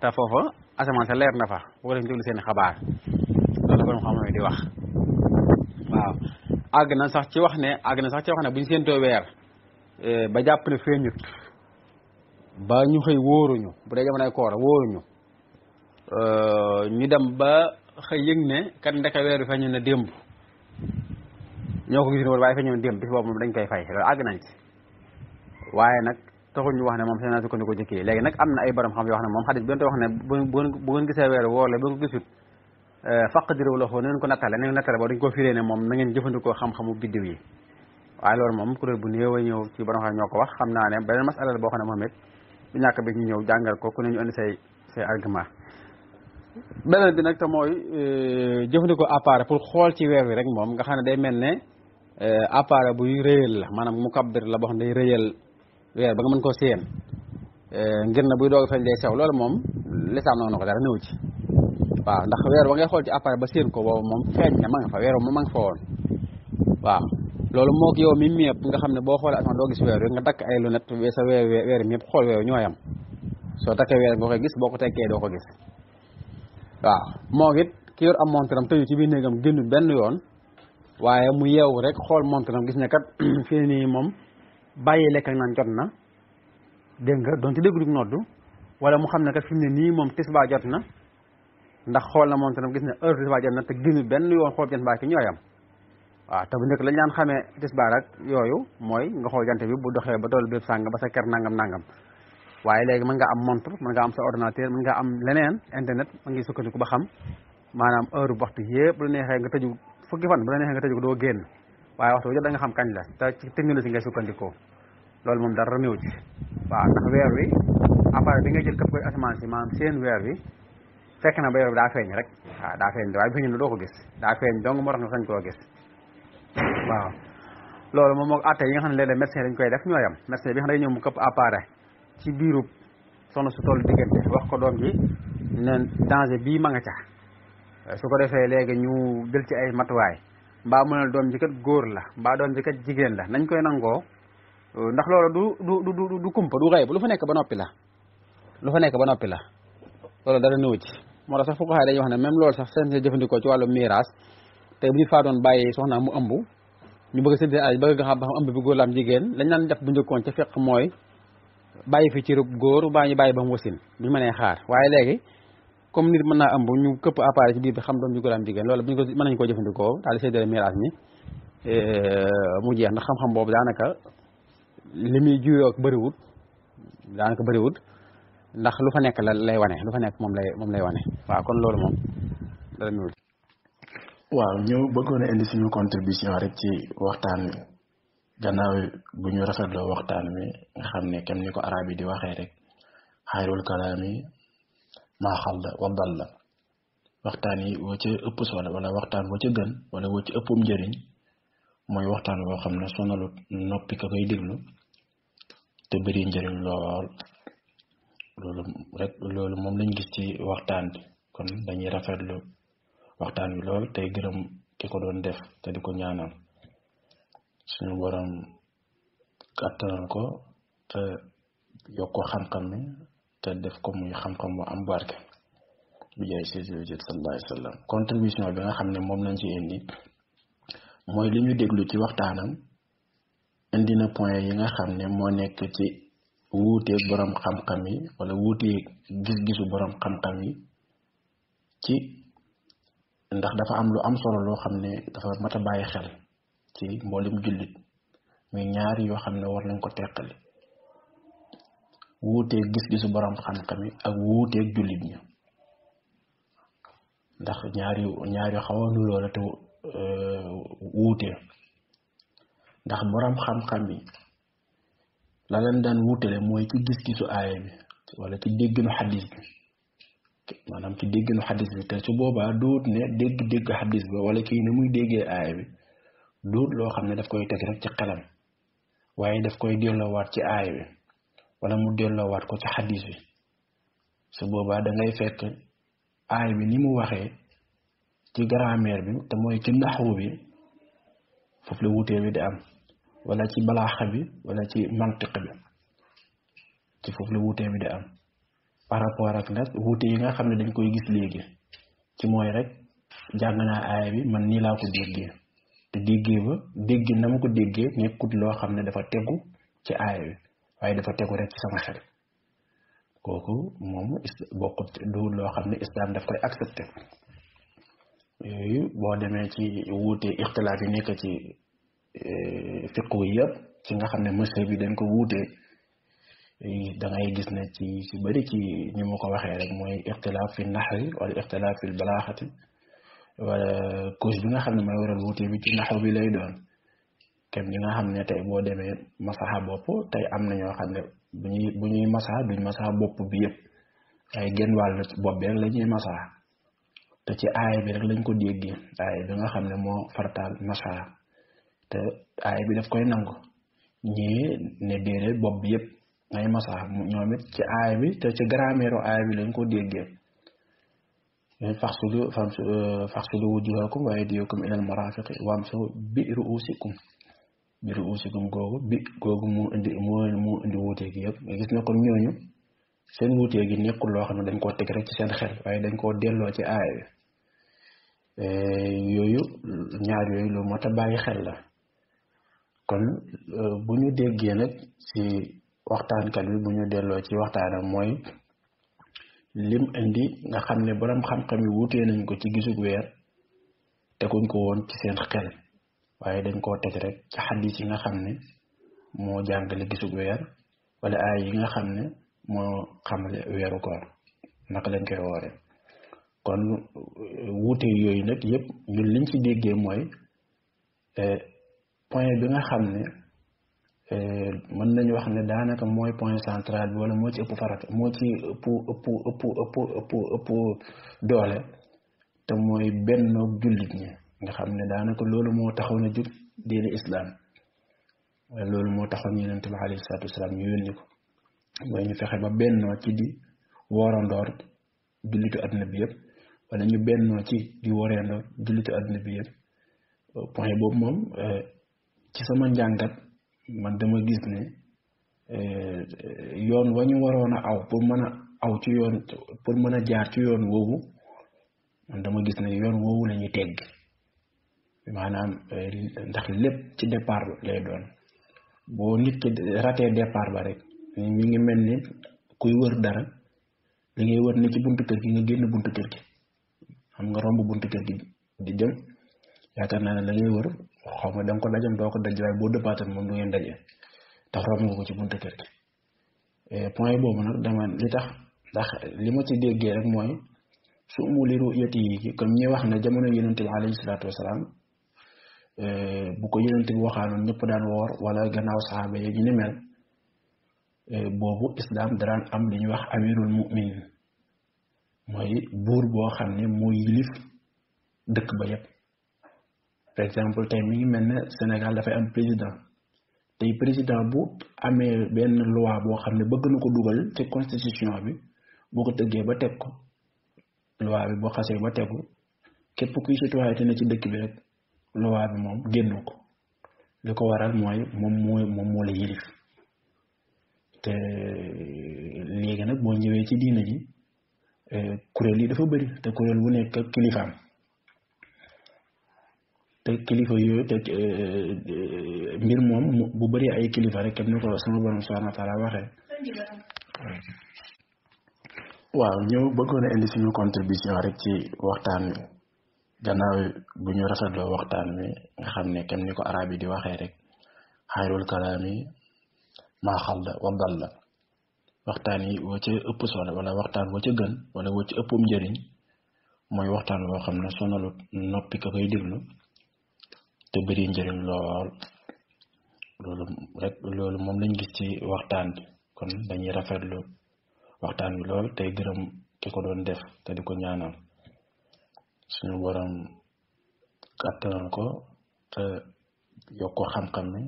ta fofa asamaan sa leer na fa bu ko defee déglu seen xabaar loolu borom xam-xam yi di wax waaw àgg na sax ci wax ne àgg na sax ci wax ne bu ñu séentoo weer eh, ba jàpp ne feeñut ba ñu xëy wóoruñu bu dee jamonoy koor wóoruñu eh, ñu dem ba xëy yëg ne kat ndeke weer bi feeñu na démb ñoo ko gis na boobu moom dañ koy fay loolu àgg nañ waaye nag taxuñ wax ne mom seen naa sukkandiku ci kii léegi nag am na ay borom xam yo xam ne mom hadith bi ñu wax ne bu ngeen gisee weer woor la bu ko gisut euh faqdiru la xoo na ko nattale na ngeen bo dañ ko firé ne mom na ngeen jëfëndiko xam-xamu biddiw yi waaye mom ku reul bu néew ñew ci borom xam ñoko wax xam naa ne beneen masala la boo xam ne moom it bi ñu ñëw jàngal ko ku ne ñu andi say say argument benen bi nak ta moy euh jëfëndiko appareil pour xol ci weer wi rek mom nga xam ne day mel ne euh, appareil bu reyel la maanaam mukabbir la bo xam day reyel weer ba nga mën koo séen euh, ngir na buy doo a feeñ day sew loolu moom lislaam nangu na ko dara néew ci waaw ndax weer ba ngay xool ci appareil ba séen ko boobu moom feeñ na ma nga fa weer moom ma loolu moo ko yow mi mi nga xam ne boo xoolee doo gis weer takk ay lunette sa weer weer mi yëpp xool weer ñoo yam soo gis boo ko tekkee doo ko gis moo it ki yor am montre am tëju ci biir néegam génnul benn yoon waaye mu yeewu rek xool montre am gis ne kat moom baye lek ak naan jot na dégg nga donte déggul noddu wala mu xamne ne kat fi mu ne nii na ndax xol na moom tam gis na heure tisba jotna na te génnul ben yoon xol jant baa ki ñooyam ta te bu nek lañ daan xamee tisba rak yoyu moy nga xol jante bi bu doxé ba tool sang ba sa ker nangam nangam waye legi man nga am montre man nga am sa ordinateur man nga am leneen internet mën ngi sukkandiku ba xam manam heure waxtu yépp lu nexé nga tëju fukki fan bu la nexé nga do waaye waxtu bu jot da nga xam kañ la te ci technologie ngay sukkandikoo loolu moom dara néew ci waaw ndax weer wi appareil bi nga jël këpp koy asamaan si maanaam seen weer wi fekk na ba weer daa feeñ rek waaw daa feeñ waaye bu feeñul doo ko gis daa feeñ dong moo tax koo gis waaw loolu moom moog atte yi nga xam ne léeg-léeg médecin dañ koy def ñoo yam médecin bi nga xam ne day ñëw mu këpp ci biiru soxna su toll diggante wax ko doom ji ne danger bii ma nga ca su ko defee léegi ñu jël ci ay matuwaay ba mu ne doom ji kat góor la ba doom ji kat jigéen la nagn koy nango euh, ndax loolu du du du du kumpa du xayb lu fa nek ba nopi la lu fa nek ba nopi la loolu dara néew ci mo ra sax fu ko xaay dañuy wax ne même loolu sax sen jeufandiko ci walu mirage te bu ñu fa doon baye soxna mu ambu ñu bëgg seen ay bëgg nga xam ba bi góor la am jigen lañ naan def bu njëkkoon ci fekk moy baye fi ci rub góor bañu baye ba mu wasin bu ñu xaar waye legi comme nit mëna am bu ñu kepp appareil ci biir bi xam doom ju ko daan jigéen loolu bu ñu ko mën nañ koo jëfandikoo daal di séddale miraas mi eh, mu jeex ndax xam-xam bobu danaka limi daanaka ak bari wut danaka bari wut ndax lu fa nekk la lay wané lu fa nekk mom lay mom lay wané wa kon loolu mom dara ñu wa ñu bëggone indi suñu contribution rek ci waxtaan gannaaw bu ñu rafetloo waxtaan mi nga xam ne kem ni ko arab di waxe rek xayrul kalaami xal da wa la waxtaan yi wo ci ëpp solo wala waxtaan wa ci gën wala wo ci ëppum jëriñ mooy waxtaan woo xam ne sonalut noppi ka koy déglu te bëri njëriñ lool loolu rek loolu moom lañ gis ci waxtaan bi kon dañuy rafetlu waxtaan wi lool tey gërëm ki ko doon def te di ko ñaanal suñu borom kàttanal ko te yokk ko xam-xam te def ko muy xam-xam bu am barke bi jaay seydil jët sallallahu alayhi wasallam contribution bi nga xamne mom lañ ci indi moy li ñu déglu ci waxtaanam indi na point yi nga xamne mo nekk ci wuté borom xam-xam yi wala wuté gis-gisu borom xam-xam yi ci ndax dafa am lu am solo lo xamne dafa mata baye xel ci mbolim julit muy ñaar yo xamne war lañ ko tekkali wuuteeg gis-gisu boroom xam-xam yi ak wuuteeg jullit ñi ndax ñaari ñaari xaw a te euh, wuute ndax boroom xam-xam yi la leen daan wuutale mooy ci gis-gisu aaya bi wala ci dégginu xaddis bi maanaam ci dégginu xaddis bi te su boobaa duut ne dégg-dégg xaddis ba wala kii ni muy déggee aaya bi duut loo xam ne daf koy teg rek ci xelam waaye daf koy delloowaat ci aaya bi wala mu delloowaat ko ci hadith bi su boba da ngay fekk ay bi ni mu waxe ci grammaire bi te moy ci nahwu bi fof la wute bi di am wala ci balaaxa bi wala ci mantiq bi ci fof la wute bi di am par rapport ak nag wute yi nga xamne dañ koy gis legi ci moy rek jangana naa bi man ni la ko degge te degge ba degge nam ko degge nekkut lo xamne dafa teggu ci ay bi waaye dafa tegu rek ci sama xel kooku moom bokku du loo xam ne islam daf koy accepté yooyu boo demee ci wuute ixtilaaf yi nekk ci fiqu yëpp ci nga xam ne monsieur bi dañ ko wuute da ngay gis ne ci ci bëri ci ñi mu ko waxee rek mooy ixtilaaf fi naxwi wala ixtilaaf fi balaaxati wala couche bi nga xam ne mooy waral wuute bi ci naxaw bi lay doon tem ñi nga xam ne tey boo masaha bop tay am na ñoo kan, xam ne bu ñuy bu ñuy masaha duñ masaha bopp bi yëpp ay genn wàll bop bi rek la ñuy masaha te ci ay bi rek lañ ko déggé ay bi nga xam mo fartal masaha te ay bi daf koy nangu ñi né déré bop bi yépp ngay masaha ñoom it ci ay bi te ci grammaire ay bi lañ ko déggé faxsulu faxsulu eh, wujuhakum wa aydiyakum ila almarafiqi wamsu bi ruusikum usi kum gogo bi googu ndi indi ndi moo indi wuute gi yëpp nga gis ne kon ñooñu seen wuute gi nekkul loo xam ne dañ koo teg rek ci seen xel waaye dañ koo delloo ci aaya bi eh, yooyu ñaar yooyu lu mot a bàyyi xel la kon eh, bu ñu déggee nag ci waxtaankat bi bu ñu delloo ci waxtaanam mooy lim indi nga xam ne borom xam-xam yi wuutee nañ ko ci gisug weer te ko woon ci seen xel waaye dañ koo teg rek ci xadis yi nga xam ne moo jàngale gisug weer walla aay yi nga xam ne moo xam weeru koor naka lañ koy woore kon wuute yooyu nag yëpp ñun liñ ci déggee mooy e, point bi nga xam ne e, mën nañu wax ne daanaka mooy point central bi wala moo ci ëpp farata moo ci ëpp ëpp ëpp ëpp doole te mooy benn jullit ñi nga xam ne daanaka loolu moo taxaw na jub diine islaam waaye loolu moo taxoon yonent bi alayhi salaatu wasalaam ñu yónni ko mooy ñu fexe ba bennoo ci di woorandoor jullitu àdduna bi yëpp wala ñu bennoo ci di woorandoor jullitu àdduna bi yëpp boobu moom euh, ci sama njàngat man dama gis ne euh, yoon wa ñu waroon a aw pour mën a aw ci yoon pour mën a jaar ci yoon woowu man dama gis ne yoon woowu la ñuy manam eh, ndax lepp ci départ lay doon bo nit ki raté départ ba rek mi ngi melni ni kuy wër dara da ngay wër ni ci buntu kër gi nga génn buntu kër gi xam nga romb buntu kër gi di dem yaakaar naa ne la ngay wër xaw ma da ko dajam doo ko daj waaye boo dëppaatan moom du ngeen daje tax romb nga ko ci buntu kër gi eh, point boobu nag dama li tax ndax li ma ci déggee rek mooy su umuliru yati yi comme ñi wax ne jamono yonente bi alayhi salatu wasalaam Eh, bu ko yonent bi waxaanoon ñëpp daan woor wala gannaaw saxaaba yeeg ñu ni mel eh, boobu islaam daraan am li ñuy wax amirul mu'min mooy buur boo xam ne moo yilif dëkk ba yépp par exemple tey mi ngi mel ne Sénégal dafay am président tey président bu amee benn loi boo xam ne bëgg na ko dugal ci constitution bi boo ko tëggee ba teg ko loi bi boo xasee ba tegu képp kuy citoyen ne ci dëkk bi rek loi bi moom génn ko li ko waral mooy moom mooy moom moo la yilif te léegi nag boo ñëwee ci diina yi eh, kuréel yi dafa bari te kuréel bu nekk ak kilifaam te kilifa yooyu te eh, eh, mbir moom bu bari ay kilifa rek kenn ko sama borom subhanahu wa waaw ñëw bëggoon a indi contribution rek ci waxtaan wi gannaaw bu ñu rafetloo waxtaan wi nga xam ne kem ni ko arab yi di waxee rek xayrul kalaami maa xalla wa dalla waxtaan yi woo ca ëpp solo wala waxtaan woo ca gën wala woo ca ëppum njëriñ mooy waxtaan woo xam ne sonalut noppi ka koy déglu te bëri njëriñ lool loolu rek loolu moom lañ gis ci waxtaan bi kon dañuy rafetlu waxtaan bi lool tey gërëm ki doon def te di ko ñaanal suñu borom kàttanal ko te yokk ko xam-xam ni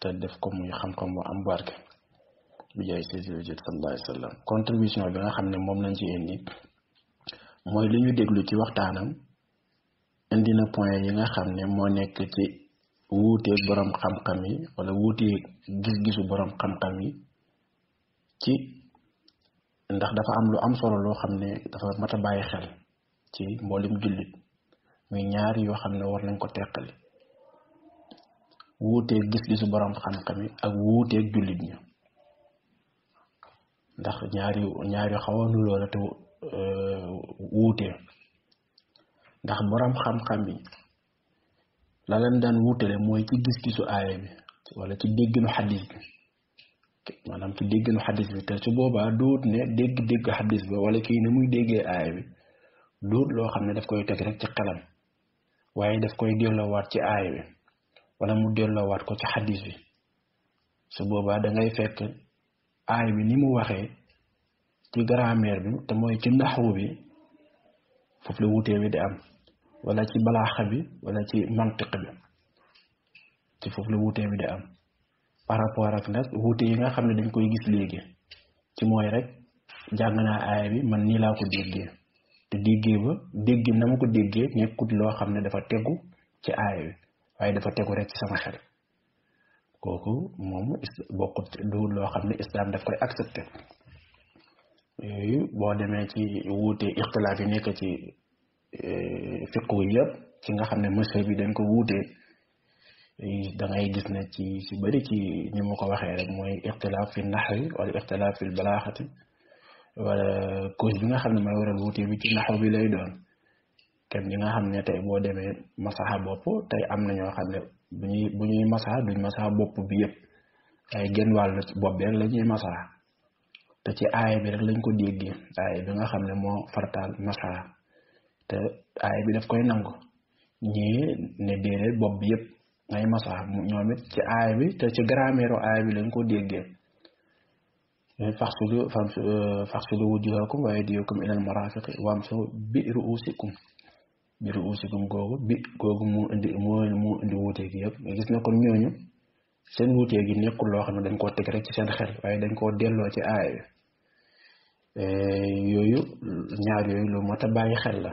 te def ko muy xam-xam bu am barke bi jaay sayyidil wujud wa sallam contribution bi nga xam ne moom lañ ci indi li ñu déglu ci waxtaanam indi na point yi nga xam ne moo nekk ci wuuteeg borom xam-xam yi wala wuuteeg gis-gisu borom xam-xam yi ci ndax dafa am lu am solo loo xam ne dafa mat bàyyi xel ci mboolem jullit muy ñaar yoo xam ne war nañ ko teqali wuuteeg gis-gisu borom xam-xam yi ak wuuteeg jullit ñi ndax ñaari ñaari xaw a nuroo la te euh, wuutee ndax borom xam-xam yi la leen daan wuutale mooy ci gis-gisu aaya bi wala ci dégginu xadis bi maanaam ci dégginu xadis bi te su boobaa doot ne dégg-dégg xadis ba wala kii ni muy déggee aaya bi du loo xam ne daf koy teg rek ci xelam waaye daf koy delloowaat ci aay bi wala mu delloowaat ko ci xadis bi su boobaa dangay fekk aaya bi ni mu waxee ci grammaire bi te mooy ci naxwu bi foofu la wutee wi di am wala ci balaaxa bi wala ci mantiq foofu la wutee bi di am par rapport ak nag wuute yi nga xam ne dañ koy gis léegi ci mooy rek jàng naa aaya bi man nii laa ko déggee te déggee ba déggin na ma ko déggee nekkut loo xam ne dafa tegu ci aaya bi waaye dafa tegu rek ci sama xel kooku moom bokkut du loo xam ne islam daf koy accepté boo demee ci wuute ixtilaaf yi nekk ci e, fiqu yëpp ci nga xam ne monsieur bi dañ ko wuutee da gis ne ci si bëri ci ni mu ko waxee rek mooy ixtilaaf fi naxwi wala ixtilaaf fi balaaxati wala bi nga xam ne mooy waral wuute bi ci naxaw bi lay doon kem ñi nga xam ne tey boo demee masaxa bopp tey am na ñoo xam ne bu ñuy bu ñuy masaxa duñ masaxa bopp bi yëpp ay genn bopp bi rek la ñuy masaxa te ci aaya bi rek lañ ko déggee aaya bi nga xam ne moo fartaal masaxa te aaya bi daf koy nangu ñii ne déedéet bopp bi yëpp ngay masaxa ñoom it ci aaya bi te ci grammaire aaya bi lañ ko déggee فاغسلوا فاغسلوا وجوهكم وأيديكم إلى المرافق وامسحوا برؤوسكم برؤوsikum googu bi googu mu indi moo indi wuute gi yëpp mais gis na kon ñooñu seen wuute gi nekkul loo xam ne dañ koo teg rek ci seen xel waaye dañ koo delloo ci aay eh, yooyu ñaar yooyu lu mot a bàyyi xel la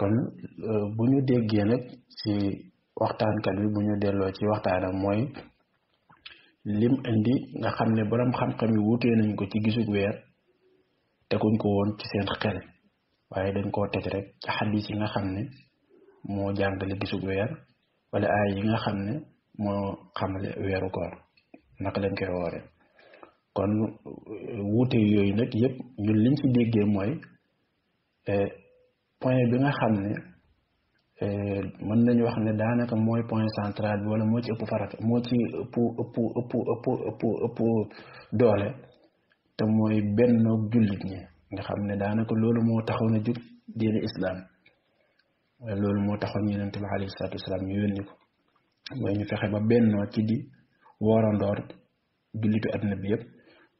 kon eh, bu ñu déggee nag ci waxtaankat bi bu ñu delloo ci waxtaanam mooy lim indi nga xam ne borom xam-xam yi wutee nañ ko ci gisug weer teguñ ko woon ci seen xel waaye dañ koo teg rek ci xadis yi nga xam ne moo jàngale gisug weer wala aay yi nga xam ne moo xamale weeru koor naka lañ koy woore kon wuute yooyu nag yëpp ñun liñ ci déggee mooy eh, point bi nga xam ne Euh, mën nañu wax ne daanaka mooy point bi wala moo ci ëpp farata moo ci ëpp ëpp ëpp ëpp ëpp doole te mooy bennoog jullit ñi nga xam ne daanaka loolu moo taxoon a jug diine islam loolu moo taxoon yonent bi alayhi salaatu wasalaam ñu yónni ko mooy ñu fexe ba bennoo ci di woorandoor jullitu adduna bi yëpp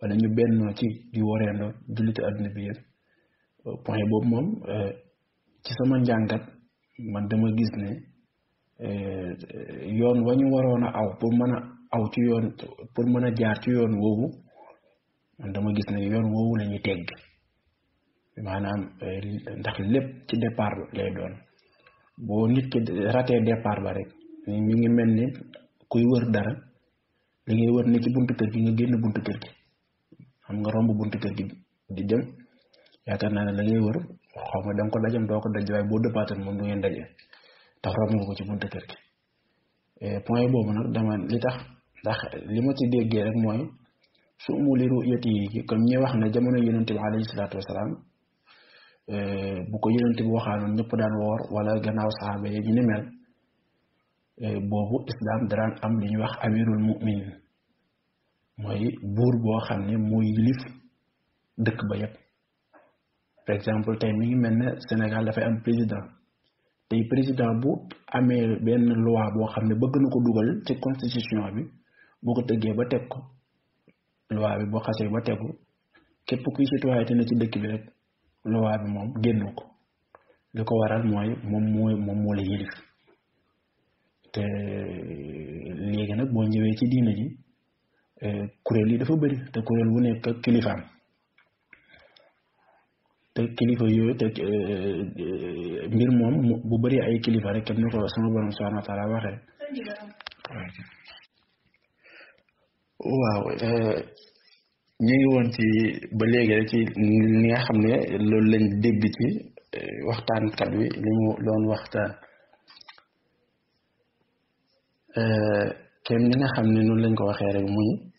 wala ñu bennoo ci di woorandoor jullitu adduna bi yëpp point boobu moom euh, ci sama njàngat man dama gis ne eh, yoon wa ñu waroon a aw pour mën a aw ci yoon pour mën a jaar ci yoon woowu man dama gis ne yoon woowu la ñuy tegg maanaam eh, ndax lépp ci départ lay doon boo nit ki ratee départ ba rek mi ngi mel ni kuy wër dara li ngay wër ne ci buntu kër gi nga génn buntu kër gi xam nga romb buntu kër gi di dem yaakaar naa ne la ngay wër xaw ma da nga ko dajam doo ko daj waaye boo dëppaatoon moom du ngeen daje tax romb nga ko ci buntu kër gi eh, point boobu nag dama li tax ndax li ma ci déggee rek mooy su umuli ruyat yi comme ñi wax ne jamono yonente bi alayhi salaatu wasalaam eh, bu ko yonente bi waxaanoon ñëpp daan woor wala gannaaw saxaaba yi ñu ni mel eh, boobu islam daraan am li ñuy wax amirul muminin mooy buur boo xam ne mooy yilif dëkk ba yépp exemple tey mi ngi mel ne Sénégal dafay am président tey président bu amee benn loi boo xam ne bëgg na ko dugal ci constitution bi boo ko tëggee ba teg ko loi bi boo xasee ba tegu képp kuy citoyen ci dëkk bi rek loi bi moom génn ko li ko waral mooy moom mooy moom moo la yëlif te léegi nag boo ñëwee ci diina ji eh, kuréel yi dafa bëri te kuréel wu nekk kilifaam kilifa yooyu te euh, euh, mbir moom bu bari ay kilifa rek kenn ni ko sama borom subhanahu waaw euh, ñu ngi woon ci ba léegi rek ci li nga xam ne loolu lañ dégg ci waxtaankat wi li mu doon waxtaan kenn li nga xam ne noonu lañ ko waxee rek muy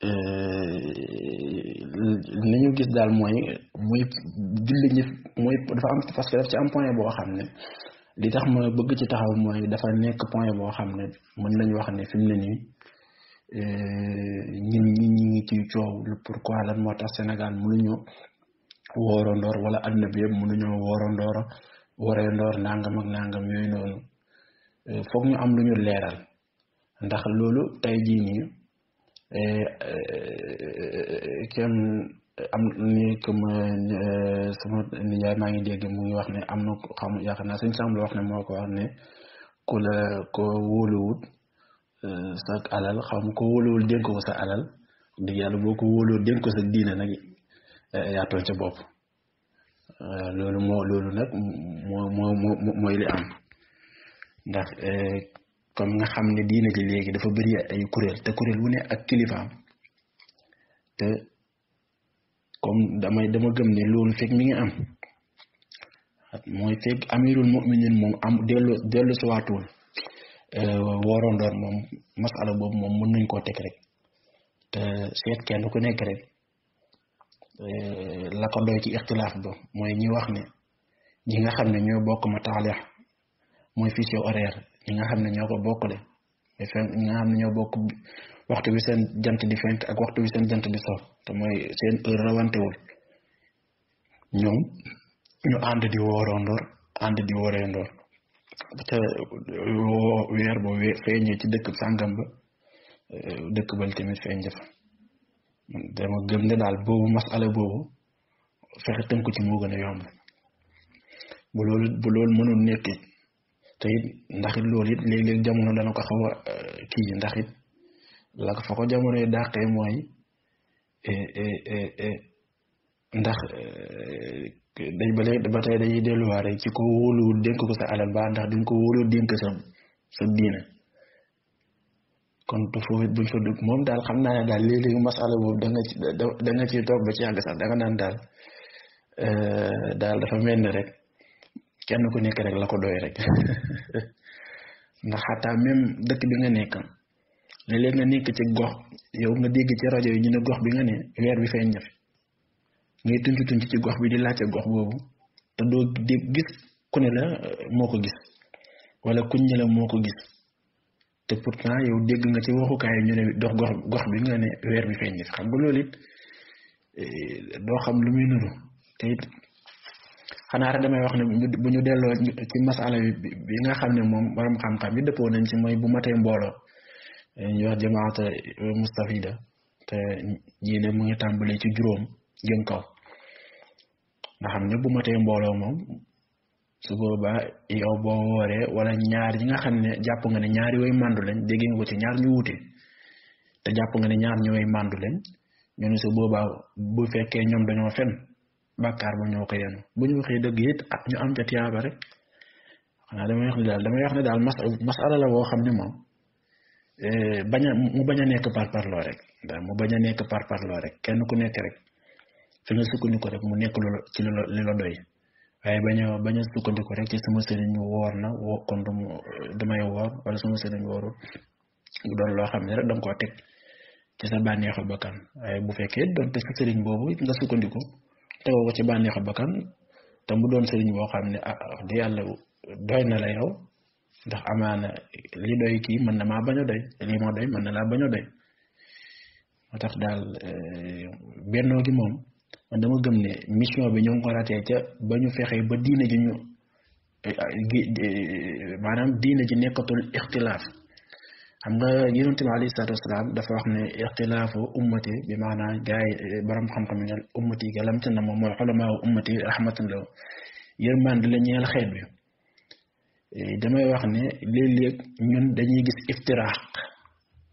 Euh, nañu gis daal mooy muy julli ñi muy dafa am parce que daf ci am point boo xam ne li tax ma bëgg ci taxaw mooy dafa nekk point boo xam ne mën nañu wax ne fi mu ne euh, ñi ñi ngi ci coow lu pourquoi lan moo tax Sénégal mënuñu woorandoor wala àdduna bi yëpp mënuñoo woorandoor warandoor nangam ak nangam yooyu noonu euh, foog ñu am lu ñu leeral ndax loolu tey jii nii Euh, euh, euh, kenn am ni comme sama nijaay maa ngi dégg mu ngi wax ne am na xam yaakaar naa suñ sàmm wax ne moo ko wax ne ku la ko wóoluwut sa alal xam ko wóoluwul dénk ko sa alal dëgg yàlla boo ko wóoluwul dénk ko sa diina nag yaa sa bopp loolu moo loolu nag moo moo li am ndax comme nga xam ne diina ji léegi dafa bëri ay kuréel te kuréel wu ne ak kilifaam te comme damay dama gëm ne loolu fekk mi ngi am mooy fekk amirul mu'minin moom am dellu dellu si waatul euh, warondoor moom masala boobu moom mën nañ koo teg rek te seet kenn ku nekk rek euh, la ko doy ci ixtilaaf ba mooy ñi wax ne ñi nga xam ne ñoo bokk ma taalix mooy fisio horaire ñi nga xam ne ñoo ko bokkale ñi nga xam ne ñoo bokk waxtu bi seen jant di fenk ak waxtu bi seen jant di so te mooy seen heure rawante rawantewul ñoom ñu ànd di ndor ànd di ndor te weer bo feeñee ci dëkk sàngam ba eh, dëkk bal tamit feeñ jafa dama gëm ne daal boobu masala boobu fexe tënku ci moo gën a yomb bu loolu bu loolu mënul nekkee te it ndax it loolu it jamono dana ko xaw a euh, kii ndax it la fa ko jamonoy dàqee mooy e, e, e, ndax euh, day ba léegi dañuy delluwaat rek ci ko wóoluwul dénk ko sa alal ba ndax dañ ko wóolu dénk sa sa diina kon foofu it buñ fa dugg moom daal xam na ne daal léeg-léeg masala boobu da nga ci toog ba ci yàgg sax da naan daal euh, daal dafa mel ne rek. kenn ku nekk rek la ko doy rek ndax xataa même dëkk bi nga nekk léeg-léeg nga nekk ci gox yow nga dégg ci rajo yi ñu ne gox bi nga ne weer bi feeñ na fi ngay tunc tunc ci gox bi di laajte gox boobu te doo di gis ku ne la euh, moo ko gis wala kuñ ne la moo ko gis te pourtant yow dégg nga ci waxukaay ñu ne dox gox gox bi nga ne weer bi xam nga loolu it euh, doo xam lu muy nuru te it xanaa rek damay wax ne bu ñu delloo ci masala bi nga xam ne moom borom xam-xam bi dëppoo nañ ci mooy bu matee mbooloo eh, ñu wax jamaata mustafida te ñii ne mu ngi tàmbalee ci juróom jëm kaw nga xam ne bu matee mbooloo moom su boobaa yow boo wooree wala ñaar yi nga xam ne jàpp nga ne ñaari way mandu lañ dégg nga ko ci ñaar ñu wute te jàpp nga ne ñaar ñu way màndu lañ ñu ne su boobaa bu fekkee ñoom dañoo fenn bakar ba ñoo ko bu ñu waxee deug yi ak ñu am ca tiyaba rek xana dama wax ni dal dama wax ni dal mas masala la wo xamni ne euh baña mu bañ a nekk par lo rek da mu baña nek par par lo rek kenn ku nek rek fi ñu nga ñuko rek mu nek lu ci lu li la doy waye baña baña bañ ñuko rek ci sama sëriñ ñu wor na woo kon dama yow wor wala sama sëriñ woorul mu doon lo xamni rek dang ko tek ci sa banexu bakam waye bu fekkee donte sa sëriñ bobu nga ñuko tegoo ko ci bànneexu bakkan te mu doon sëriñ boo xam ne ah di yàlla doy na la yow ndax amaana li doy kii mën na maa bañ a doy li ma doy mën na laa baño a doy moo tax daal eh, bennoo gi moom man dama gëm ne mission bi ñoo ngi ca ba ñu fexee ba diine ji ñu eh, eh, maanaam diine ji nekkatul ixtilaaf xam nga yonente bi alayhi salatu wasalaam dafa wax ne ixtilaafu ummati bi maanaam gars yi borom xam-xam ne ummati ga lam ca nam mooy xolamaawu ummati rahmatan law yërmande la ñeel xeet bi damay wax ne léeg-léeg ñun dañuy gis iftiraq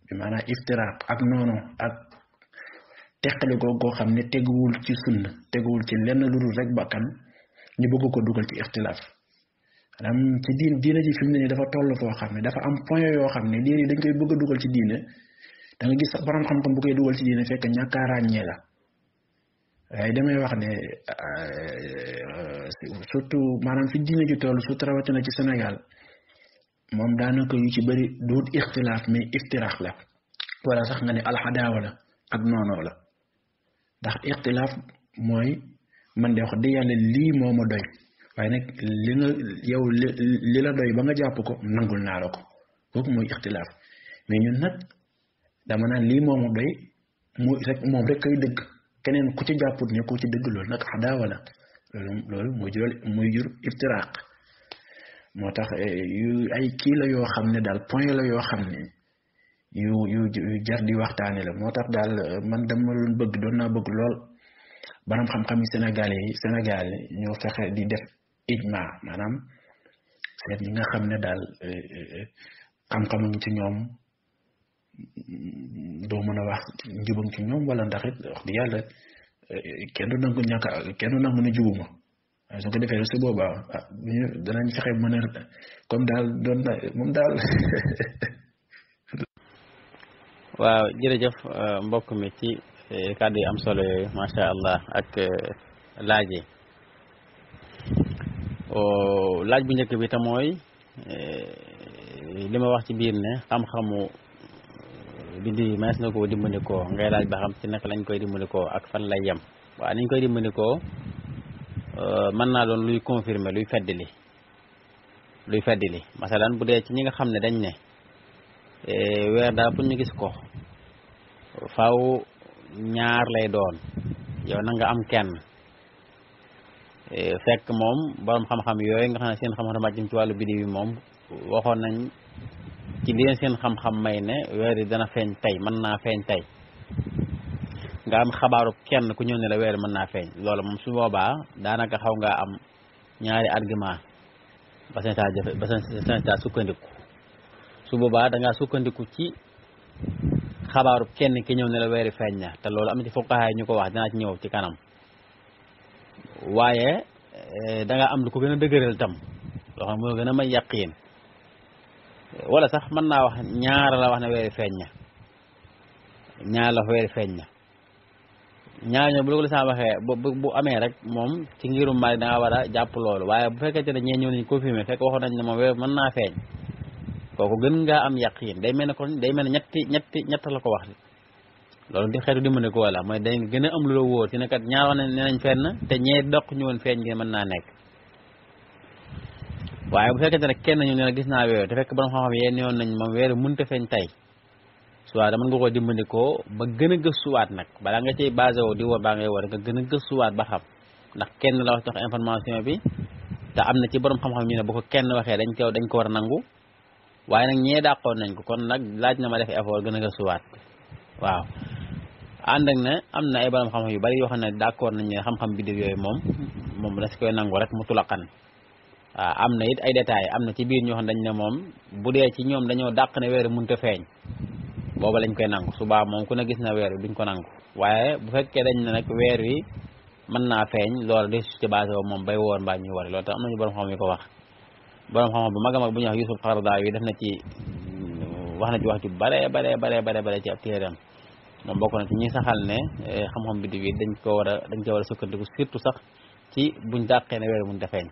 bi maanaam iftiraq ak noonu ak teqalikoo goo xam ne teguwul ci sunna teguwul ci lenn lu dul rek bakkan ñu bëgg ko dugal ci ixtilaaf maanaam ci diin diina ji fi mu ne dafa toll foo xam ne dafa am point yoo xam ne diine dañ koy bëgg a dugal ci diine da nga gis sax borom xam-xam bu koy dugal ci diine fekk ñàkk a ràññee la waaye damay wax ne euh, surtout maanaam fi diine ji toll surtout rawatina ci Sénégal moom daanaka yu ci bëri duut ixtilaaf mais iftirax la wala sax nga ne alxadaawa la ak noonoo la ndax ixtilaaf mooy man de wax dëgg yàlla lii moo ma doy waaye nag li nga yow doy ba nga jàpp ko nangul naa la ko kooku mooy ixtilaaf mais ñun nag dama naan lii moom doy mu rek moom rek kay dëgg keneen ku ci jàpput ne ku ci dëgg loolu nag xadaawa la loolu loolu mooy jural mooy jur iftiraaq moo tax eh, ay kii la yoo xam ne daal point la yoo xam ne yu yu jar di waxtaane la moo tax daal man dama doon bëgg doon na bëgg lool boroom xam-xam yi Sénégal yi Sénégal ñoo fexe di def ijma maanaam seet ñi nga xam ne daal euh, euh, euh, xam-xamuñ ci ñoom mm, doo mën a wax njubam ci ñoom wala ndax it wax di yàlla kenn du nangu ñàkk kenn du nangu ne defee su boobaa ah danañ fexe mën a comme daal doon na moom daal. waaw jërëjëf mbokk mi ci kàddu yi am solo yooyu macha allah ak laaj Euh, laaj bu njëkk bi te mooy eh, li ma wax ci biir ne xam-xamu eh, bind yi mënees na koo dimbandikoo ngay laaj ba xam ci naka lañ koy dimbandikoo ak fan lay yem waa niñ koy dimbandikoo euh, mën naa doon luy confirmer luy feddali luy feddali masalan bu dee ci ñi nga xam ne dañ ne eh, weer daal pour ñu gis ko faaw ñaar lay doon yow na nga am kenn Eh, fekk moom borom xam-xam yooyu nga xam ne seen xam-xam màcc ci wàllu biddiw moom waxoon nañ ci leen seen xam may ne weer yi dana feeñ tey mën naa feeñ tey nga am xabaaru kenn ku ñëw ne la weer mën naa feeñ loolu moom su boobaa daanaka xaw ngaa am ñaari argument ba seen jafe ba seen sukkandiku su boobaa da sukkandiku ci xabaaru kenn ki ñëw ne la weeri feeñ na te loolu am ci fuqaha ñu ko wax dinaa ci ñëw ci kanam. waaye eh, danga am lu ko gën a dëgëral tam loo xam moo gën a may yàqiin wala sax man naa wax ñaara la wax ne weeri feeñ na ñaar la wax feeñ na ñaar ñoo bu la ko lislaam waxee bu amee rek moom ci ngirum Maalik da nga war a jàpp loolu waaye bu fekkee ne ñee ñëw nañ confirmé fekk waxoon nañ ne moom weer mën na feeñ kooku gën ngaa am yaqiin day mel ne kon day mel ne ñetti ñetti ñett la ko wax loolu di xeetu dimbali ko wala mooy dañ gën a am lu la wóor ci ne ñaar wax ne nee nañ fenn te ñee doq ñu woon feeñ gi mën naa nekk waaye bu fekkente ne kenn ñu ne gis naa weer te fekk borom yee newoon nañ moom weer mënta feeñ tey suwaat da mën nga koo dimbandikoo ba gën a gëstuwaat nag balaa nga cay basé woo di woo baa ngay woo nga gën a gëstuwaat ba xam ndax kenn la wax jox information bi te am na ci borom xam-xam ñu ne bu ko kenn waxee dañ ko dañ ko war a nangu waaye nag ñee dàqoon nañ ko kon nag laaj na ma def effort gën a gëstuwaat waaw ànd ak ne am na ay borom xam-xam yu bari yoo xam ne d'accord nañ ne xam-xam biddiw yooyu moom moom da si koy nangu rek mu tulaqan waaw am na it ay détails am na ci biir ñoo xam dañ ne moom bu dee ci ñoom dañoo dàq ne weer mënut a feeñ booba lañ koy nangu subaa moom ku ne gis na weer wi duñ ko nangu waaye bu fekkee dañ ne nag weer wi mën naa feeñ loolu de ci base boobu moom bay woor mbaa ñuy wari loolu tax am nañu borom xam-xam yu ko wax borom xam-xam bu mag a mag bu ñuy wax Yuusuf Qaradawi def na ci wax na ci wax ju bare bare bare bare bare ci ab téeram moom bokk na ci ñi saxal ne eh, xam-xam biddiw yi dañ ko war a dañ ko war a sukkandiku surtout sax ci buñ dàqee ne weer mun defeeñ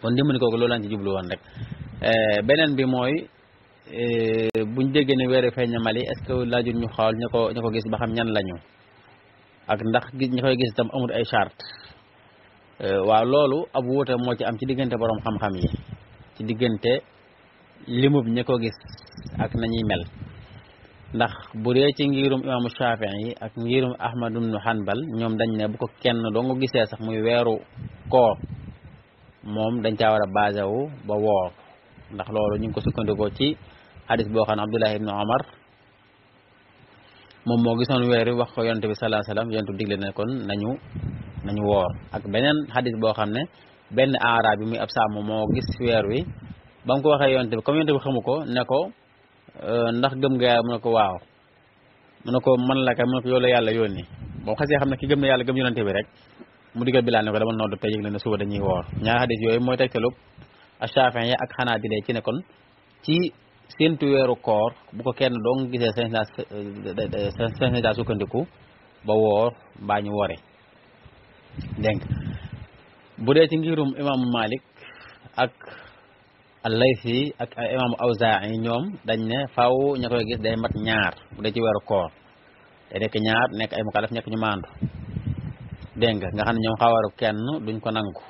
kon dimbali kooku loolu lañ ci jublu woon rek eh, beneen bi mooy eh, buñ déggee ne weer feeñ na Mali est-ce que laajut ñu xool ña ko ña gis ba xam ñan lañu ak ndax ñi koy gis itam amul ay charte waaw loolu ab wuute moo ci am ci diggante borom xam-xam yi ci diggante limub ña ko gis ak nañuy mel ndax bu re ci ngirum imam Shafii ak ngirum Ahmad ibn Hanbal ñom dañ ne bu ko kenn do nga gisee sax muy wéru ko mom dañ ca wara wu ba wo ndax lolu ñu ko ci hadis bo xana Abdullah ibn umar mom mo gisone wéru wax ko yonent bi alayhi wasallam yonent digle ne kon nañu nañu woor ak benen hadis bo xamne ne arab bi muy ab mo gis wéru wi bam ko waxe comme bi ne ko. Euh, ndax gëm nga yàlla mu ne ko waaw mu ne ko man la ka mu ne ko yow la yàlla yónni boo xasee xam ne ki gëm na yàlla gëm yonante bi rek mu digal Bilaal ne ko dama nodd tey yëg la ne suba dañuy woor ñaari xadis yooyu mooy tegtalub Shaafi'i ak xanaa di lee ci nekkoon kon ci séntu weeru koor bu ko kenn dong gisee sañ sañ daa sukkandiku ba woor mbaa ñu woore dégg bu dee ci ngirum imaamu Malik ak al ak imam awza'i ñom dañ ne faaw ñakoy gis day mat ñaar bu da ci wër ko da nek ñaar nek ay mukallaf nekk ñu maandu dégg nga xam ne kenn duñ ko nangu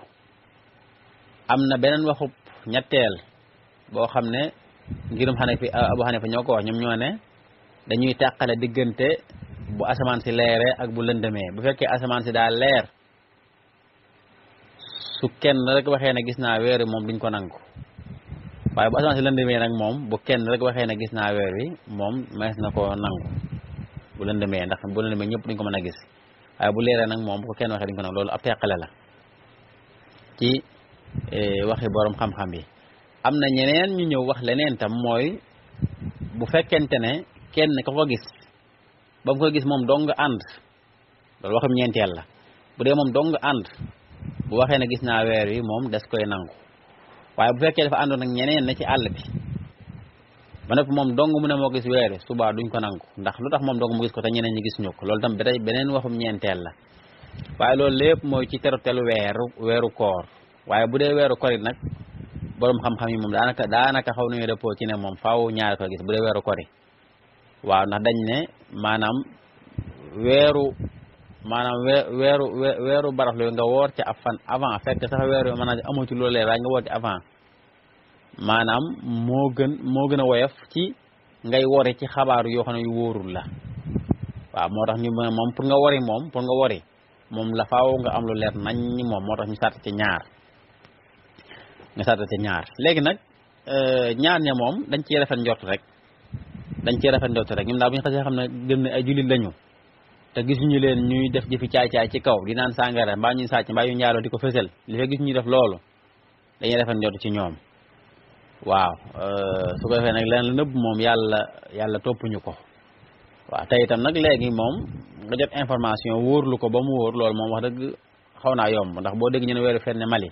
am na waxu ñettel bo xamne ne ngirum hanafi abu xanifa ñoko wax ñom ñone dañuy tàqale diggante bu asaman si léré ak bu lëndëmé bu fekkee asaman si da lèr su kenn rek waxé na gis na wéru mom duñ ko nangu waaye bu asamaan si lëndëmee nag moom bu kenn rek waxee ne gis naa weer wi moom mees na ko nangu bu lëndëmee ndax bu lëndëmee ñëpp duñ ko mën a gis waaye bu leeree nag moom bu ko kenn waxee duñ ko nangu loolu ab teqale la ci waxi borom xam-xam yi am na ñeneen ñu ñëw wax leneen tam mooy bu fekkente ne kenn ka ko gis ba mu koy gis moom dong ànd loolu waxum ñeenteel la bu dee mom dong and bu waxee ne gis naa weer wi moom des koy nangu waaye bu fekkee dafa àndoon ak ñeneen na ci àll bi ba noppi moom dong mu ne moo gis weer wi suba duñ ko nangu ndax lu tax moom dong mu ko te ñeneen ñi gis ñu ko loolu tam ba tey beneen waxum ñeenteel la waaye lool lépp mooy ci terotelu weeru weeru koor waaye bu dee weeru koor nag borom xam-xam yi moom daanaka daanaka xaw nañu dëppoo ci ne moom faaw ñaar ko bu dee weeru koor waaw ndax dañ ne maanaam weeru maanaam weru weru lo nga wor ci afan avant fekk sax weeru mana amu ci lolé ra nga wor ci avant manam mo gën mo gëna woyef ci ngay woré ci xabar yu xana yu worul la wa moo tax ñu mom pour nga woré mom pour nga woré mom la faaw nga am lu leer nañ ñi mom moo tax ñu sat ci ñaar nga sat ci ñaar nak euh ñaar ne mom dañ ci rafet njort rek dañ ci rafet njort rek ñu daal bu ñu ay julit lañu te ñu leen ñuy def jëfi caay-caay ci kaw di naan sàngara mbaa ñuy sàcc mbaa ñu njaaloo di ko fësal li fekk gisuñu def loolu dañuy rafet njot ci ñoom waaw euh, su ko defee nag leen la nëbb moom yàlla yàlla toppuñu ko waaw te itam nag léegi moom nga jot information wóorlu ko ba mu wóor loolu moom wax dëgg xaw naa yomb ndax boo dëgg ñu ne weeru fenn Mali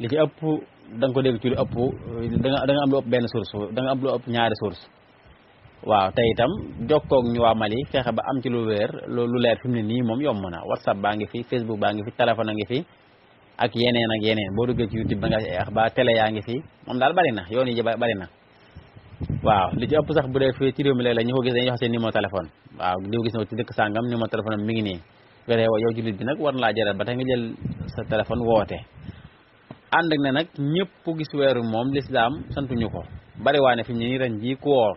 li ci ëpp da nga ko dégg ci lu ëpp da nga am lu ëpp benn source da nga am ëpp ñaari source waaw te itam jokkoog ñu waa Mali fexe ba am ci lu wéer lu leer fi mu ne nii moom yomb na whatsapp baa ngi fi facebook baa ngi fi téléphone a ngi fi ak yeneen ak yeneen boo duggee ci youtube ba nga ax ba télé yaa ngi fi moom daal bari na yoon yi bari na waaw li ci sax bu dee fii ci réew mi léeg-léeg ñu ko gis dañuy wax seen numéro téléphone waaw diw gis na ci dëkk sàngam numéro téléphone am mi ngi nii fexe na laa jaral ba tax nga jël sa téléphone woote ànd nag ñëpp gis weeru moom lislaam santuñu ko bari waa ne fi mu ne nii ren jii woor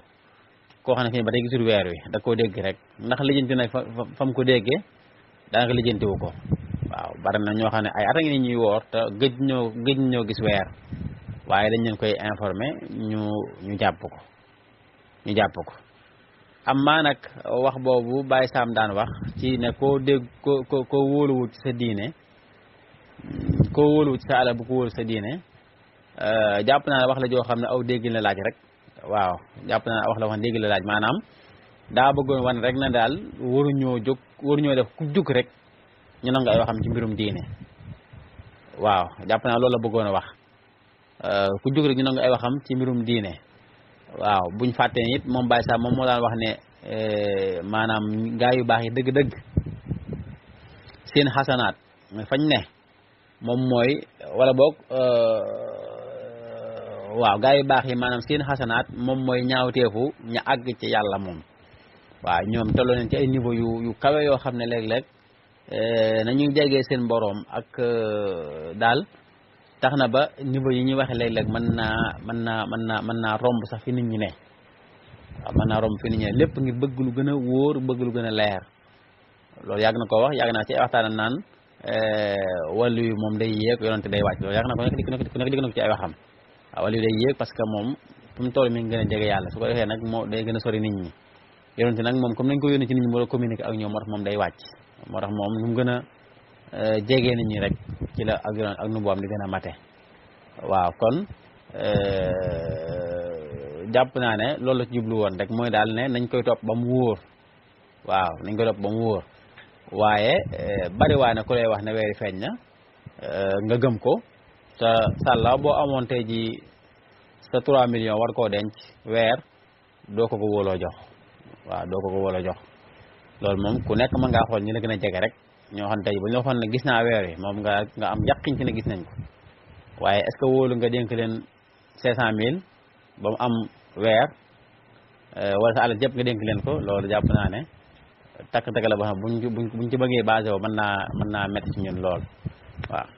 koo xam ne fii ba tey gisul weer wi da koo dégg rek ndax lijjanti nag fa mu ko déggee daanaka lijjanti ko waaw bari na ñoo xam ne ay at a ngi ñuy woor te gëj ñoo gëj ñoo gis weer waaye dañ leen koy informé ñu ñu jàpp ko ñu jàpp ko amaa nag wax boobu Baye Sam daan wax ci ne koo dégg ko ko koo wóoluwut ci sa diine koo wóoluwut ci sa alal bu ko wóolu sa diine euh, jàpp naa wax la joo xam ne aw dégg la laaj rek waaw jàpp naa wax la wax léegi la laaj maanaam daa bëggoon wan rek na daal waruñoo jóg def ku jóg rek ñu nangu ay waxam ci mbirum diine jàpp naa loolu bëggoon a wax euh, ku jóg rek ñu nangu ay waxam ci mbirum diine waaw buñ fàtte ne it moom Baye Sam moom moo daan wax ne euh, maanaam gaa yu baax yi dëgg-dëgg seen xasanaat fañ ne moom mooy wala boog euh, waaw gaa yu baax yi maanaam seen xasanaat moom mooy ñaawteefu ñu àgg ci yàlla moom waaw ñoom tolloo nañ ci ay niveau yu yu kawe yoo xam ne léeg na eh, nañu jegee seen boroom ak eh, daal tax na ba niveau yi ñuy waxe léeg-léeg mën na mën naa mën naa mën naa romb sax fi nit ñi ne waaw mën naa romb fi nit lépp ngir bëgg lu gën a wóor bëgg lu gën a leer loolu yàgg na ko wax yàgg naa ci waxtaan naan eh, wàllu yu moom day yéeg yonante day wàcc loolu na ko nekk di ko nekk ko ci ay waxam wala day yéeg parce que moom fu mu toll mi ngi a jege yàlla su ko defee nag moo day gën a sori nit ñi yonent nag moom comme nañ ko yónni ci nit ñi moo la communiquer moom day wàcc moo tax moom nu mu gën a euh, ñi rek ci la ak yonent ak nu boobam di gën a mate waaw kon euh, jàpp naa ne loolu la ci jublu woon rek mooy daal ne nañ koy topp ba mu wóor waaw nañ koy topp ba mu wóor waaye euh, bari waa ne ku lay wax ne weeri feeñ na nga gëm ko te sala bo amon tay ji sa 3 millions war ko denc wer do ko ko wolo jox wa do ko ko wolo jox lol mom ku nek ma nga xol ñu la gëna a rek ño xon tay bu ñu xon na gis na wer wi moom nga nga am yàqin ci na gis nañ ko waye est ce que nga denk len 500000 ba mu am wer euh wala sa jep nga denk len ko loolu japp na ne tak tak la ba buñ buñ ci bëggee basé woo mën naa mën naa métti ci ñun lool waaw.